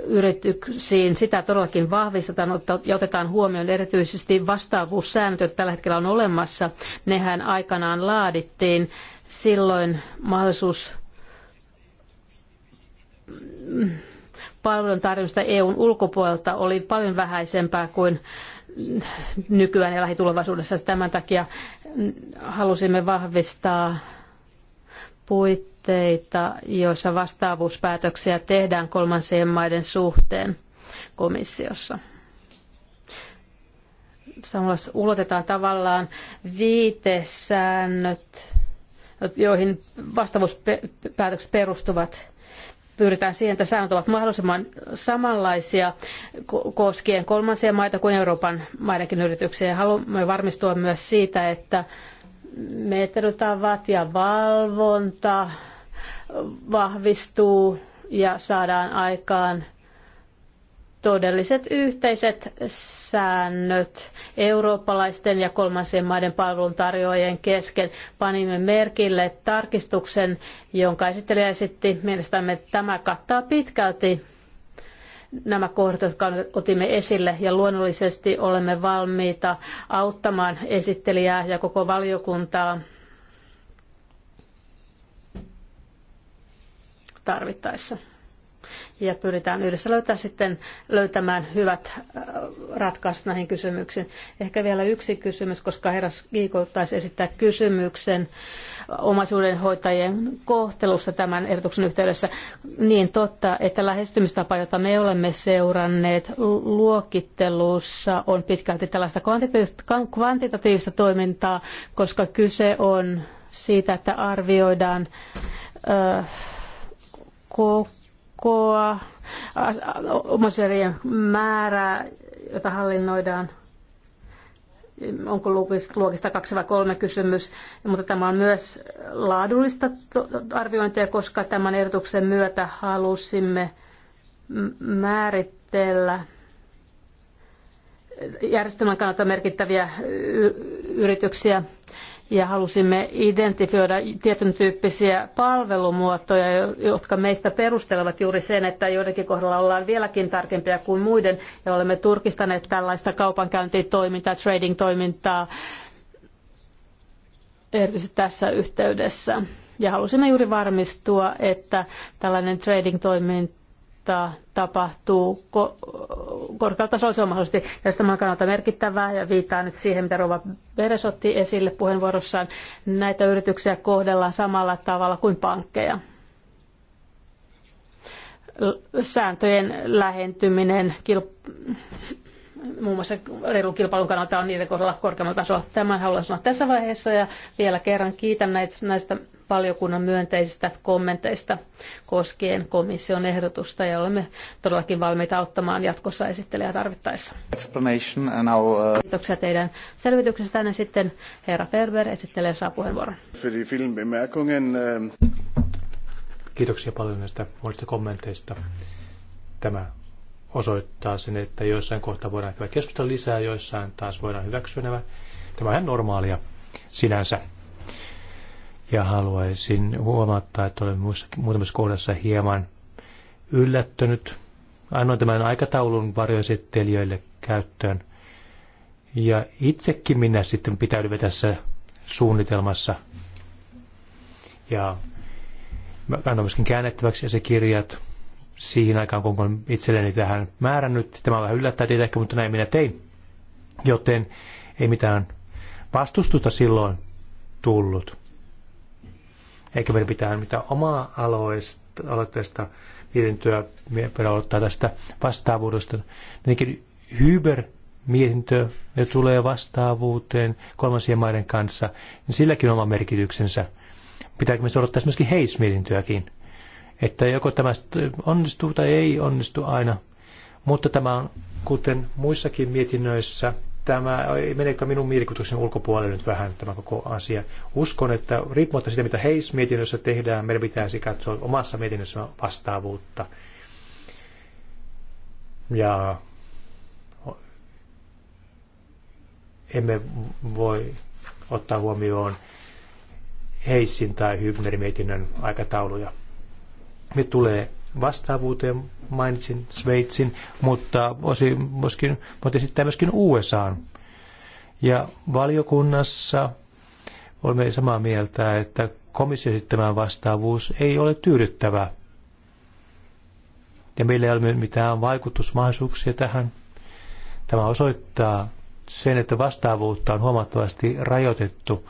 yrityksiin, sitä todellakin vahvistetaan ja otetaan huomioon erityisesti vastaavuussäännöt, joita tällä hetkellä on olemassa. Nehän aikanaan laadittiin. Silloin mahdollisuus palvelun tarjoamista EUn ulkopuolelta oli paljon vähäisempää kuin nykyään ja lähitulevaisuudessa. Tämän takia halusimme vahvistaa puitteita, joissa vastaavuuspäätöksiä tehdään kolmansien maiden suhteen komissiossa. Samalla ulotetaan tavallaan viitesäännöt, joihin vastaavuuspäätökset perustuvat pyritään siihen, että säännöt ovat mahdollisimman samanlaisia koskien kolmansia maita kuin Euroopan maidenkin yrityksiä. Haluamme varmistua myös siitä, että menettelytavat ja valvonta vahvistuu ja saadaan aikaan todelliset yhteiset säännöt eurooppalaisten ja kolmansien maiden palveluntarjoajien kesken. Panimme merkille tarkistuksen, jonka esittelijä esitti. Mielestämme tämä kattaa pitkälti nämä kohdat, jotka otimme esille, ja luonnollisesti olemme valmiita auttamaan esittelijää ja koko valiokuntaa tarvittaessa ja pyritään yhdessä löytää sitten löytämään hyvät äh, ratkaisut näihin kysymyksiin. Ehkä vielä yksi kysymys, koska herras Kiikol taisi esittää kysymyksen omaisuudenhoitajien kohtelusta tämän ehdotuksen yhteydessä. Niin totta, että lähestymistapa, jota me olemme seuranneet luokittelussa, on pitkälti tällaista kvantitatiivista toimintaa, koska kyse on siitä, että arvioidaan öö, koko kokoa, omaisuuserien määrää, jota hallinnoidaan onko luokista kaksi vai kolme kysymys, mutta tämä on myös laadullista arviointia, koska tämän ehdotuksen myötä halusimme määritellä järjestelmän kannalta merkittäviä yrityksiä ja halusimme identifioida tietyn tyyppisiä palvelumuotoja, jotka meistä perustelevat juuri sen, että joidenkin kohdalla ollaan vieläkin tarkempia kuin muiden ja olemme turkistaneet tällaista kaupankäyntitoimintaa, trading-toimintaa erityisesti tässä yhteydessä. Ja halusimme juuri varmistua, että tällainen trading-toiminta toimintaa tapahtuu ko- korkealta tasolla. Se on mahdollisesti järjestelmän kannalta merkittävää ja viittaa nyt siihen, mitä Rova Beres otti esille puheenvuorossaan. Näitä yrityksiä kohdellaan samalla tavalla kuin pankkeja. Sääntöjen lähentyminen, kilp- muun muassa reilun kilpailun kannalta on niiden kohdalla korkeammalla tasolla. Tämän haluan sanoa tässä vaiheessa ja vielä kerran kiitän näistä, näistä valiokunnan myönteisistä kommenteista koskien komission ehdotusta ja olemme todellakin valmiita auttamaan jatkossa esittelijä tarvittaessa. Now, uh... Kiitoksia teidän selvityksestänne. Sitten herra Ferber esittelee saa puheenvuoron. Eh, Kiitoksia paljon näistä muista kommenteista. Tämä osoittaa sen, että joissain kohtaa voidaan kyllä keskustella lisää, joissain taas voidaan hyväksyä nämä. Tämä on ihan normaalia sinänsä. Ja haluaisin huomauttaa, että olen muutamassa kohdassa hieman yllättynyt. Annoin tämän aikataulun varjoesittelijöille käyttöön. Ja itsekin minä sitten pitäydyin tässä suunnitelmassa. Ja annoin myöskin käännettäväksi se kirjat siihen aikaan, kun olen itselleni tähän määrännyt. Tämä on vähän yllättää teitä ehkä, mutta näin minä tein. Joten ei mitään vastustusta silloin tullut. Eikä meidän pitää mitään omaa aloitteesta mietintöä odottaa tästä vastaavuudesta. Niinkin hyber mietintö ja tulee vastaavuuteen kolmansien maiden kanssa, niin silläkin on oma merkityksensä. Pitääkö me odottaa myöskin mietintöäkin että joko tämä onnistuu tai ei onnistu aina. Mutta tämä on, kuten muissakin mietinnöissä, tämä ei, menekään minun mielikutuksen ulkopuolelle nyt vähän tämä koko asia. Uskon, että riippumatta siitä, mitä heis mietinnössä tehdään, meidän pitäisi katsoa omassa mietinnössä vastaavuutta. Ja emme voi ottaa huomioon Heissin tai Hybnerin mietinnön aikatauluja. Me tulee vastaavuuteen, mainitsin Sveitsin, mutta voisin myöskin, mutta esittää myöskin USAan. Ja valiokunnassa olemme samaa mieltä, että komission esittämään vastaavuus ei ole tyydyttävä. Ja meillä ei ole mitään vaikutusmahdollisuuksia tähän. Tämä osoittaa sen, että vastaavuutta on huomattavasti rajoitettu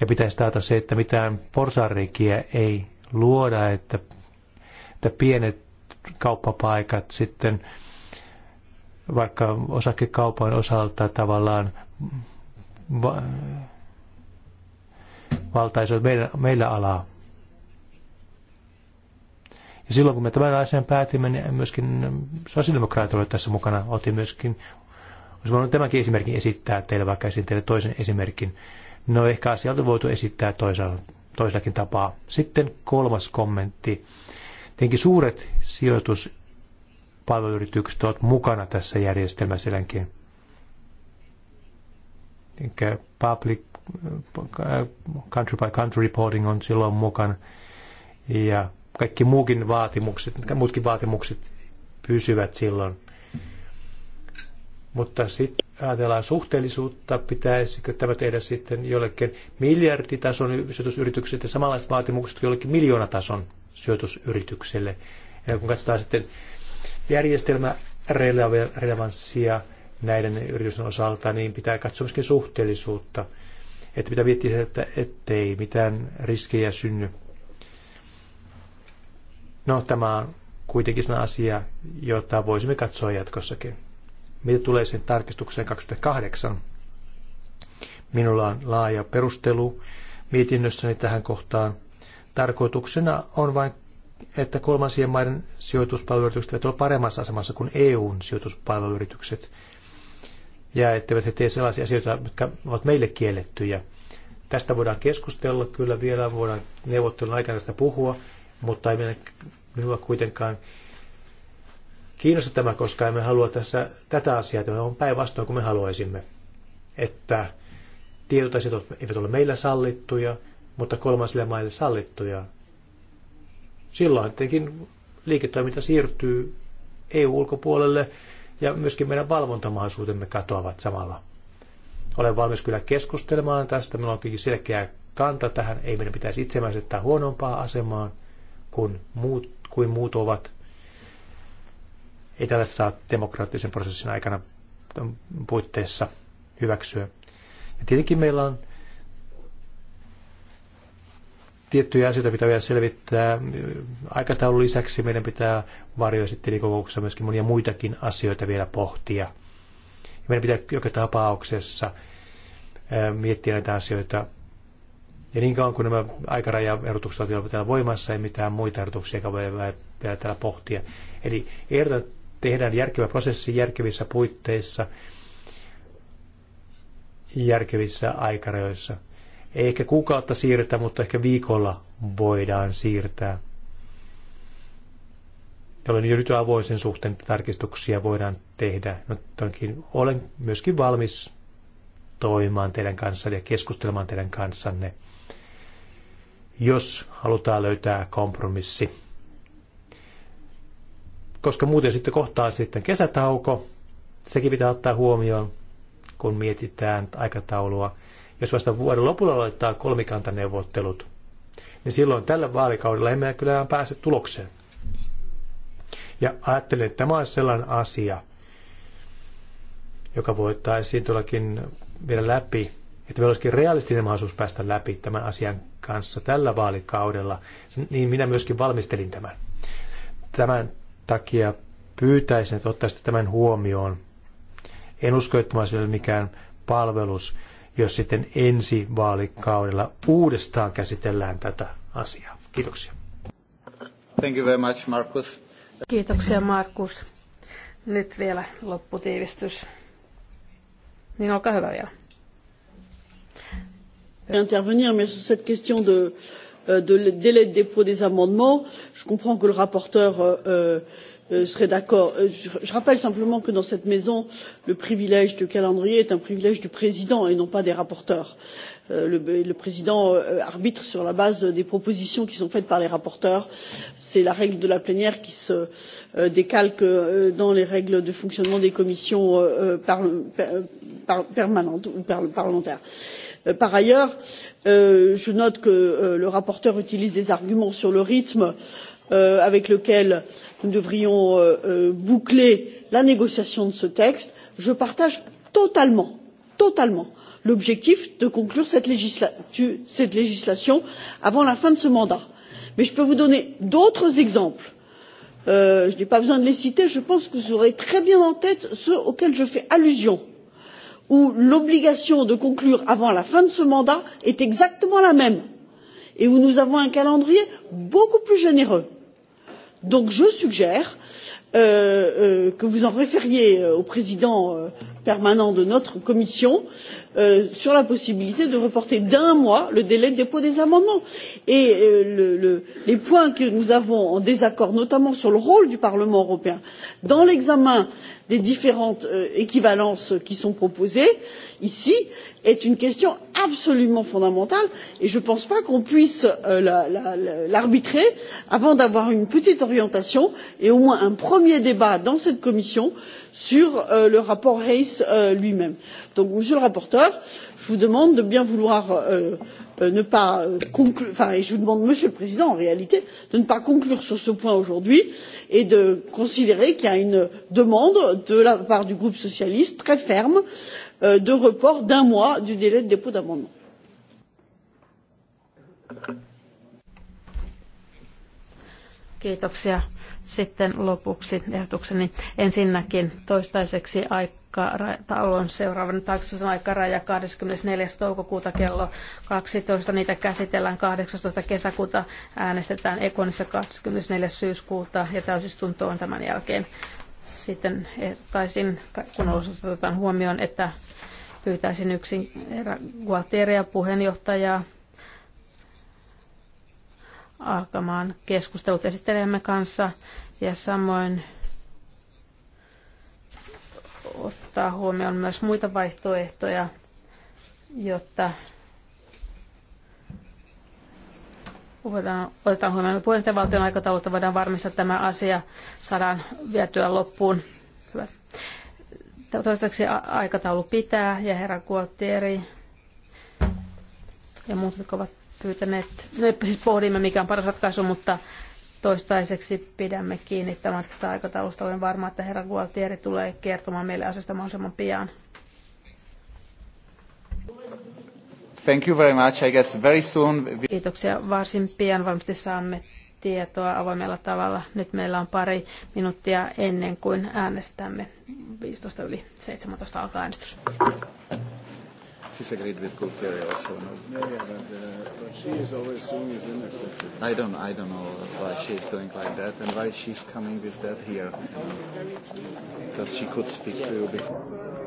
ja pitäisi taata se, että mitään porsarikia ei luoda, että että pienet kauppapaikat sitten vaikka osakekaupan osalta tavallaan va- valtaisivat meillä, meillä alaa. Ja silloin kun me tämän asian päätimme, niin myöskin sosiaalidemokraatit olivat tässä mukana. Otin myöskin, olisi voinut tämänkin esimerkin esittää teille, vaikka esitin teille toisen esimerkin. No ehkä asialta voitu esittää toisella, toisellakin tapaa. Sitten kolmas kommentti Tietenkin suuret sijoituspalveluyritykset ovat mukana tässä järjestelmässä silläkin. Eli public country by country reporting on silloin mukana. Ja kaikki muukin vaatimukset, muutkin vaatimukset pysyvät silloin. Mutta sitten ajatellaan suhteellisuutta, pitäisikö tämä tehdä sitten jollekin miljarditason yritykset ja samanlaiset vaatimukset jollekin miljoonatason sijoitusyritykselle. Ja kun katsotaan sitten järjestelmärelevanssia näiden yritysten osalta, niin pitää katsoa myöskin suhteellisuutta, että pitää miettiä, että ettei mitään riskejä synny. No, tämä on kuitenkin sellainen asia, jota voisimme katsoa jatkossakin. Mitä tulee sen tarkistukseen 28? Minulla on laaja perustelu mietinnössäni tähän kohtaan. Tarkoituksena on vain, että kolmansien maiden sijoituspalveluyritykset eivät ole paremmassa asemassa kuin EUn sijoituspalveluyritykset ja etteivät he tee sellaisia asioita, jotka ovat meille kiellettyjä. Tästä voidaan keskustella, kyllä vielä voidaan neuvottelun aikana tästä puhua, mutta ei minua kuitenkaan kiinnosta tämä, koska emme halua tässä tätä asiaa, tämä on päinvastoin kuin me haluaisimme, että tietotaidot eivät ole meillä sallittuja, mutta kolmansille maille sallittuja. Silloin tietenkin liiketoiminta siirtyy EU-ulkopuolelle ja myöskin meidän valvontamahdollisuutemme katoavat samalla. Olen valmis kyllä keskustelemaan tästä. Meillä on kyllä selkeä kanta tähän. Ei meidän pitäisi itsemäisettää huonompaa asemaan kuin muut, kuin muut ovat. Ei tällaista saa demokraattisen prosessin aikana puitteissa hyväksyä. Ja tietenkin meillä on tiettyjä asioita pitää vielä selvittää. Aikataulun lisäksi meidän pitää varjoesittelikokouksessa myöskin monia muitakin asioita vielä pohtia. Meidän pitää joka tapauksessa miettiä näitä asioita. Ja niin kauan kuin nämä aikarajaehdotukset ovat vielä voimassa, ei mitään muita erotuksia voi vielä täällä pohtia. Eli ehdotan, tehdään järkevä prosessi järkevissä puitteissa, järkevissä aikarajoissa. Ei ehkä kuukautta siirretä, mutta ehkä viikolla voidaan siirtää. Jolloin jo nyt sen suhteen tarkistuksia voidaan tehdä. No, tonkin, olen myöskin valmis toimimaan teidän kanssa ja keskustelemaan teidän kanssanne, jos halutaan löytää kompromissi. Koska muuten sitten kohtaa sitten kesätauko, sekin pitää ottaa huomioon, kun mietitään aikataulua. Jos vasta vuoden lopulla aloittaa kolmikantaneuvottelut, niin silloin tällä vaalikaudella emme kyllä pääse tulokseen. Ja ajattelin, että tämä on sellainen asia, joka voitaisiin tuollakin viedä läpi, että meillä olisikin realistinen mahdollisuus päästä läpi tämän asian kanssa tällä vaalikaudella, niin minä myöskin valmistelin tämän. Tämän takia pyytäisin, että ottaisitte tämän huomioon. En usko, että tämä olisi mikään palvelus jos sitten ensi vaalikaudella uudestaan käsitellään tätä asiaa. Kiitoksia. Thank you very much, Markus. Kiitoksia, Markus. Nyt vielä lopputiivistys. Niin olkaa hyvä vielä. Intervenir, mais sur cette question de, euh, de délai de dépôt des amendements, je comprends que le rapporteur euh, euh Euh, serait d'accord. Euh, je rappelle simplement que dans cette maison le privilège du calendrier est un privilège du président et non pas des rapporteurs. Euh, le, président arbitre sur la base des propositions qui sont faites par les rapporteurs. c'est la règle de la plénière qui se décalque dans les règles de fonctionnement des commissions permanentes ou parlementaires. par ailleurs je note que le rapporteur utilise des arguments sur le rythme avec lequel nous devrions euh, euh, boucler la négociation de ce texte je partage totalement, l'objectif de conclure cette, législation avant la fin de ce mandat mais je peux vous donner d'autres exemples euh, je n'ai pas besoin de les citer je pense que vous aurez très bien en tête ceux auxquels je fais allusion où l'obligation de conclure avant la fin de ce mandat est exactement la même et où nous avons un calendrier beaucoup plus généreux donc je suggère euh, euh, que vous en référiez euh, au président permanent de notre commission euh, sur la possibilité de reporter d'un mois le délai de dépôt des amendements. Et euh, les points que nous avons en désaccord, notamment sur le rôle du Parlement européen dans l'examen des différentes euh, équivalences qui sont proposées ici, est une question absolument fondamentale et je ne pense pas qu'on puisse l'arbitrer avant d'avoir une petite orientation et au moins un premier débat dans cette commission sur sur euh, le rapport Hayes euh, lui même. Donc, Monsieur le rapporteur, je vous demande de bien vouloir euh, ne pas conclure enfin je vous demande, Monsieur le Président, en réalité, de ne pas conclure sur ce point aujourd'hui et de considérer qu'il y a une demande de la part du groupe socialiste très ferme de report d'un mois du délai de dépôt d'amendements. Sitten lopuksi ehdotukseni ensinnäkin toistaiseksi on seuraavan taksisen aikaraja 24. toukokuuta kello 12. Niitä käsitellään 18. kesäkuuta, äänestetään Ekonissa 24. syyskuuta ja täysistuntoon tämän jälkeen. Sitten taisin, kun osoitetaan huomioon, että pyytäisin yksin Gualtieria puheenjohtajaa alkamaan keskustelut esittelemme kanssa ja samoin ottaa huomioon myös muita vaihtoehtoja, jotta voidaan, otetaan huomioon valtion aikataulutta, voidaan varmistaa että tämä asia, saadaan vietyä loppuun. Hyvä. Toistaiseksi aikataulu pitää ja herra Kuottieri ja muut, jotka ovat pyytäneet, siis pohdimme mikä on paras ratkaisu, mutta toistaiseksi pidämme kiinni tämänhetkisestä aikataulusta. Olen varma, että herra Gualtieri tulee kertomaan meille asiasta mahdollisimman pian. Thank you very much. I guess very soon... Kiitoksia. Varsin pian varmasti saamme tietoa avoimella tavalla. Nyt meillä on pari minuuttia ennen kuin äänestämme. 15 yli 17 alkaa äänestys. She's a great with Gulfieri also. No? Yeah, yeah, but uh, but she is always doing is unacceptable. I don't, I don't know why she's doing like that and why she's coming with that here. Because she could speak to you before.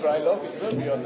try love, it will be on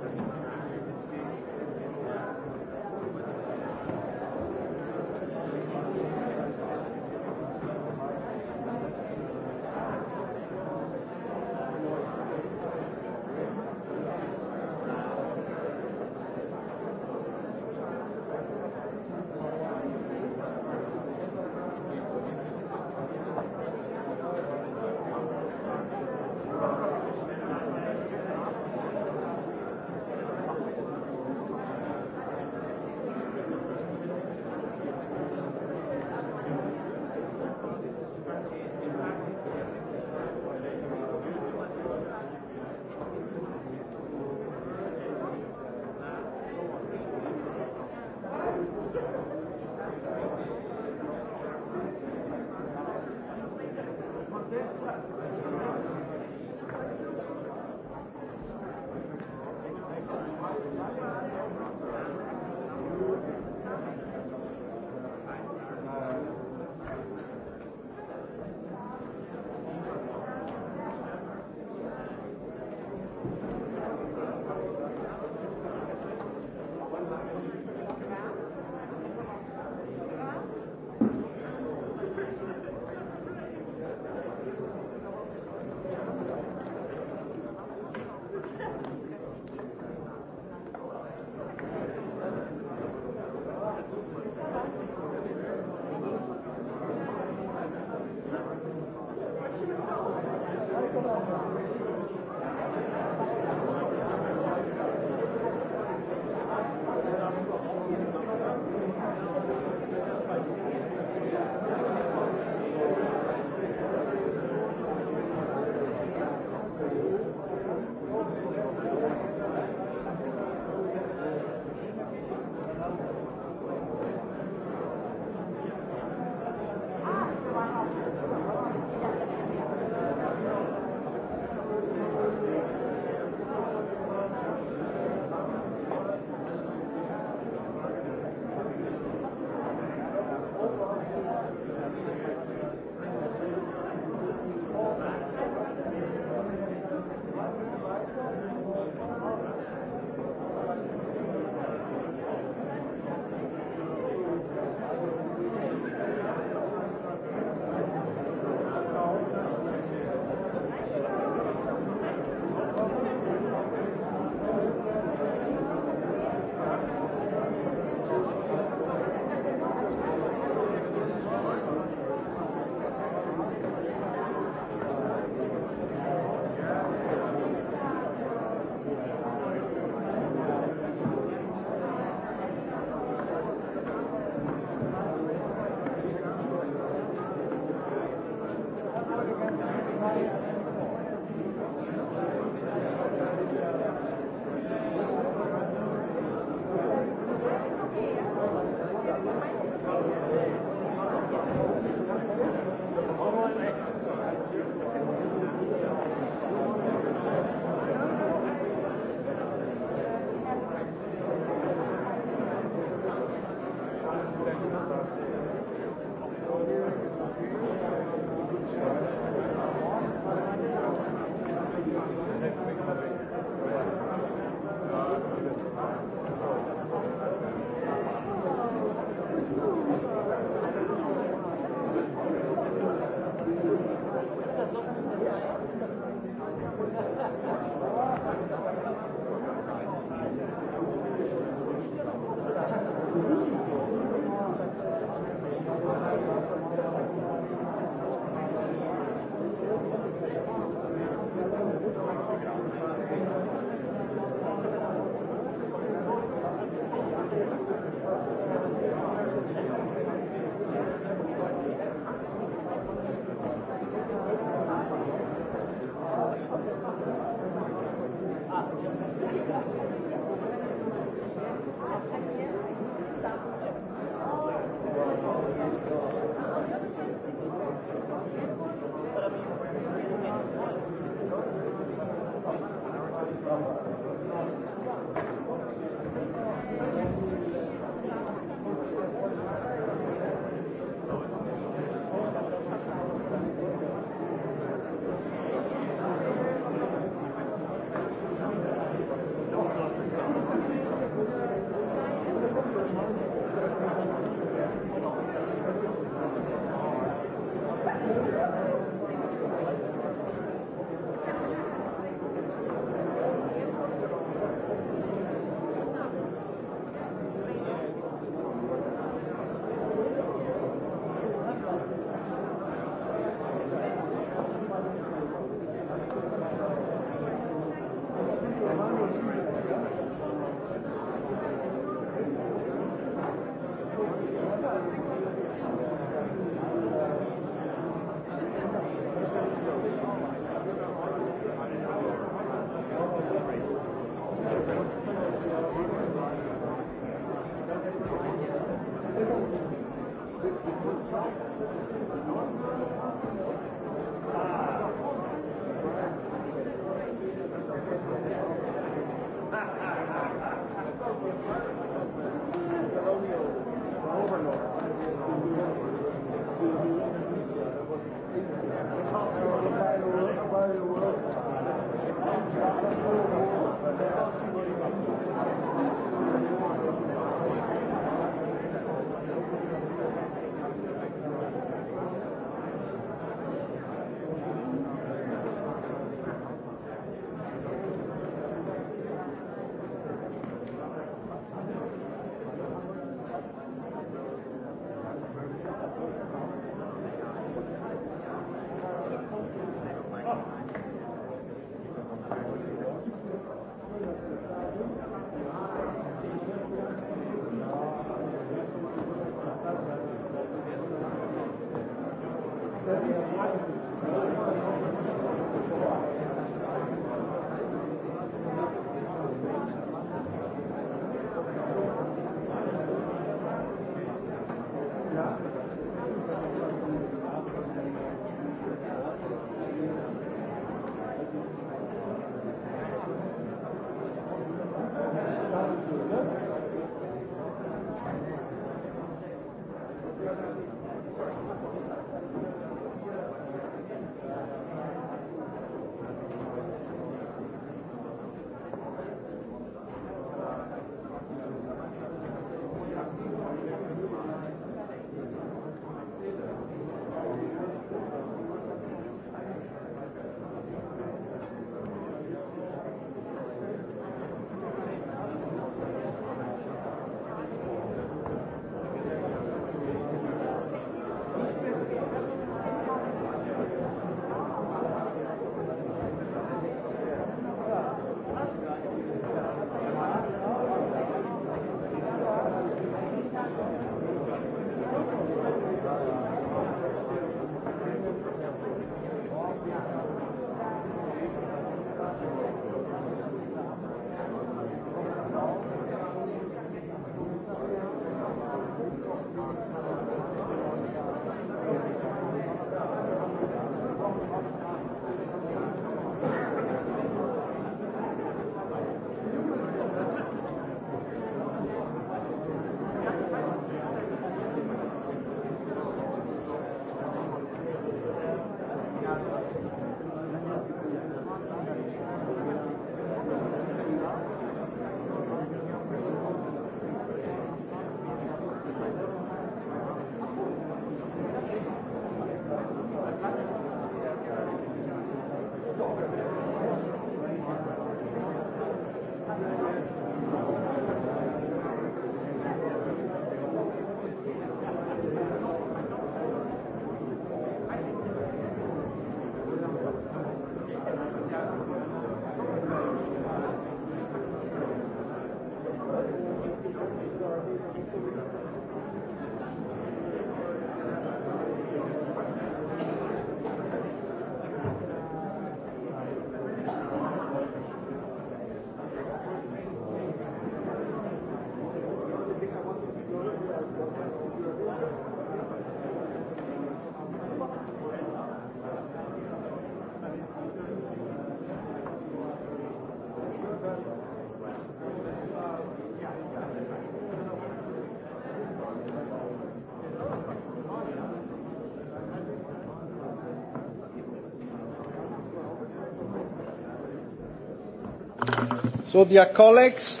So dear colleagues.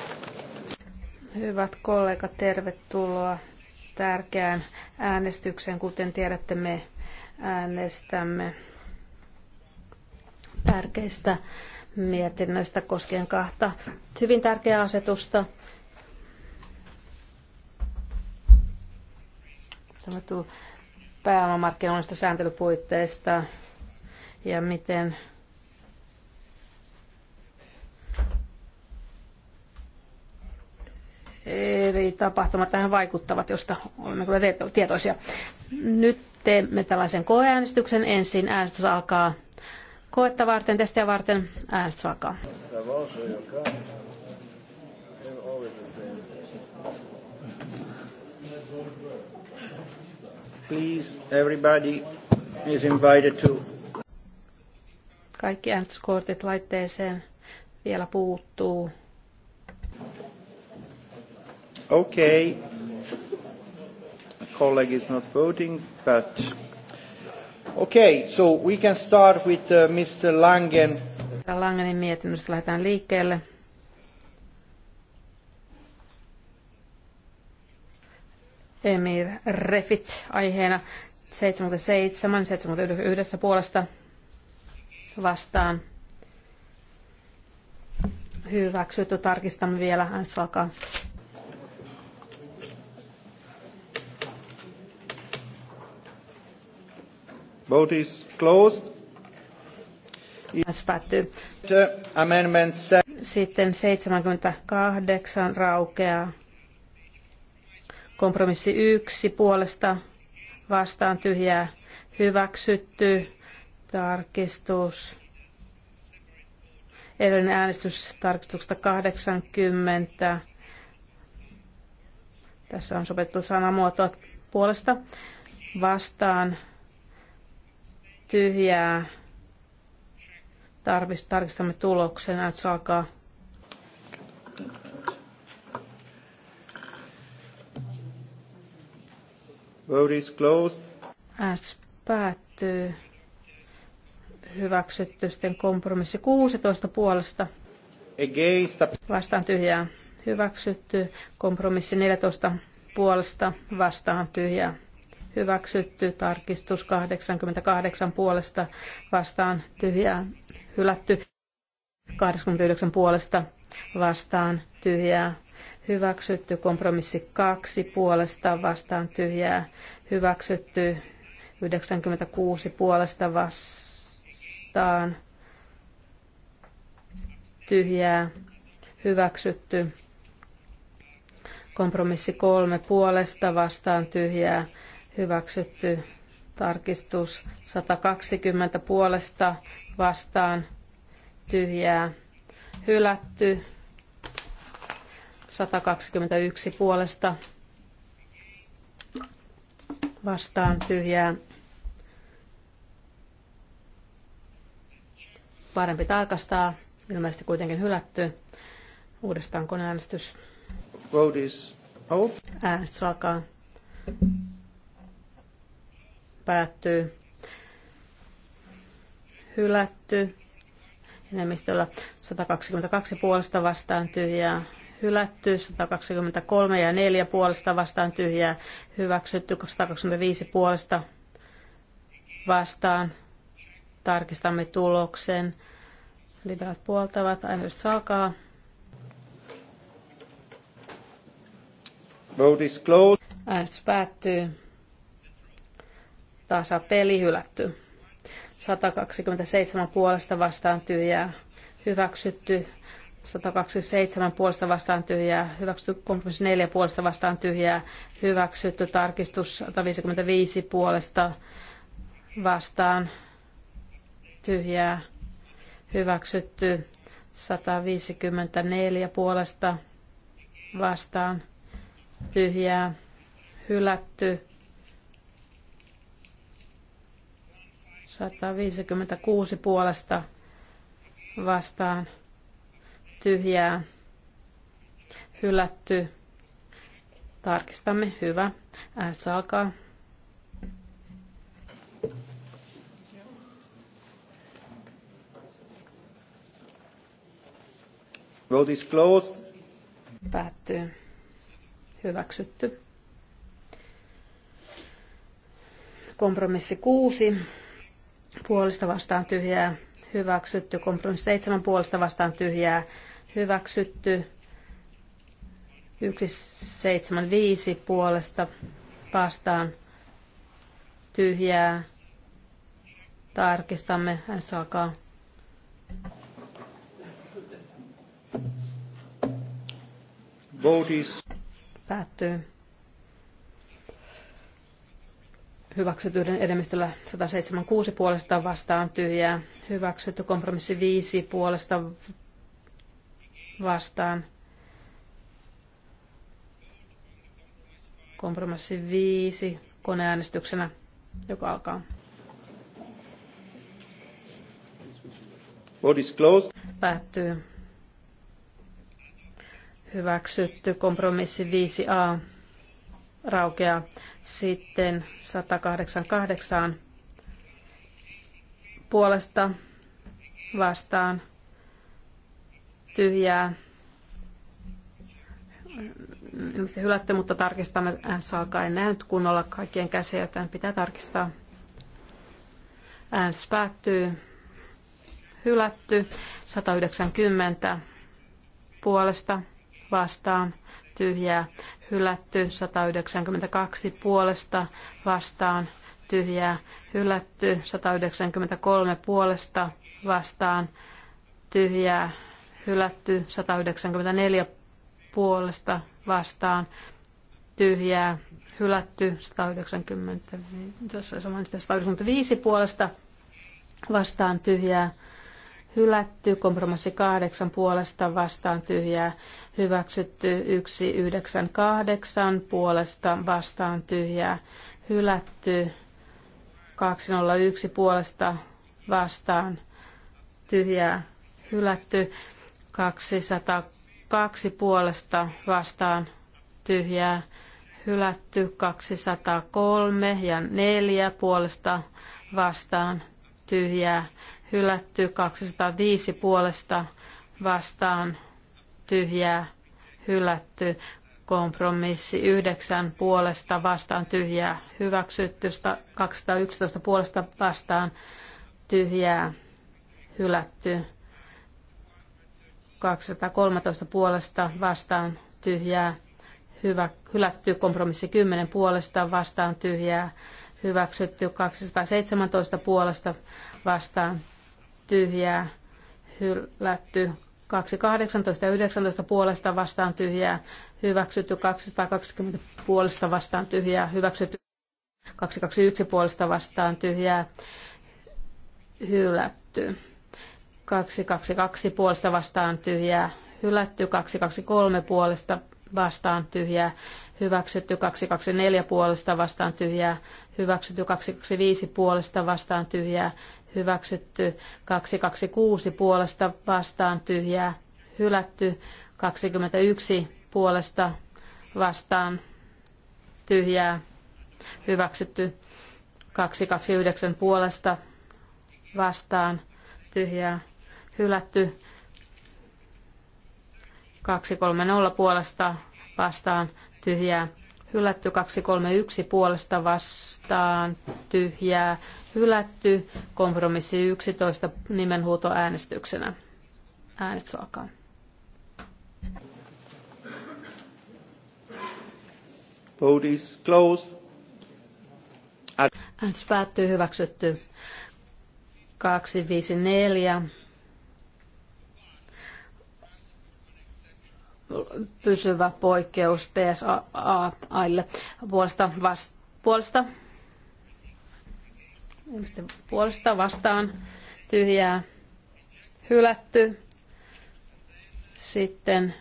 Hyvät kollegat, tervetuloa tärkeään äänestykseen. Kuten tiedätte, me äänestämme tärkeistä mietinnöistä koskien kahta hyvin tärkeää asetusta. Tämä tuu pääomamarkkinoinnista sääntelypuitteista ja miten eri tapahtumat tähän vaikuttavat, josta olemme kyllä tietoisia. Nyt teemme tällaisen koeäänestyksen. Ensin äänestys alkaa koetta varten, testiä varten. Äänestys alkaa. Please, everybody is invited to. Kaikki äänestyskortit laitteeseen vielä puuttuu. Okay. The colleague is not voting, but okay, so we can start with uh, Mr. Langen. Langenin mietinnöstä lähdetään liikkeelle. Emir Refit aiheena 77, 71 puolesta vastaan. Hyväksytty. Tarkistamme vielä. Äänestys alkaa. Vote is closed. Päättyy. Sitten 78 raukeaa. Kompromissi 1 puolesta vastaan tyhjää hyväksytty. Tarkistus. Edellinen äänestys tarkistuksesta 80. Tässä on sopettu sanamuoto puolesta vastaan tyhjää. Tarkistamme tuloksen. se alkaa. Vote is closed. Äänestys päättyy. Hyväksytty sitten kompromissi 16 puolesta. Against. Vastaan tyhjää. Hyväksytty. Kompromissi 14 puolesta. Vastaan tyhjää hyväksytty, tarkistus 88 puolesta vastaan tyhjää hylätty, 89 puolesta vastaan tyhjää hyväksytty, kompromissi 2 puolesta vastaan tyhjää hyväksytty, 96 puolesta vastaan tyhjää hyväksytty, kompromissi 3 puolesta vastaan tyhjää hyväksytty tarkistus 120 puolesta vastaan tyhjää hylätty 121 puolesta vastaan tyhjää. Parempi tarkastaa, ilmeisesti kuitenkin hylätty. Uudestaan koneäänestys. Vote is Äänestys alkaa päättyy hylätty enemmistöllä 122 puolesta vastaan tyhjää hylätty, 123 ja 4 puolesta vastaan tyhjää hyväksytty, 125 puolesta vastaan. Tarkistamme tuloksen. Liberat puoltavat, äänestys alkaa. Vote is closed. Äänestys päättyy peli hylätty. 127 puolesta vastaan tyhjää hyväksytty. 127 puolesta vastaan tyhjää, hyväksytty 34 puolesta vastaan tyhjää, hyväksytty tarkistus 155 puolesta vastaan tyhjää, hyväksytty 154 puolesta vastaan tyhjää, hylätty 156 puolesta vastaan tyhjää hylätty. Tarkistamme. Hyvä. Äänestys alkaa. Vote is closed. Päättyy. Hyväksytty. Kompromissi kuusi puolesta vastaan tyhjää hyväksytty, kompromissi Seitsemän puolesta vastaan tyhjää hyväksytty, viisi puolesta vastaan tyhjää. Tarkistamme, hän alkaa. Votis. Päättyy. hyväksytyyden enemmistöllä 176 puolesta vastaan tyhjää, hyväksytty kompromissi 5 puolesta vastaan. Kompromissi 5 koneäänestyksenä, joka alkaa. Vote is closed. Päättyy. Hyväksytty kompromissi 5a raukeaa. Sitten 188 puolesta vastaan tyhjää. Ilmeisesti hylätty, mutta tarkistamme. äänsä alkaa en nähnyt kunnolla kaikkien käsiä, joten pitää tarkistaa. Äänsä päättyy. Hylätty. 190 puolesta vastaan tyhjää hylätty, 192 puolesta vastaan tyhjää hylätty, 193 puolesta vastaan tyhjää hylätty, 194 puolesta vastaan tyhjää hylätty, 190, tässä 195 puolesta vastaan tyhjää hylätty, kompromissi kahdeksan puolesta vastaan tyhjää, hyväksytty yksi yhdeksän kahdeksan puolesta vastaan tyhjää, hylätty 201 puolesta vastaan tyhjää, hylätty 202 puolesta vastaan tyhjää, hylätty 203 ja 4 puolesta vastaan tyhjää, hylätty 205 puolesta vastaan tyhjää hylätty kompromissi 9 puolesta vastaan tyhjää hyväksytty 211 puolesta vastaan tyhjää hylätty 213 puolesta vastaan tyhjää hyvä, hylätty kompromissi 10 puolesta vastaan tyhjää hyväksytty 217 puolesta vastaan tyhjää hylätty 218 ja 19 puolesta vastaan tyhjää hyväksytty 220 puolesta vastaan tyhjää hyväksytty 221 puolesta vastaan tyhjää hylätty 222 puolesta vastaan tyhjää hylätty 223 puolesta vastaan tyhjää hyväksytty 224 puolesta vastaan tyhjää hyväksytty 225 puolesta vastaan tyhjää hyväksytty 226 puolesta vastaan tyhjää hylätty 21 puolesta vastaan tyhjää hyväksytty 229 puolesta vastaan tyhjää hylätty 230 puolesta vastaan tyhjää hylätty 231 puolesta vastaan, tyhjää, hylätty, kompromissi 11 äänestyksenä. Äänestys alkaa. Vote is closed. Äänestys päättyy hyväksytty 254 pysyvä poikkeus PSAille puolesta, vast, puolesta, puolesta vastaan tyhjää hylätty. Sitten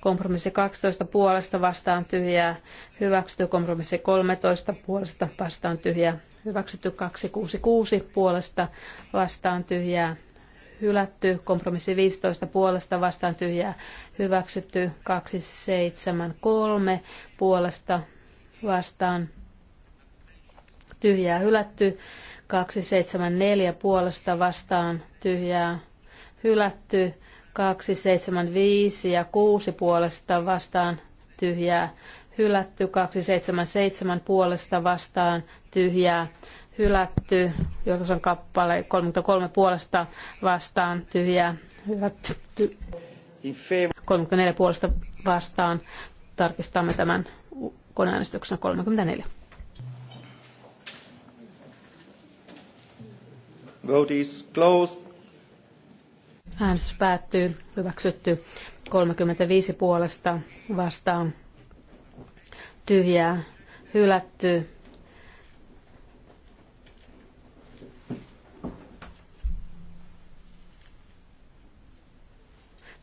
kompromissi 12 puolesta vastaan tyhjää, hyväksytty kompromissi 13 puolesta vastaan tyhjää, hyväksytty 266 puolesta vastaan tyhjää, hylätty, kompromissi 15 puolesta vastaan tyhjää hyväksytty, 273 puolesta vastaan tyhjää hylätty, 274 puolesta vastaan tyhjää hylätty, 275 ja 6 puolesta vastaan tyhjää hylätty, 277 puolesta vastaan tyhjää hylätty, jos on kappale 33 puolesta vastaan tyhjä, hylätty. 34 puolesta vastaan tarkistamme tämän koneäänestyksen 34. Vote is closed. Äänestys päättyy. Hyväksytty 35 puolesta vastaan. Tyhjää. Hylätty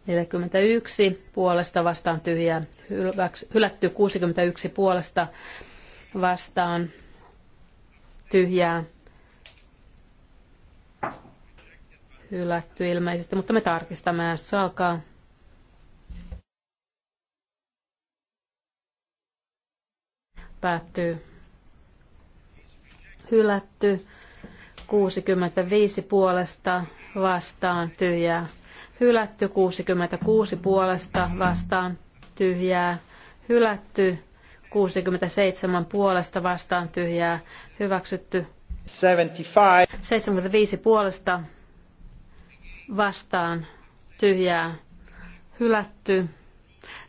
41 puolesta vastaan tyhjää, hylätty 61 puolesta vastaan tyhjää, hylätty ilmeisesti, mutta me tarkistamme äänestys alkaa. Päättyy. Hylätty 65 puolesta vastaan tyhjää hylätty 66 puolesta vastaan tyhjää, hylätty 67 puolesta vastaan tyhjää, hyväksytty 75, puolesta vastaan tyhjää, hylätty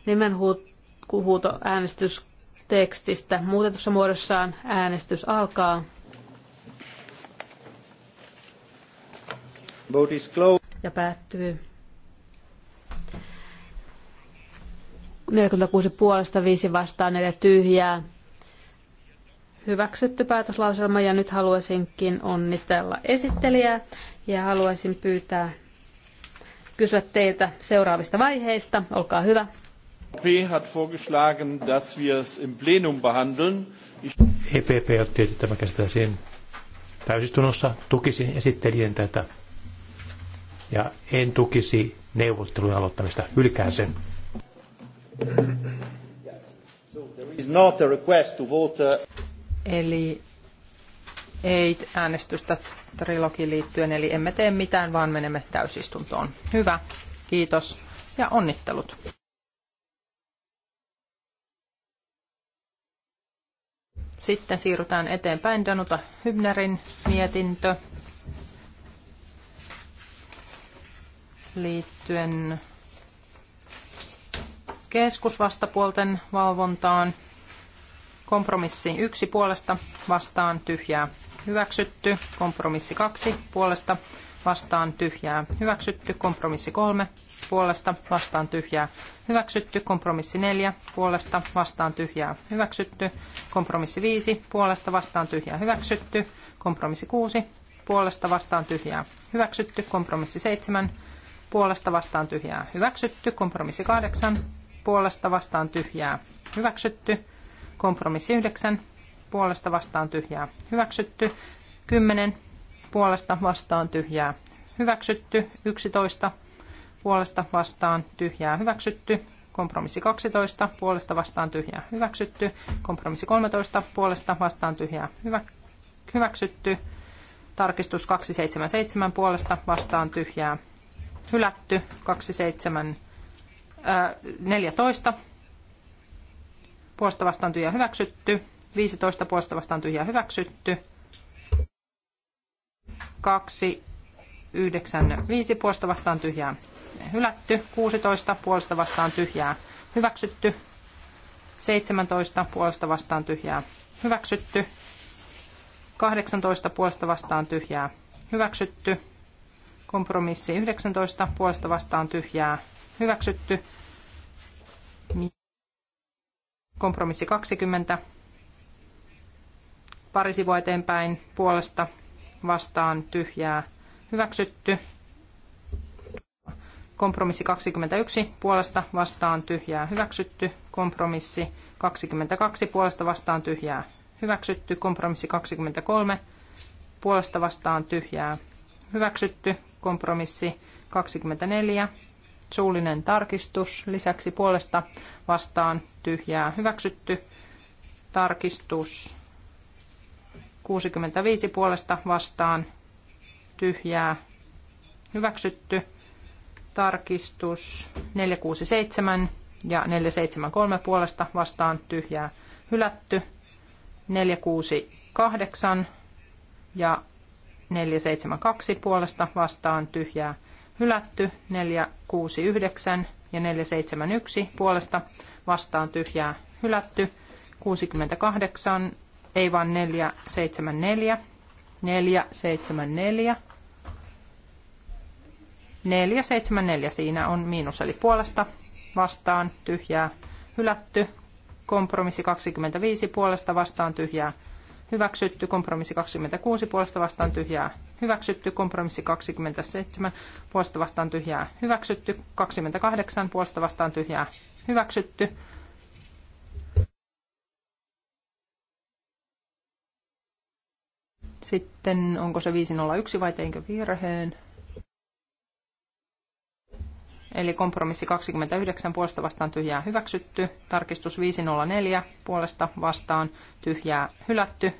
nimenhuuto äänestys tekstistä. Muutetussa muodossaan äänestys alkaa. Vote is closed. Ja päättyy. 46 puolesta, 5 vastaan, 4 tyhjää. Hyväksytty päätöslauselma ja nyt haluaisinkin onnitella esittelijää ja haluaisin pyytää kysyä teiltä seuraavista vaiheista. Olkaa hyvä. EPP hat vorgeschlagen, dass wir es im Plenum behandeln. EPP on tietysti tämä sen täysistunnossa. Tukisin esittelijän tätä ja en tukisi neuvottelujen aloittamista. Hylkään sen. Uh, eli ei äänestystä trilogiin liittyen, eli emme tee mitään, vaan menemme täysistuntoon. Hyvä, kiitos ja onnittelut. Sitten siirrytään eteenpäin Danuta Hybnerin mietintö liittyen keskusvastapuolten valvontaan. Kompromissi yksi puolesta vastaan tyhjää hyväksytty. Kompromissi kaksi puolesta vastaan tyhjää hyväksytty. Kompromissi kolme puolesta vastaan tyhjää hyväksytty. Kompromissi neljä puolesta vastaan tyhjää hyväksytty. Kompromissi viisi puolesta vastaan tyhjää hyväksytty. Kompromissi kuusi puolesta vastaan tyhjää hyväksytty. Kompromissi seitsemän puolesta vastaan tyhjää hyväksytty. Kompromissi kahdeksan puolesta vastaan tyhjää hyväksytty. Kompromissi 9 puolesta vastaan tyhjää hyväksytty. 10 puolesta vastaan tyhjää hyväksytty. 11 puolesta vastaan tyhjää hyväksytty. Kompromissi 12 puolesta vastaan tyhjää hyväksytty. Kompromissi 13 puolesta vastaan tyhjää hyvä, hyväksytty. Tarkistus 277 puolesta vastaan tyhjää hylätty. 27 14 puolesta vastaan tyhjä hyväksytty. 15 puolesta vastaan tyhjä hyväksytty. 2, 9, 5 puolesta vastaan tyhjää hylätty. 16 puolesta vastaan tyhjää hyväksytty. 17 puolesta vastaan tyhjää hyväksytty. 18 puolesta vastaan tyhjää hyväksytty. Kompromissi 19 puolesta vastaan tyhjää hyväksytty. Kompromissi 20. Pari sivua eteenpäin puolesta vastaan tyhjää hyväksytty. Kompromissi 21 puolesta vastaan tyhjää hyväksytty. Kompromissi 22 puolesta vastaan tyhjää hyväksytty. Kompromissi 23 puolesta vastaan tyhjää hyväksytty. Kompromissi 24 suullinen tarkistus, lisäksi puolesta vastaan tyhjää hyväksytty, tarkistus 65 puolesta vastaan tyhjää hyväksytty, tarkistus 467 ja 473 puolesta vastaan tyhjää hylätty, 468 ja 472 puolesta vastaan tyhjää hylätty, 469 ja 471 puolesta vastaan tyhjää hylätty, 68, ei vaan 474, 474, 474 siinä on miinus eli puolesta vastaan tyhjää hylätty, kompromissi 25 puolesta vastaan tyhjää hyväksytty, kompromissi 26 puolesta vastaan tyhjää, hyväksytty, kompromissi 27 puolesta vastaan tyhjää, hyväksytty, 28 puolesta vastaan tyhjää, hyväksytty. Sitten onko se 501 vai teinkö virheen? Eli kompromissi 29 puolesta vastaan tyhjää hyväksytty. Tarkistus 504 puolesta vastaan tyhjää hylätty.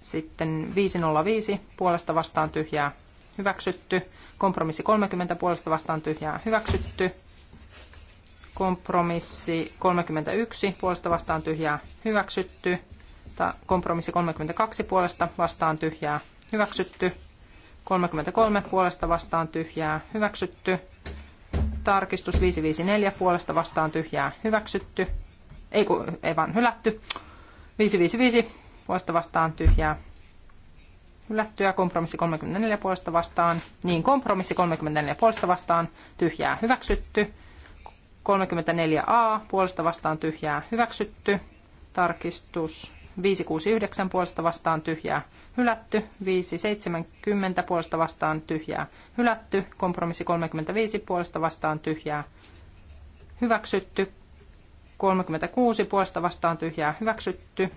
Sitten 505 puolesta vastaan tyhjää hyväksytty. Kompromissi 30 puolesta vastaan tyhjää hyväksytty. Kompromissi 31 puolesta vastaan tyhjää hyväksytty. Kompromissi 32 puolesta vastaan tyhjää hyväksytty. 33 puolesta vastaan tyhjää hyväksytty. Tarkistus 554 puolesta vastaan tyhjää hyväksytty. Ei kun, ei vaan hylätty. 555 puolesta vastaan tyhjää hylätty ja kompromissi 34 puolesta vastaan. Niin, kompromissi 34 puolesta vastaan tyhjää hyväksytty. 34a puolesta vastaan tyhjää hyväksytty. Tarkistus 569 puolesta vastaan tyhjää hylätty, 570 puolesta vastaan tyhjää hylätty, kompromissi 35 puolesta vastaan tyhjää hyväksytty, 36 puolesta vastaan tyhjää hyväksytty,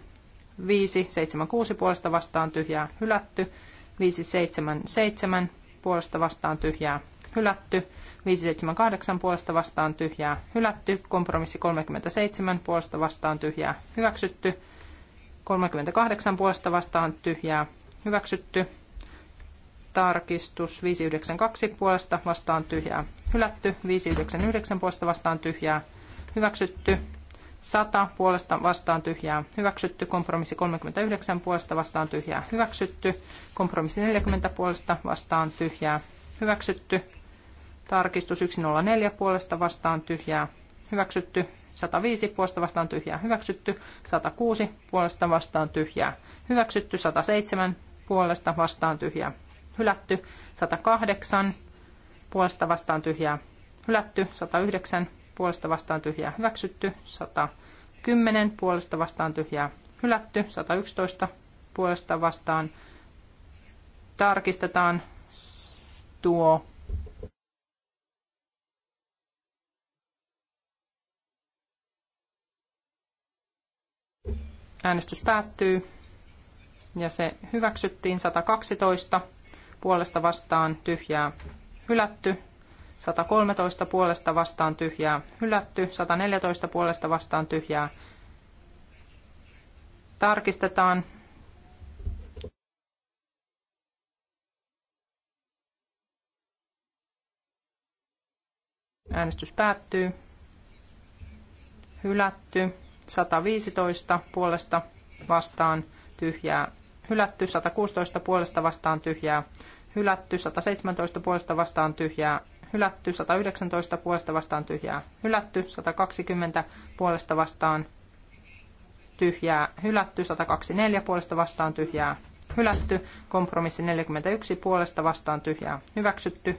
576 puolesta vastaan tyhjää hylätty, 577 puolesta vastaan tyhjää hylätty, 578 puolesta vastaan tyhjää hylätty, kompromissi 37 puolesta vastaan tyhjää hyväksytty, 38 puolesta vastaan tyhjää hyväksytty. Tarkistus 592 puolesta vastaan tyhjää hylätty. 599 puolesta vastaan tyhjää hyväksytty. 100 puolesta vastaan tyhjää hyväksytty. Kompromissi 39 puolesta vastaan tyhjää hyväksytty. Kompromissi 40 puolesta vastaan tyhjää hyväksytty. Tarkistus 104 puolesta vastaan tyhjää hyväksytty. 105 puolesta vastaan tyhjää hyväksytty, 106 puolesta vastaan tyhjää hyväksytty, 107 puolesta vastaan tyhjää hylätty, 108 puolesta vastaan tyhjää hylätty, 109 puolesta vastaan tyhjää hyväksytty, 110 puolesta vastaan tyhjää hylätty, 111 puolesta vastaan tarkistetaan tuo Äänestys päättyy ja se hyväksyttiin 112 puolesta vastaan tyhjää hylätty, 113 puolesta vastaan tyhjää hylätty, 114 puolesta vastaan tyhjää tarkistetaan. Äänestys päättyy. Hylätty. 115 puolesta vastaan tyhjää hylätty, 116 puolesta vastaan tyhjää hylätty, 117 puolesta vastaan tyhjää hylätty, 119 puolesta vastaan tyhjää hylätty, 120 puolesta vastaan tyhjää hylätty, 124 puolesta vastaan tyhjää hylätty, kompromissi 41 puolesta vastaan tyhjää hyväksytty,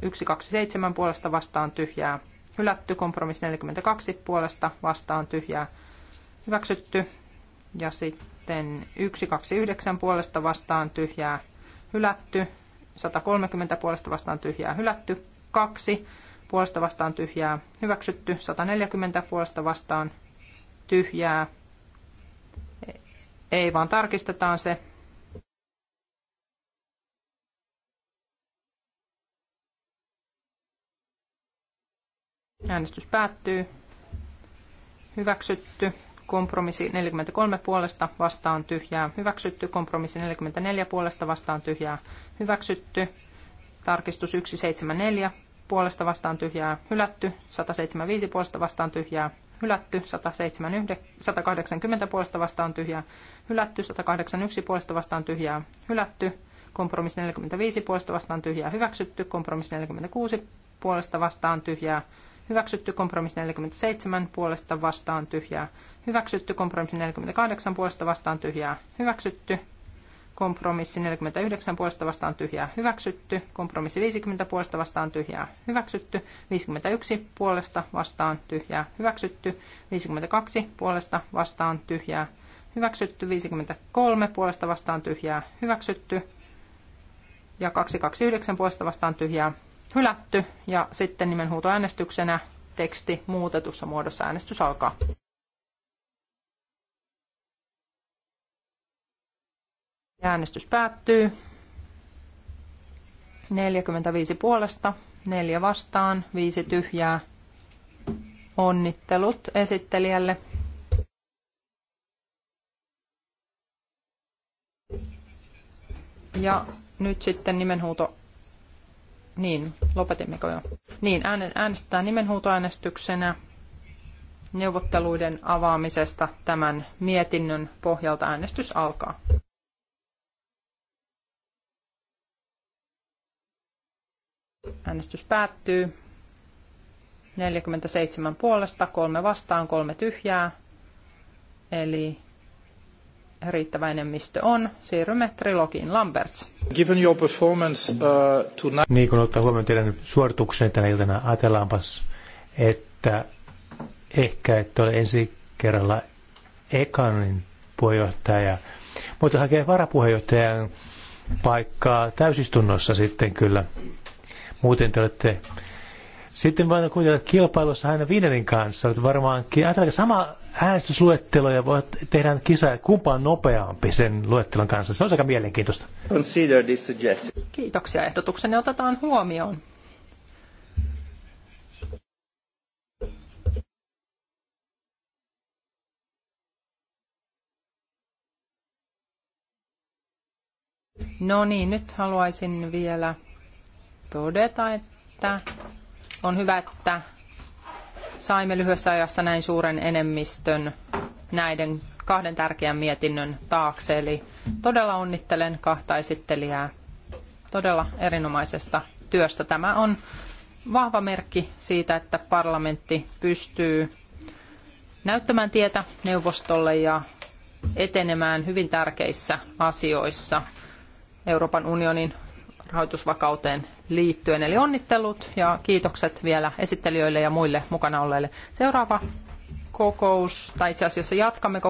127 puolesta vastaan tyhjää hylätty, kompromissi 42 puolesta vastaan tyhjää hyväksytty. Ja sitten 129 puolesta vastaan tyhjää hylätty. 130 puolesta vastaan tyhjää hylätty. 2 puolesta vastaan tyhjää hyväksytty. 140 puolesta vastaan tyhjää. Ei vaan tarkistetaan se. Äänestys päättyy. Hyväksytty. Kompromissi 43 puolesta vastaan tyhjää hyväksytty. Kompromissi 44 puolesta vastaan tyhjää hyväksytty. Tarkistus 174 puolesta vastaan tyhjää hylätty. 175 puolesta vastaan tyhjää hylätty. 180 puolesta vastaan tyhjää hylätty. 181 puolesta vastaan tyhjää hylätty. Kompromissi 45 puolesta vastaan tyhjää hyväksytty. Kompromissi 46 puolesta vastaan tyhjää Hyväksytty kompromissi 47 puolesta vastaan tyhjää. Hyväksytty kompromissi 48 puolesta vastaan tyhjää. Hyväksytty kompromissi 49 puolesta vastaan tyhjää. Hyväksytty kompromissi 50 puolesta vastaan tyhjää. Hyväksytty 51 puolesta vastaan tyhjää. Hyväksytty 52 puolesta vastaan tyhjää. Hyväksytty 53 puolesta vastaan tyhjää. Hyväksytty ja 229 puolesta vastaan tyhjää hylätty ja sitten nimenhuutoäänestyksenä teksti muutetussa muodossa äänestys alkaa. Ja äänestys päättyy. 45 puolesta, 4 vastaan, 5 tyhjää. Onnittelut esittelijälle. Ja nyt sitten nimenhuuto niin, lopetimmeko jo? Niin, äänestetään nimenhuutoäänestyksenä neuvotteluiden avaamisesta tämän mietinnön pohjalta äänestys alkaa. Äänestys päättyy. 47 puolesta, kolme vastaan, kolme tyhjää. Eli riittävä enemmistö on. Siirrymme trilogiin. Lamberts. Given your performance, uh, tonight... Niin kun ottaa huomioon teidän suorituksenne tänä iltana, ajatellaanpas, että ehkä et ole ensi kerralla Ekanin puheenjohtaja, mutta hakee varapuheenjohtajan paikkaa täysistunnossa sitten kyllä. Muuten te olette sitten voidaan kuitenkin kilpailussa aina viidenin kanssa, että varmaankin ajatellaan sama äänestysluettelo ja voit, tehdä kisa, kumpaan nopeampi sen luettelon kanssa. Se on aika mielenkiintoista. Consider this suggestion. Kiitoksia. Ehdotuksenne otetaan huomioon. No niin, nyt haluaisin vielä todeta, että on hyvä, että saimme lyhyessä ajassa näin suuren enemmistön näiden kahden tärkeän mietinnön taakse. Eli todella onnittelen kahta esittelijää todella erinomaisesta työstä. Tämä on vahva merkki siitä, että parlamentti pystyy näyttämään tietä neuvostolle ja etenemään hyvin tärkeissä asioissa Euroopan unionin rahoitusvakauteen liittyen. Eli onnittelut ja kiitokset vielä esittelijöille ja muille mukana olleille. Seuraava kokous, tai itse asiassa jatkamme